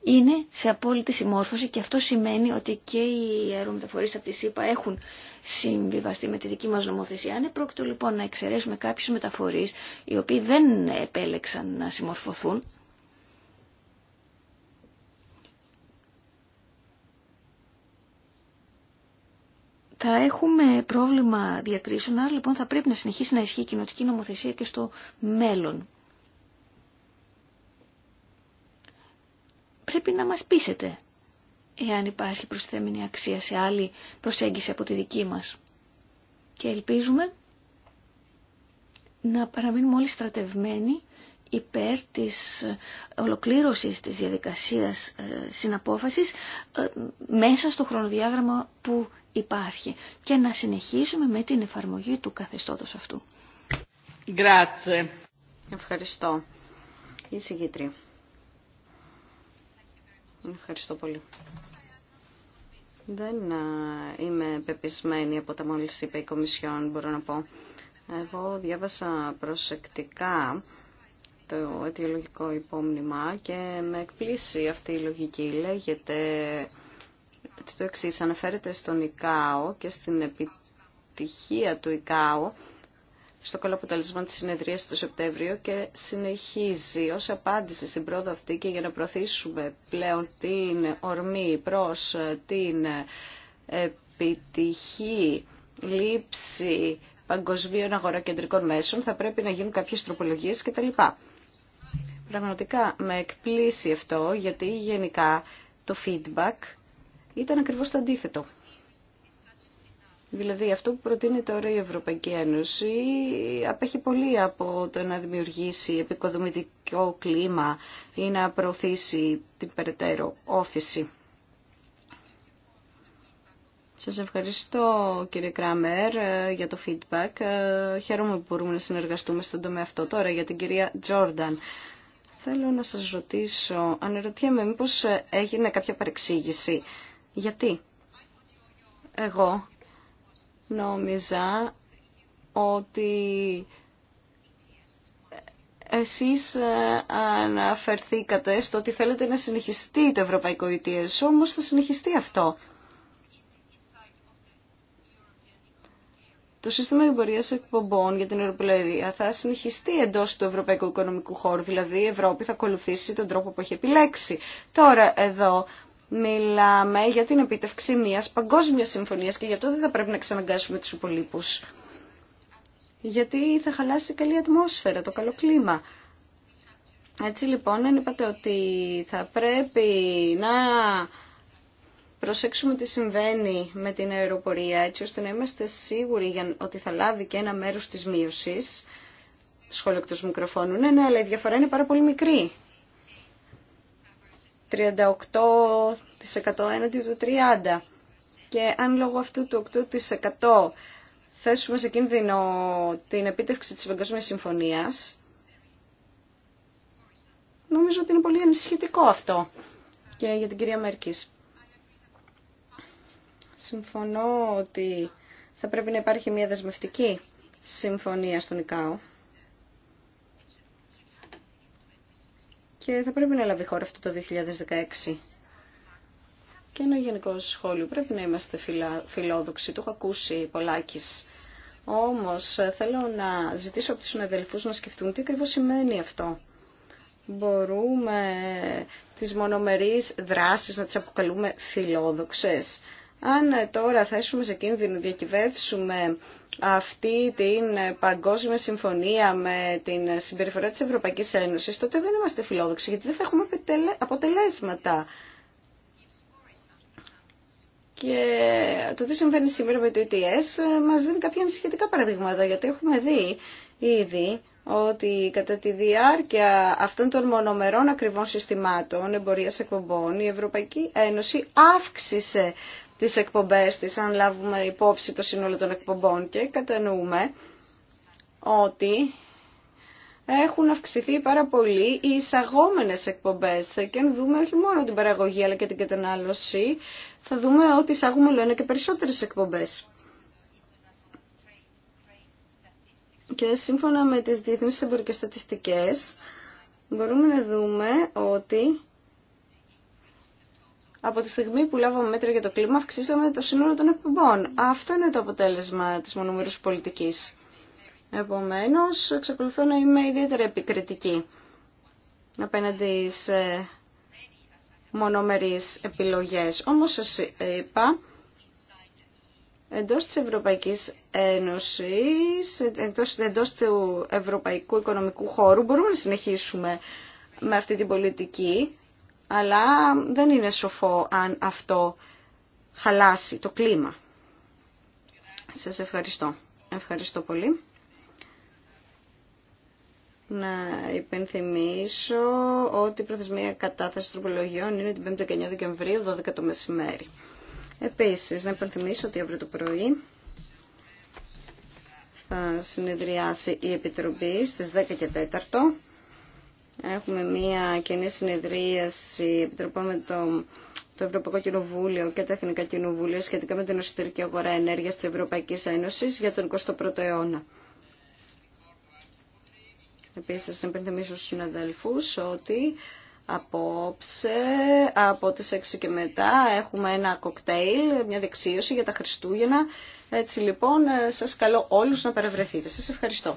είναι σε απόλυτη συμμόρφωση και αυτό σημαίνει ότι και οι αερομεταφορείς από τη ΣΥΠΑ έχουν συμβιβαστεί με τη δική μας νομοθεσία. Αν πρόκειται λοιπόν να εξαιρέσουμε κάποιους μεταφορείς οι οποίοι δεν επέλεξαν να συμμορφωθούν, θα έχουμε πρόβλημα διακρίσεων, άρα λοιπόν θα πρέπει να συνεχίσει να ισχύει η κοινοτική νομοθεσία και στο μέλλον. Πρέπει να μας πείσετε εάν υπάρχει προσθέμενη αξία σε άλλη προσέγγιση από τη δική μας. Και ελπίζουμε να παραμείνουμε όλοι στρατευμένοι υπέρ της ολοκλήρωσης της διαδικασίας ε, συναπόφασης ε, μέσα στο χρονοδιάγραμμα που υπάρχει και να συνεχίσουμε με την εφαρμογή του καθεστώτος αυτού. Ευχαριστώ. Η Ευχαριστώ πολύ. Δεν ε, είμαι πεπισμένη από τα μόλις είπε η Κομισιόν, μπορώ να πω. Εγώ διάβασα προσεκτικά το αιτιολογικό υπόμνημα και με εκπλήσει αυτή η λογική. Λέγεται το εξής αναφέρεται στον ΙΚΑΟ και στην επιτυχία του ΙΚΑΟ στο καλό της συνεδρίας του Σεπτέμβριο και συνεχίζει ως απάντηση στην πρόοδο αυτή και για να προωθήσουμε πλέον την ορμή προς την επιτυχή λήψη παγκοσμίων αγορακεντρικών μέσων θα πρέπει να γίνουν κάποιες τροπολογίες κτλ. Πραγματικά με εκπλήσει αυτό γιατί γενικά το feedback ήταν ακριβώς το αντίθετο. Δηλαδή αυτό που προτείνει τώρα η Ευρωπαϊκή Ένωση απέχει πολύ από το να δημιουργήσει επικοδομητικό κλίμα ή να προωθήσει την περαιτέρω όθηση. Σας ευχαριστώ κύριε Κράμερ για το feedback. Χαίρομαι που μπορούμε να συνεργαστούμε στον τομέα αυτό τώρα για την κυρία Τζόρνταν. Θέλω να σας ρωτήσω, αναρωτιέμαι μήπως έγινε κάποια παρεξήγηση. Γιατί εγώ νόμιζα ότι εσείς ε, αναφερθήκατε στο ότι θέλετε να συνεχιστεί το Ευρωπαϊκό ETS, όμως θα συνεχιστεί αυτό. Το σύστημα εμπορίας εκπομπών για την Ευρωπαϊκή θα συνεχιστεί εντό του Ευρωπαϊκού Οικονομικού Χώρου, δηλαδή η Ευρώπη θα ακολουθήσει τον τρόπο που έχει επιλέξει. Τώρα εδώ μιλάμε για την επίτευξη μιας παγκόσμιας συμφωνίας και γι' αυτό δεν θα πρέπει να ξαναγκάσουμε τους υπολείπους. Γιατί θα χαλάσει η καλή ατμόσφαιρα, το καλό κλίμα. Έτσι λοιπόν, αν είπατε ότι θα πρέπει να προσέξουμε τι συμβαίνει με την αεροπορία, έτσι ώστε να είμαστε σίγουροι για ότι θα λάβει και ένα μέρος της μείωσης, σχόλιο εκτός μικροφώνου, ναι, ναι, αλλά η διαφορά είναι πάρα πολύ μικρή. 38% έναντι του 30%. Και αν λόγω αυτού του 8% θέσουμε σε κίνδυνο την επίτευξη της Παγκοσμίας Συμφωνίας, νομίζω ότι είναι πολύ ανησυχητικό αυτό και για την κυρία Μέρκης. Συμφωνώ ότι θα πρέπει να υπάρχει μια δεσμευτική συμφωνία στον ΙΚΑΟ. και θα πρέπει να λάβει χώρα αυτό το 2016. Και ένα γενικό σχόλιο. Πρέπει να είμαστε φιλόδοξοι. Το έχω ακούσει πολλάκις. Όμως θέλω να ζητήσω από τους συναδελφούς να σκεφτούν τι ακριβώς σημαίνει αυτό. Μπορούμε τις μονομερείς δράσεις να τις αποκαλούμε φιλόδοξες. Αν ε, τώρα θέσουμε σε κίνδυνο, διακυβεύσουμε αυτή την ε, παγκόσμια συμφωνία με την ε, συμπεριφορά της Ευρωπαϊκής Ένωσης, τότε δεν είμαστε φιλόδοξοι, γιατί δεν θα έχουμε αποτελέσματα. Και το τι συμβαίνει σήμερα με το ETS μας δίνει κάποια ανησυχητικά παραδείγματα, γιατί έχουμε δει ήδη ότι κατά τη διάρκεια αυτών των μονομερών ακριβών συστημάτων εμπορίας εκπομπών η Ευρωπαϊκή Ένωση αύξησε τις εκπομπές της, αν λάβουμε υπόψη το σύνολο των εκπομπών και κατανοούμε ότι έχουν αυξηθεί πάρα πολύ οι εισαγόμενες εκπομπές και αν δούμε όχι μόνο την παραγωγή αλλά και την κατανάλωση θα δούμε ότι εισάγουμε λένε και περισσότερες εκπομπές. Και σύμφωνα με τις διεθνείς εμπορικές στατιστικές μπορούμε να δούμε ότι από τη στιγμή που λάβαμε μέτρα για το κλίμα, αυξήσαμε το σύνολο των εκπομπών. Αυτό είναι το αποτέλεσμα της μονομερούς πολιτικής. Επομένως, εξακολουθώ να είμαι ιδιαίτερα επικριτική απέναντι σε μονομερείς επιλογές. Όμως, σας είπα, εντός της Ευρωπαϊκής Ένωσης, εντός, του Ευρωπαϊκού Οικονομικού Χώρου, μπορούμε να συνεχίσουμε με αυτή την πολιτική, αλλά δεν είναι σοφό αν αυτό χαλάσει το κλίμα. Σας ευχαριστώ. Ευχαριστώ πολύ. Να υπενθυμίσω ότι η προθεσμία κατάθεση τροπολογιών είναι την 5η και 9 Δεκεμβρίου, 12 το μεσημέρι. Επίσης, να υπενθυμίσω ότι αύριο το πρωί θα συνεδριάσει η Επιτροπή στις 10 και 4 Έχουμε μία κοινή συνεδρίαση επιτροπών με το, το Ευρωπαϊκό Κοινοβούλιο και τα Εθνικά Κοινοβούλια σχετικά με την εσωτερική αγορά ενέργειας της Ευρωπαϊκής Ένωσης για τον 21ο αιώνα. Επίσης, να υπενθυμίσω στους συναδέλφους ότι απόψε, από τις 6 και μετά έχουμε ένα κοκτέιλ, μια δεξίωση για τα Χριστούγεννα. Έτσι λοιπόν, σας καλώ όλους να παρευρεθείτε. Σας ευχαριστώ.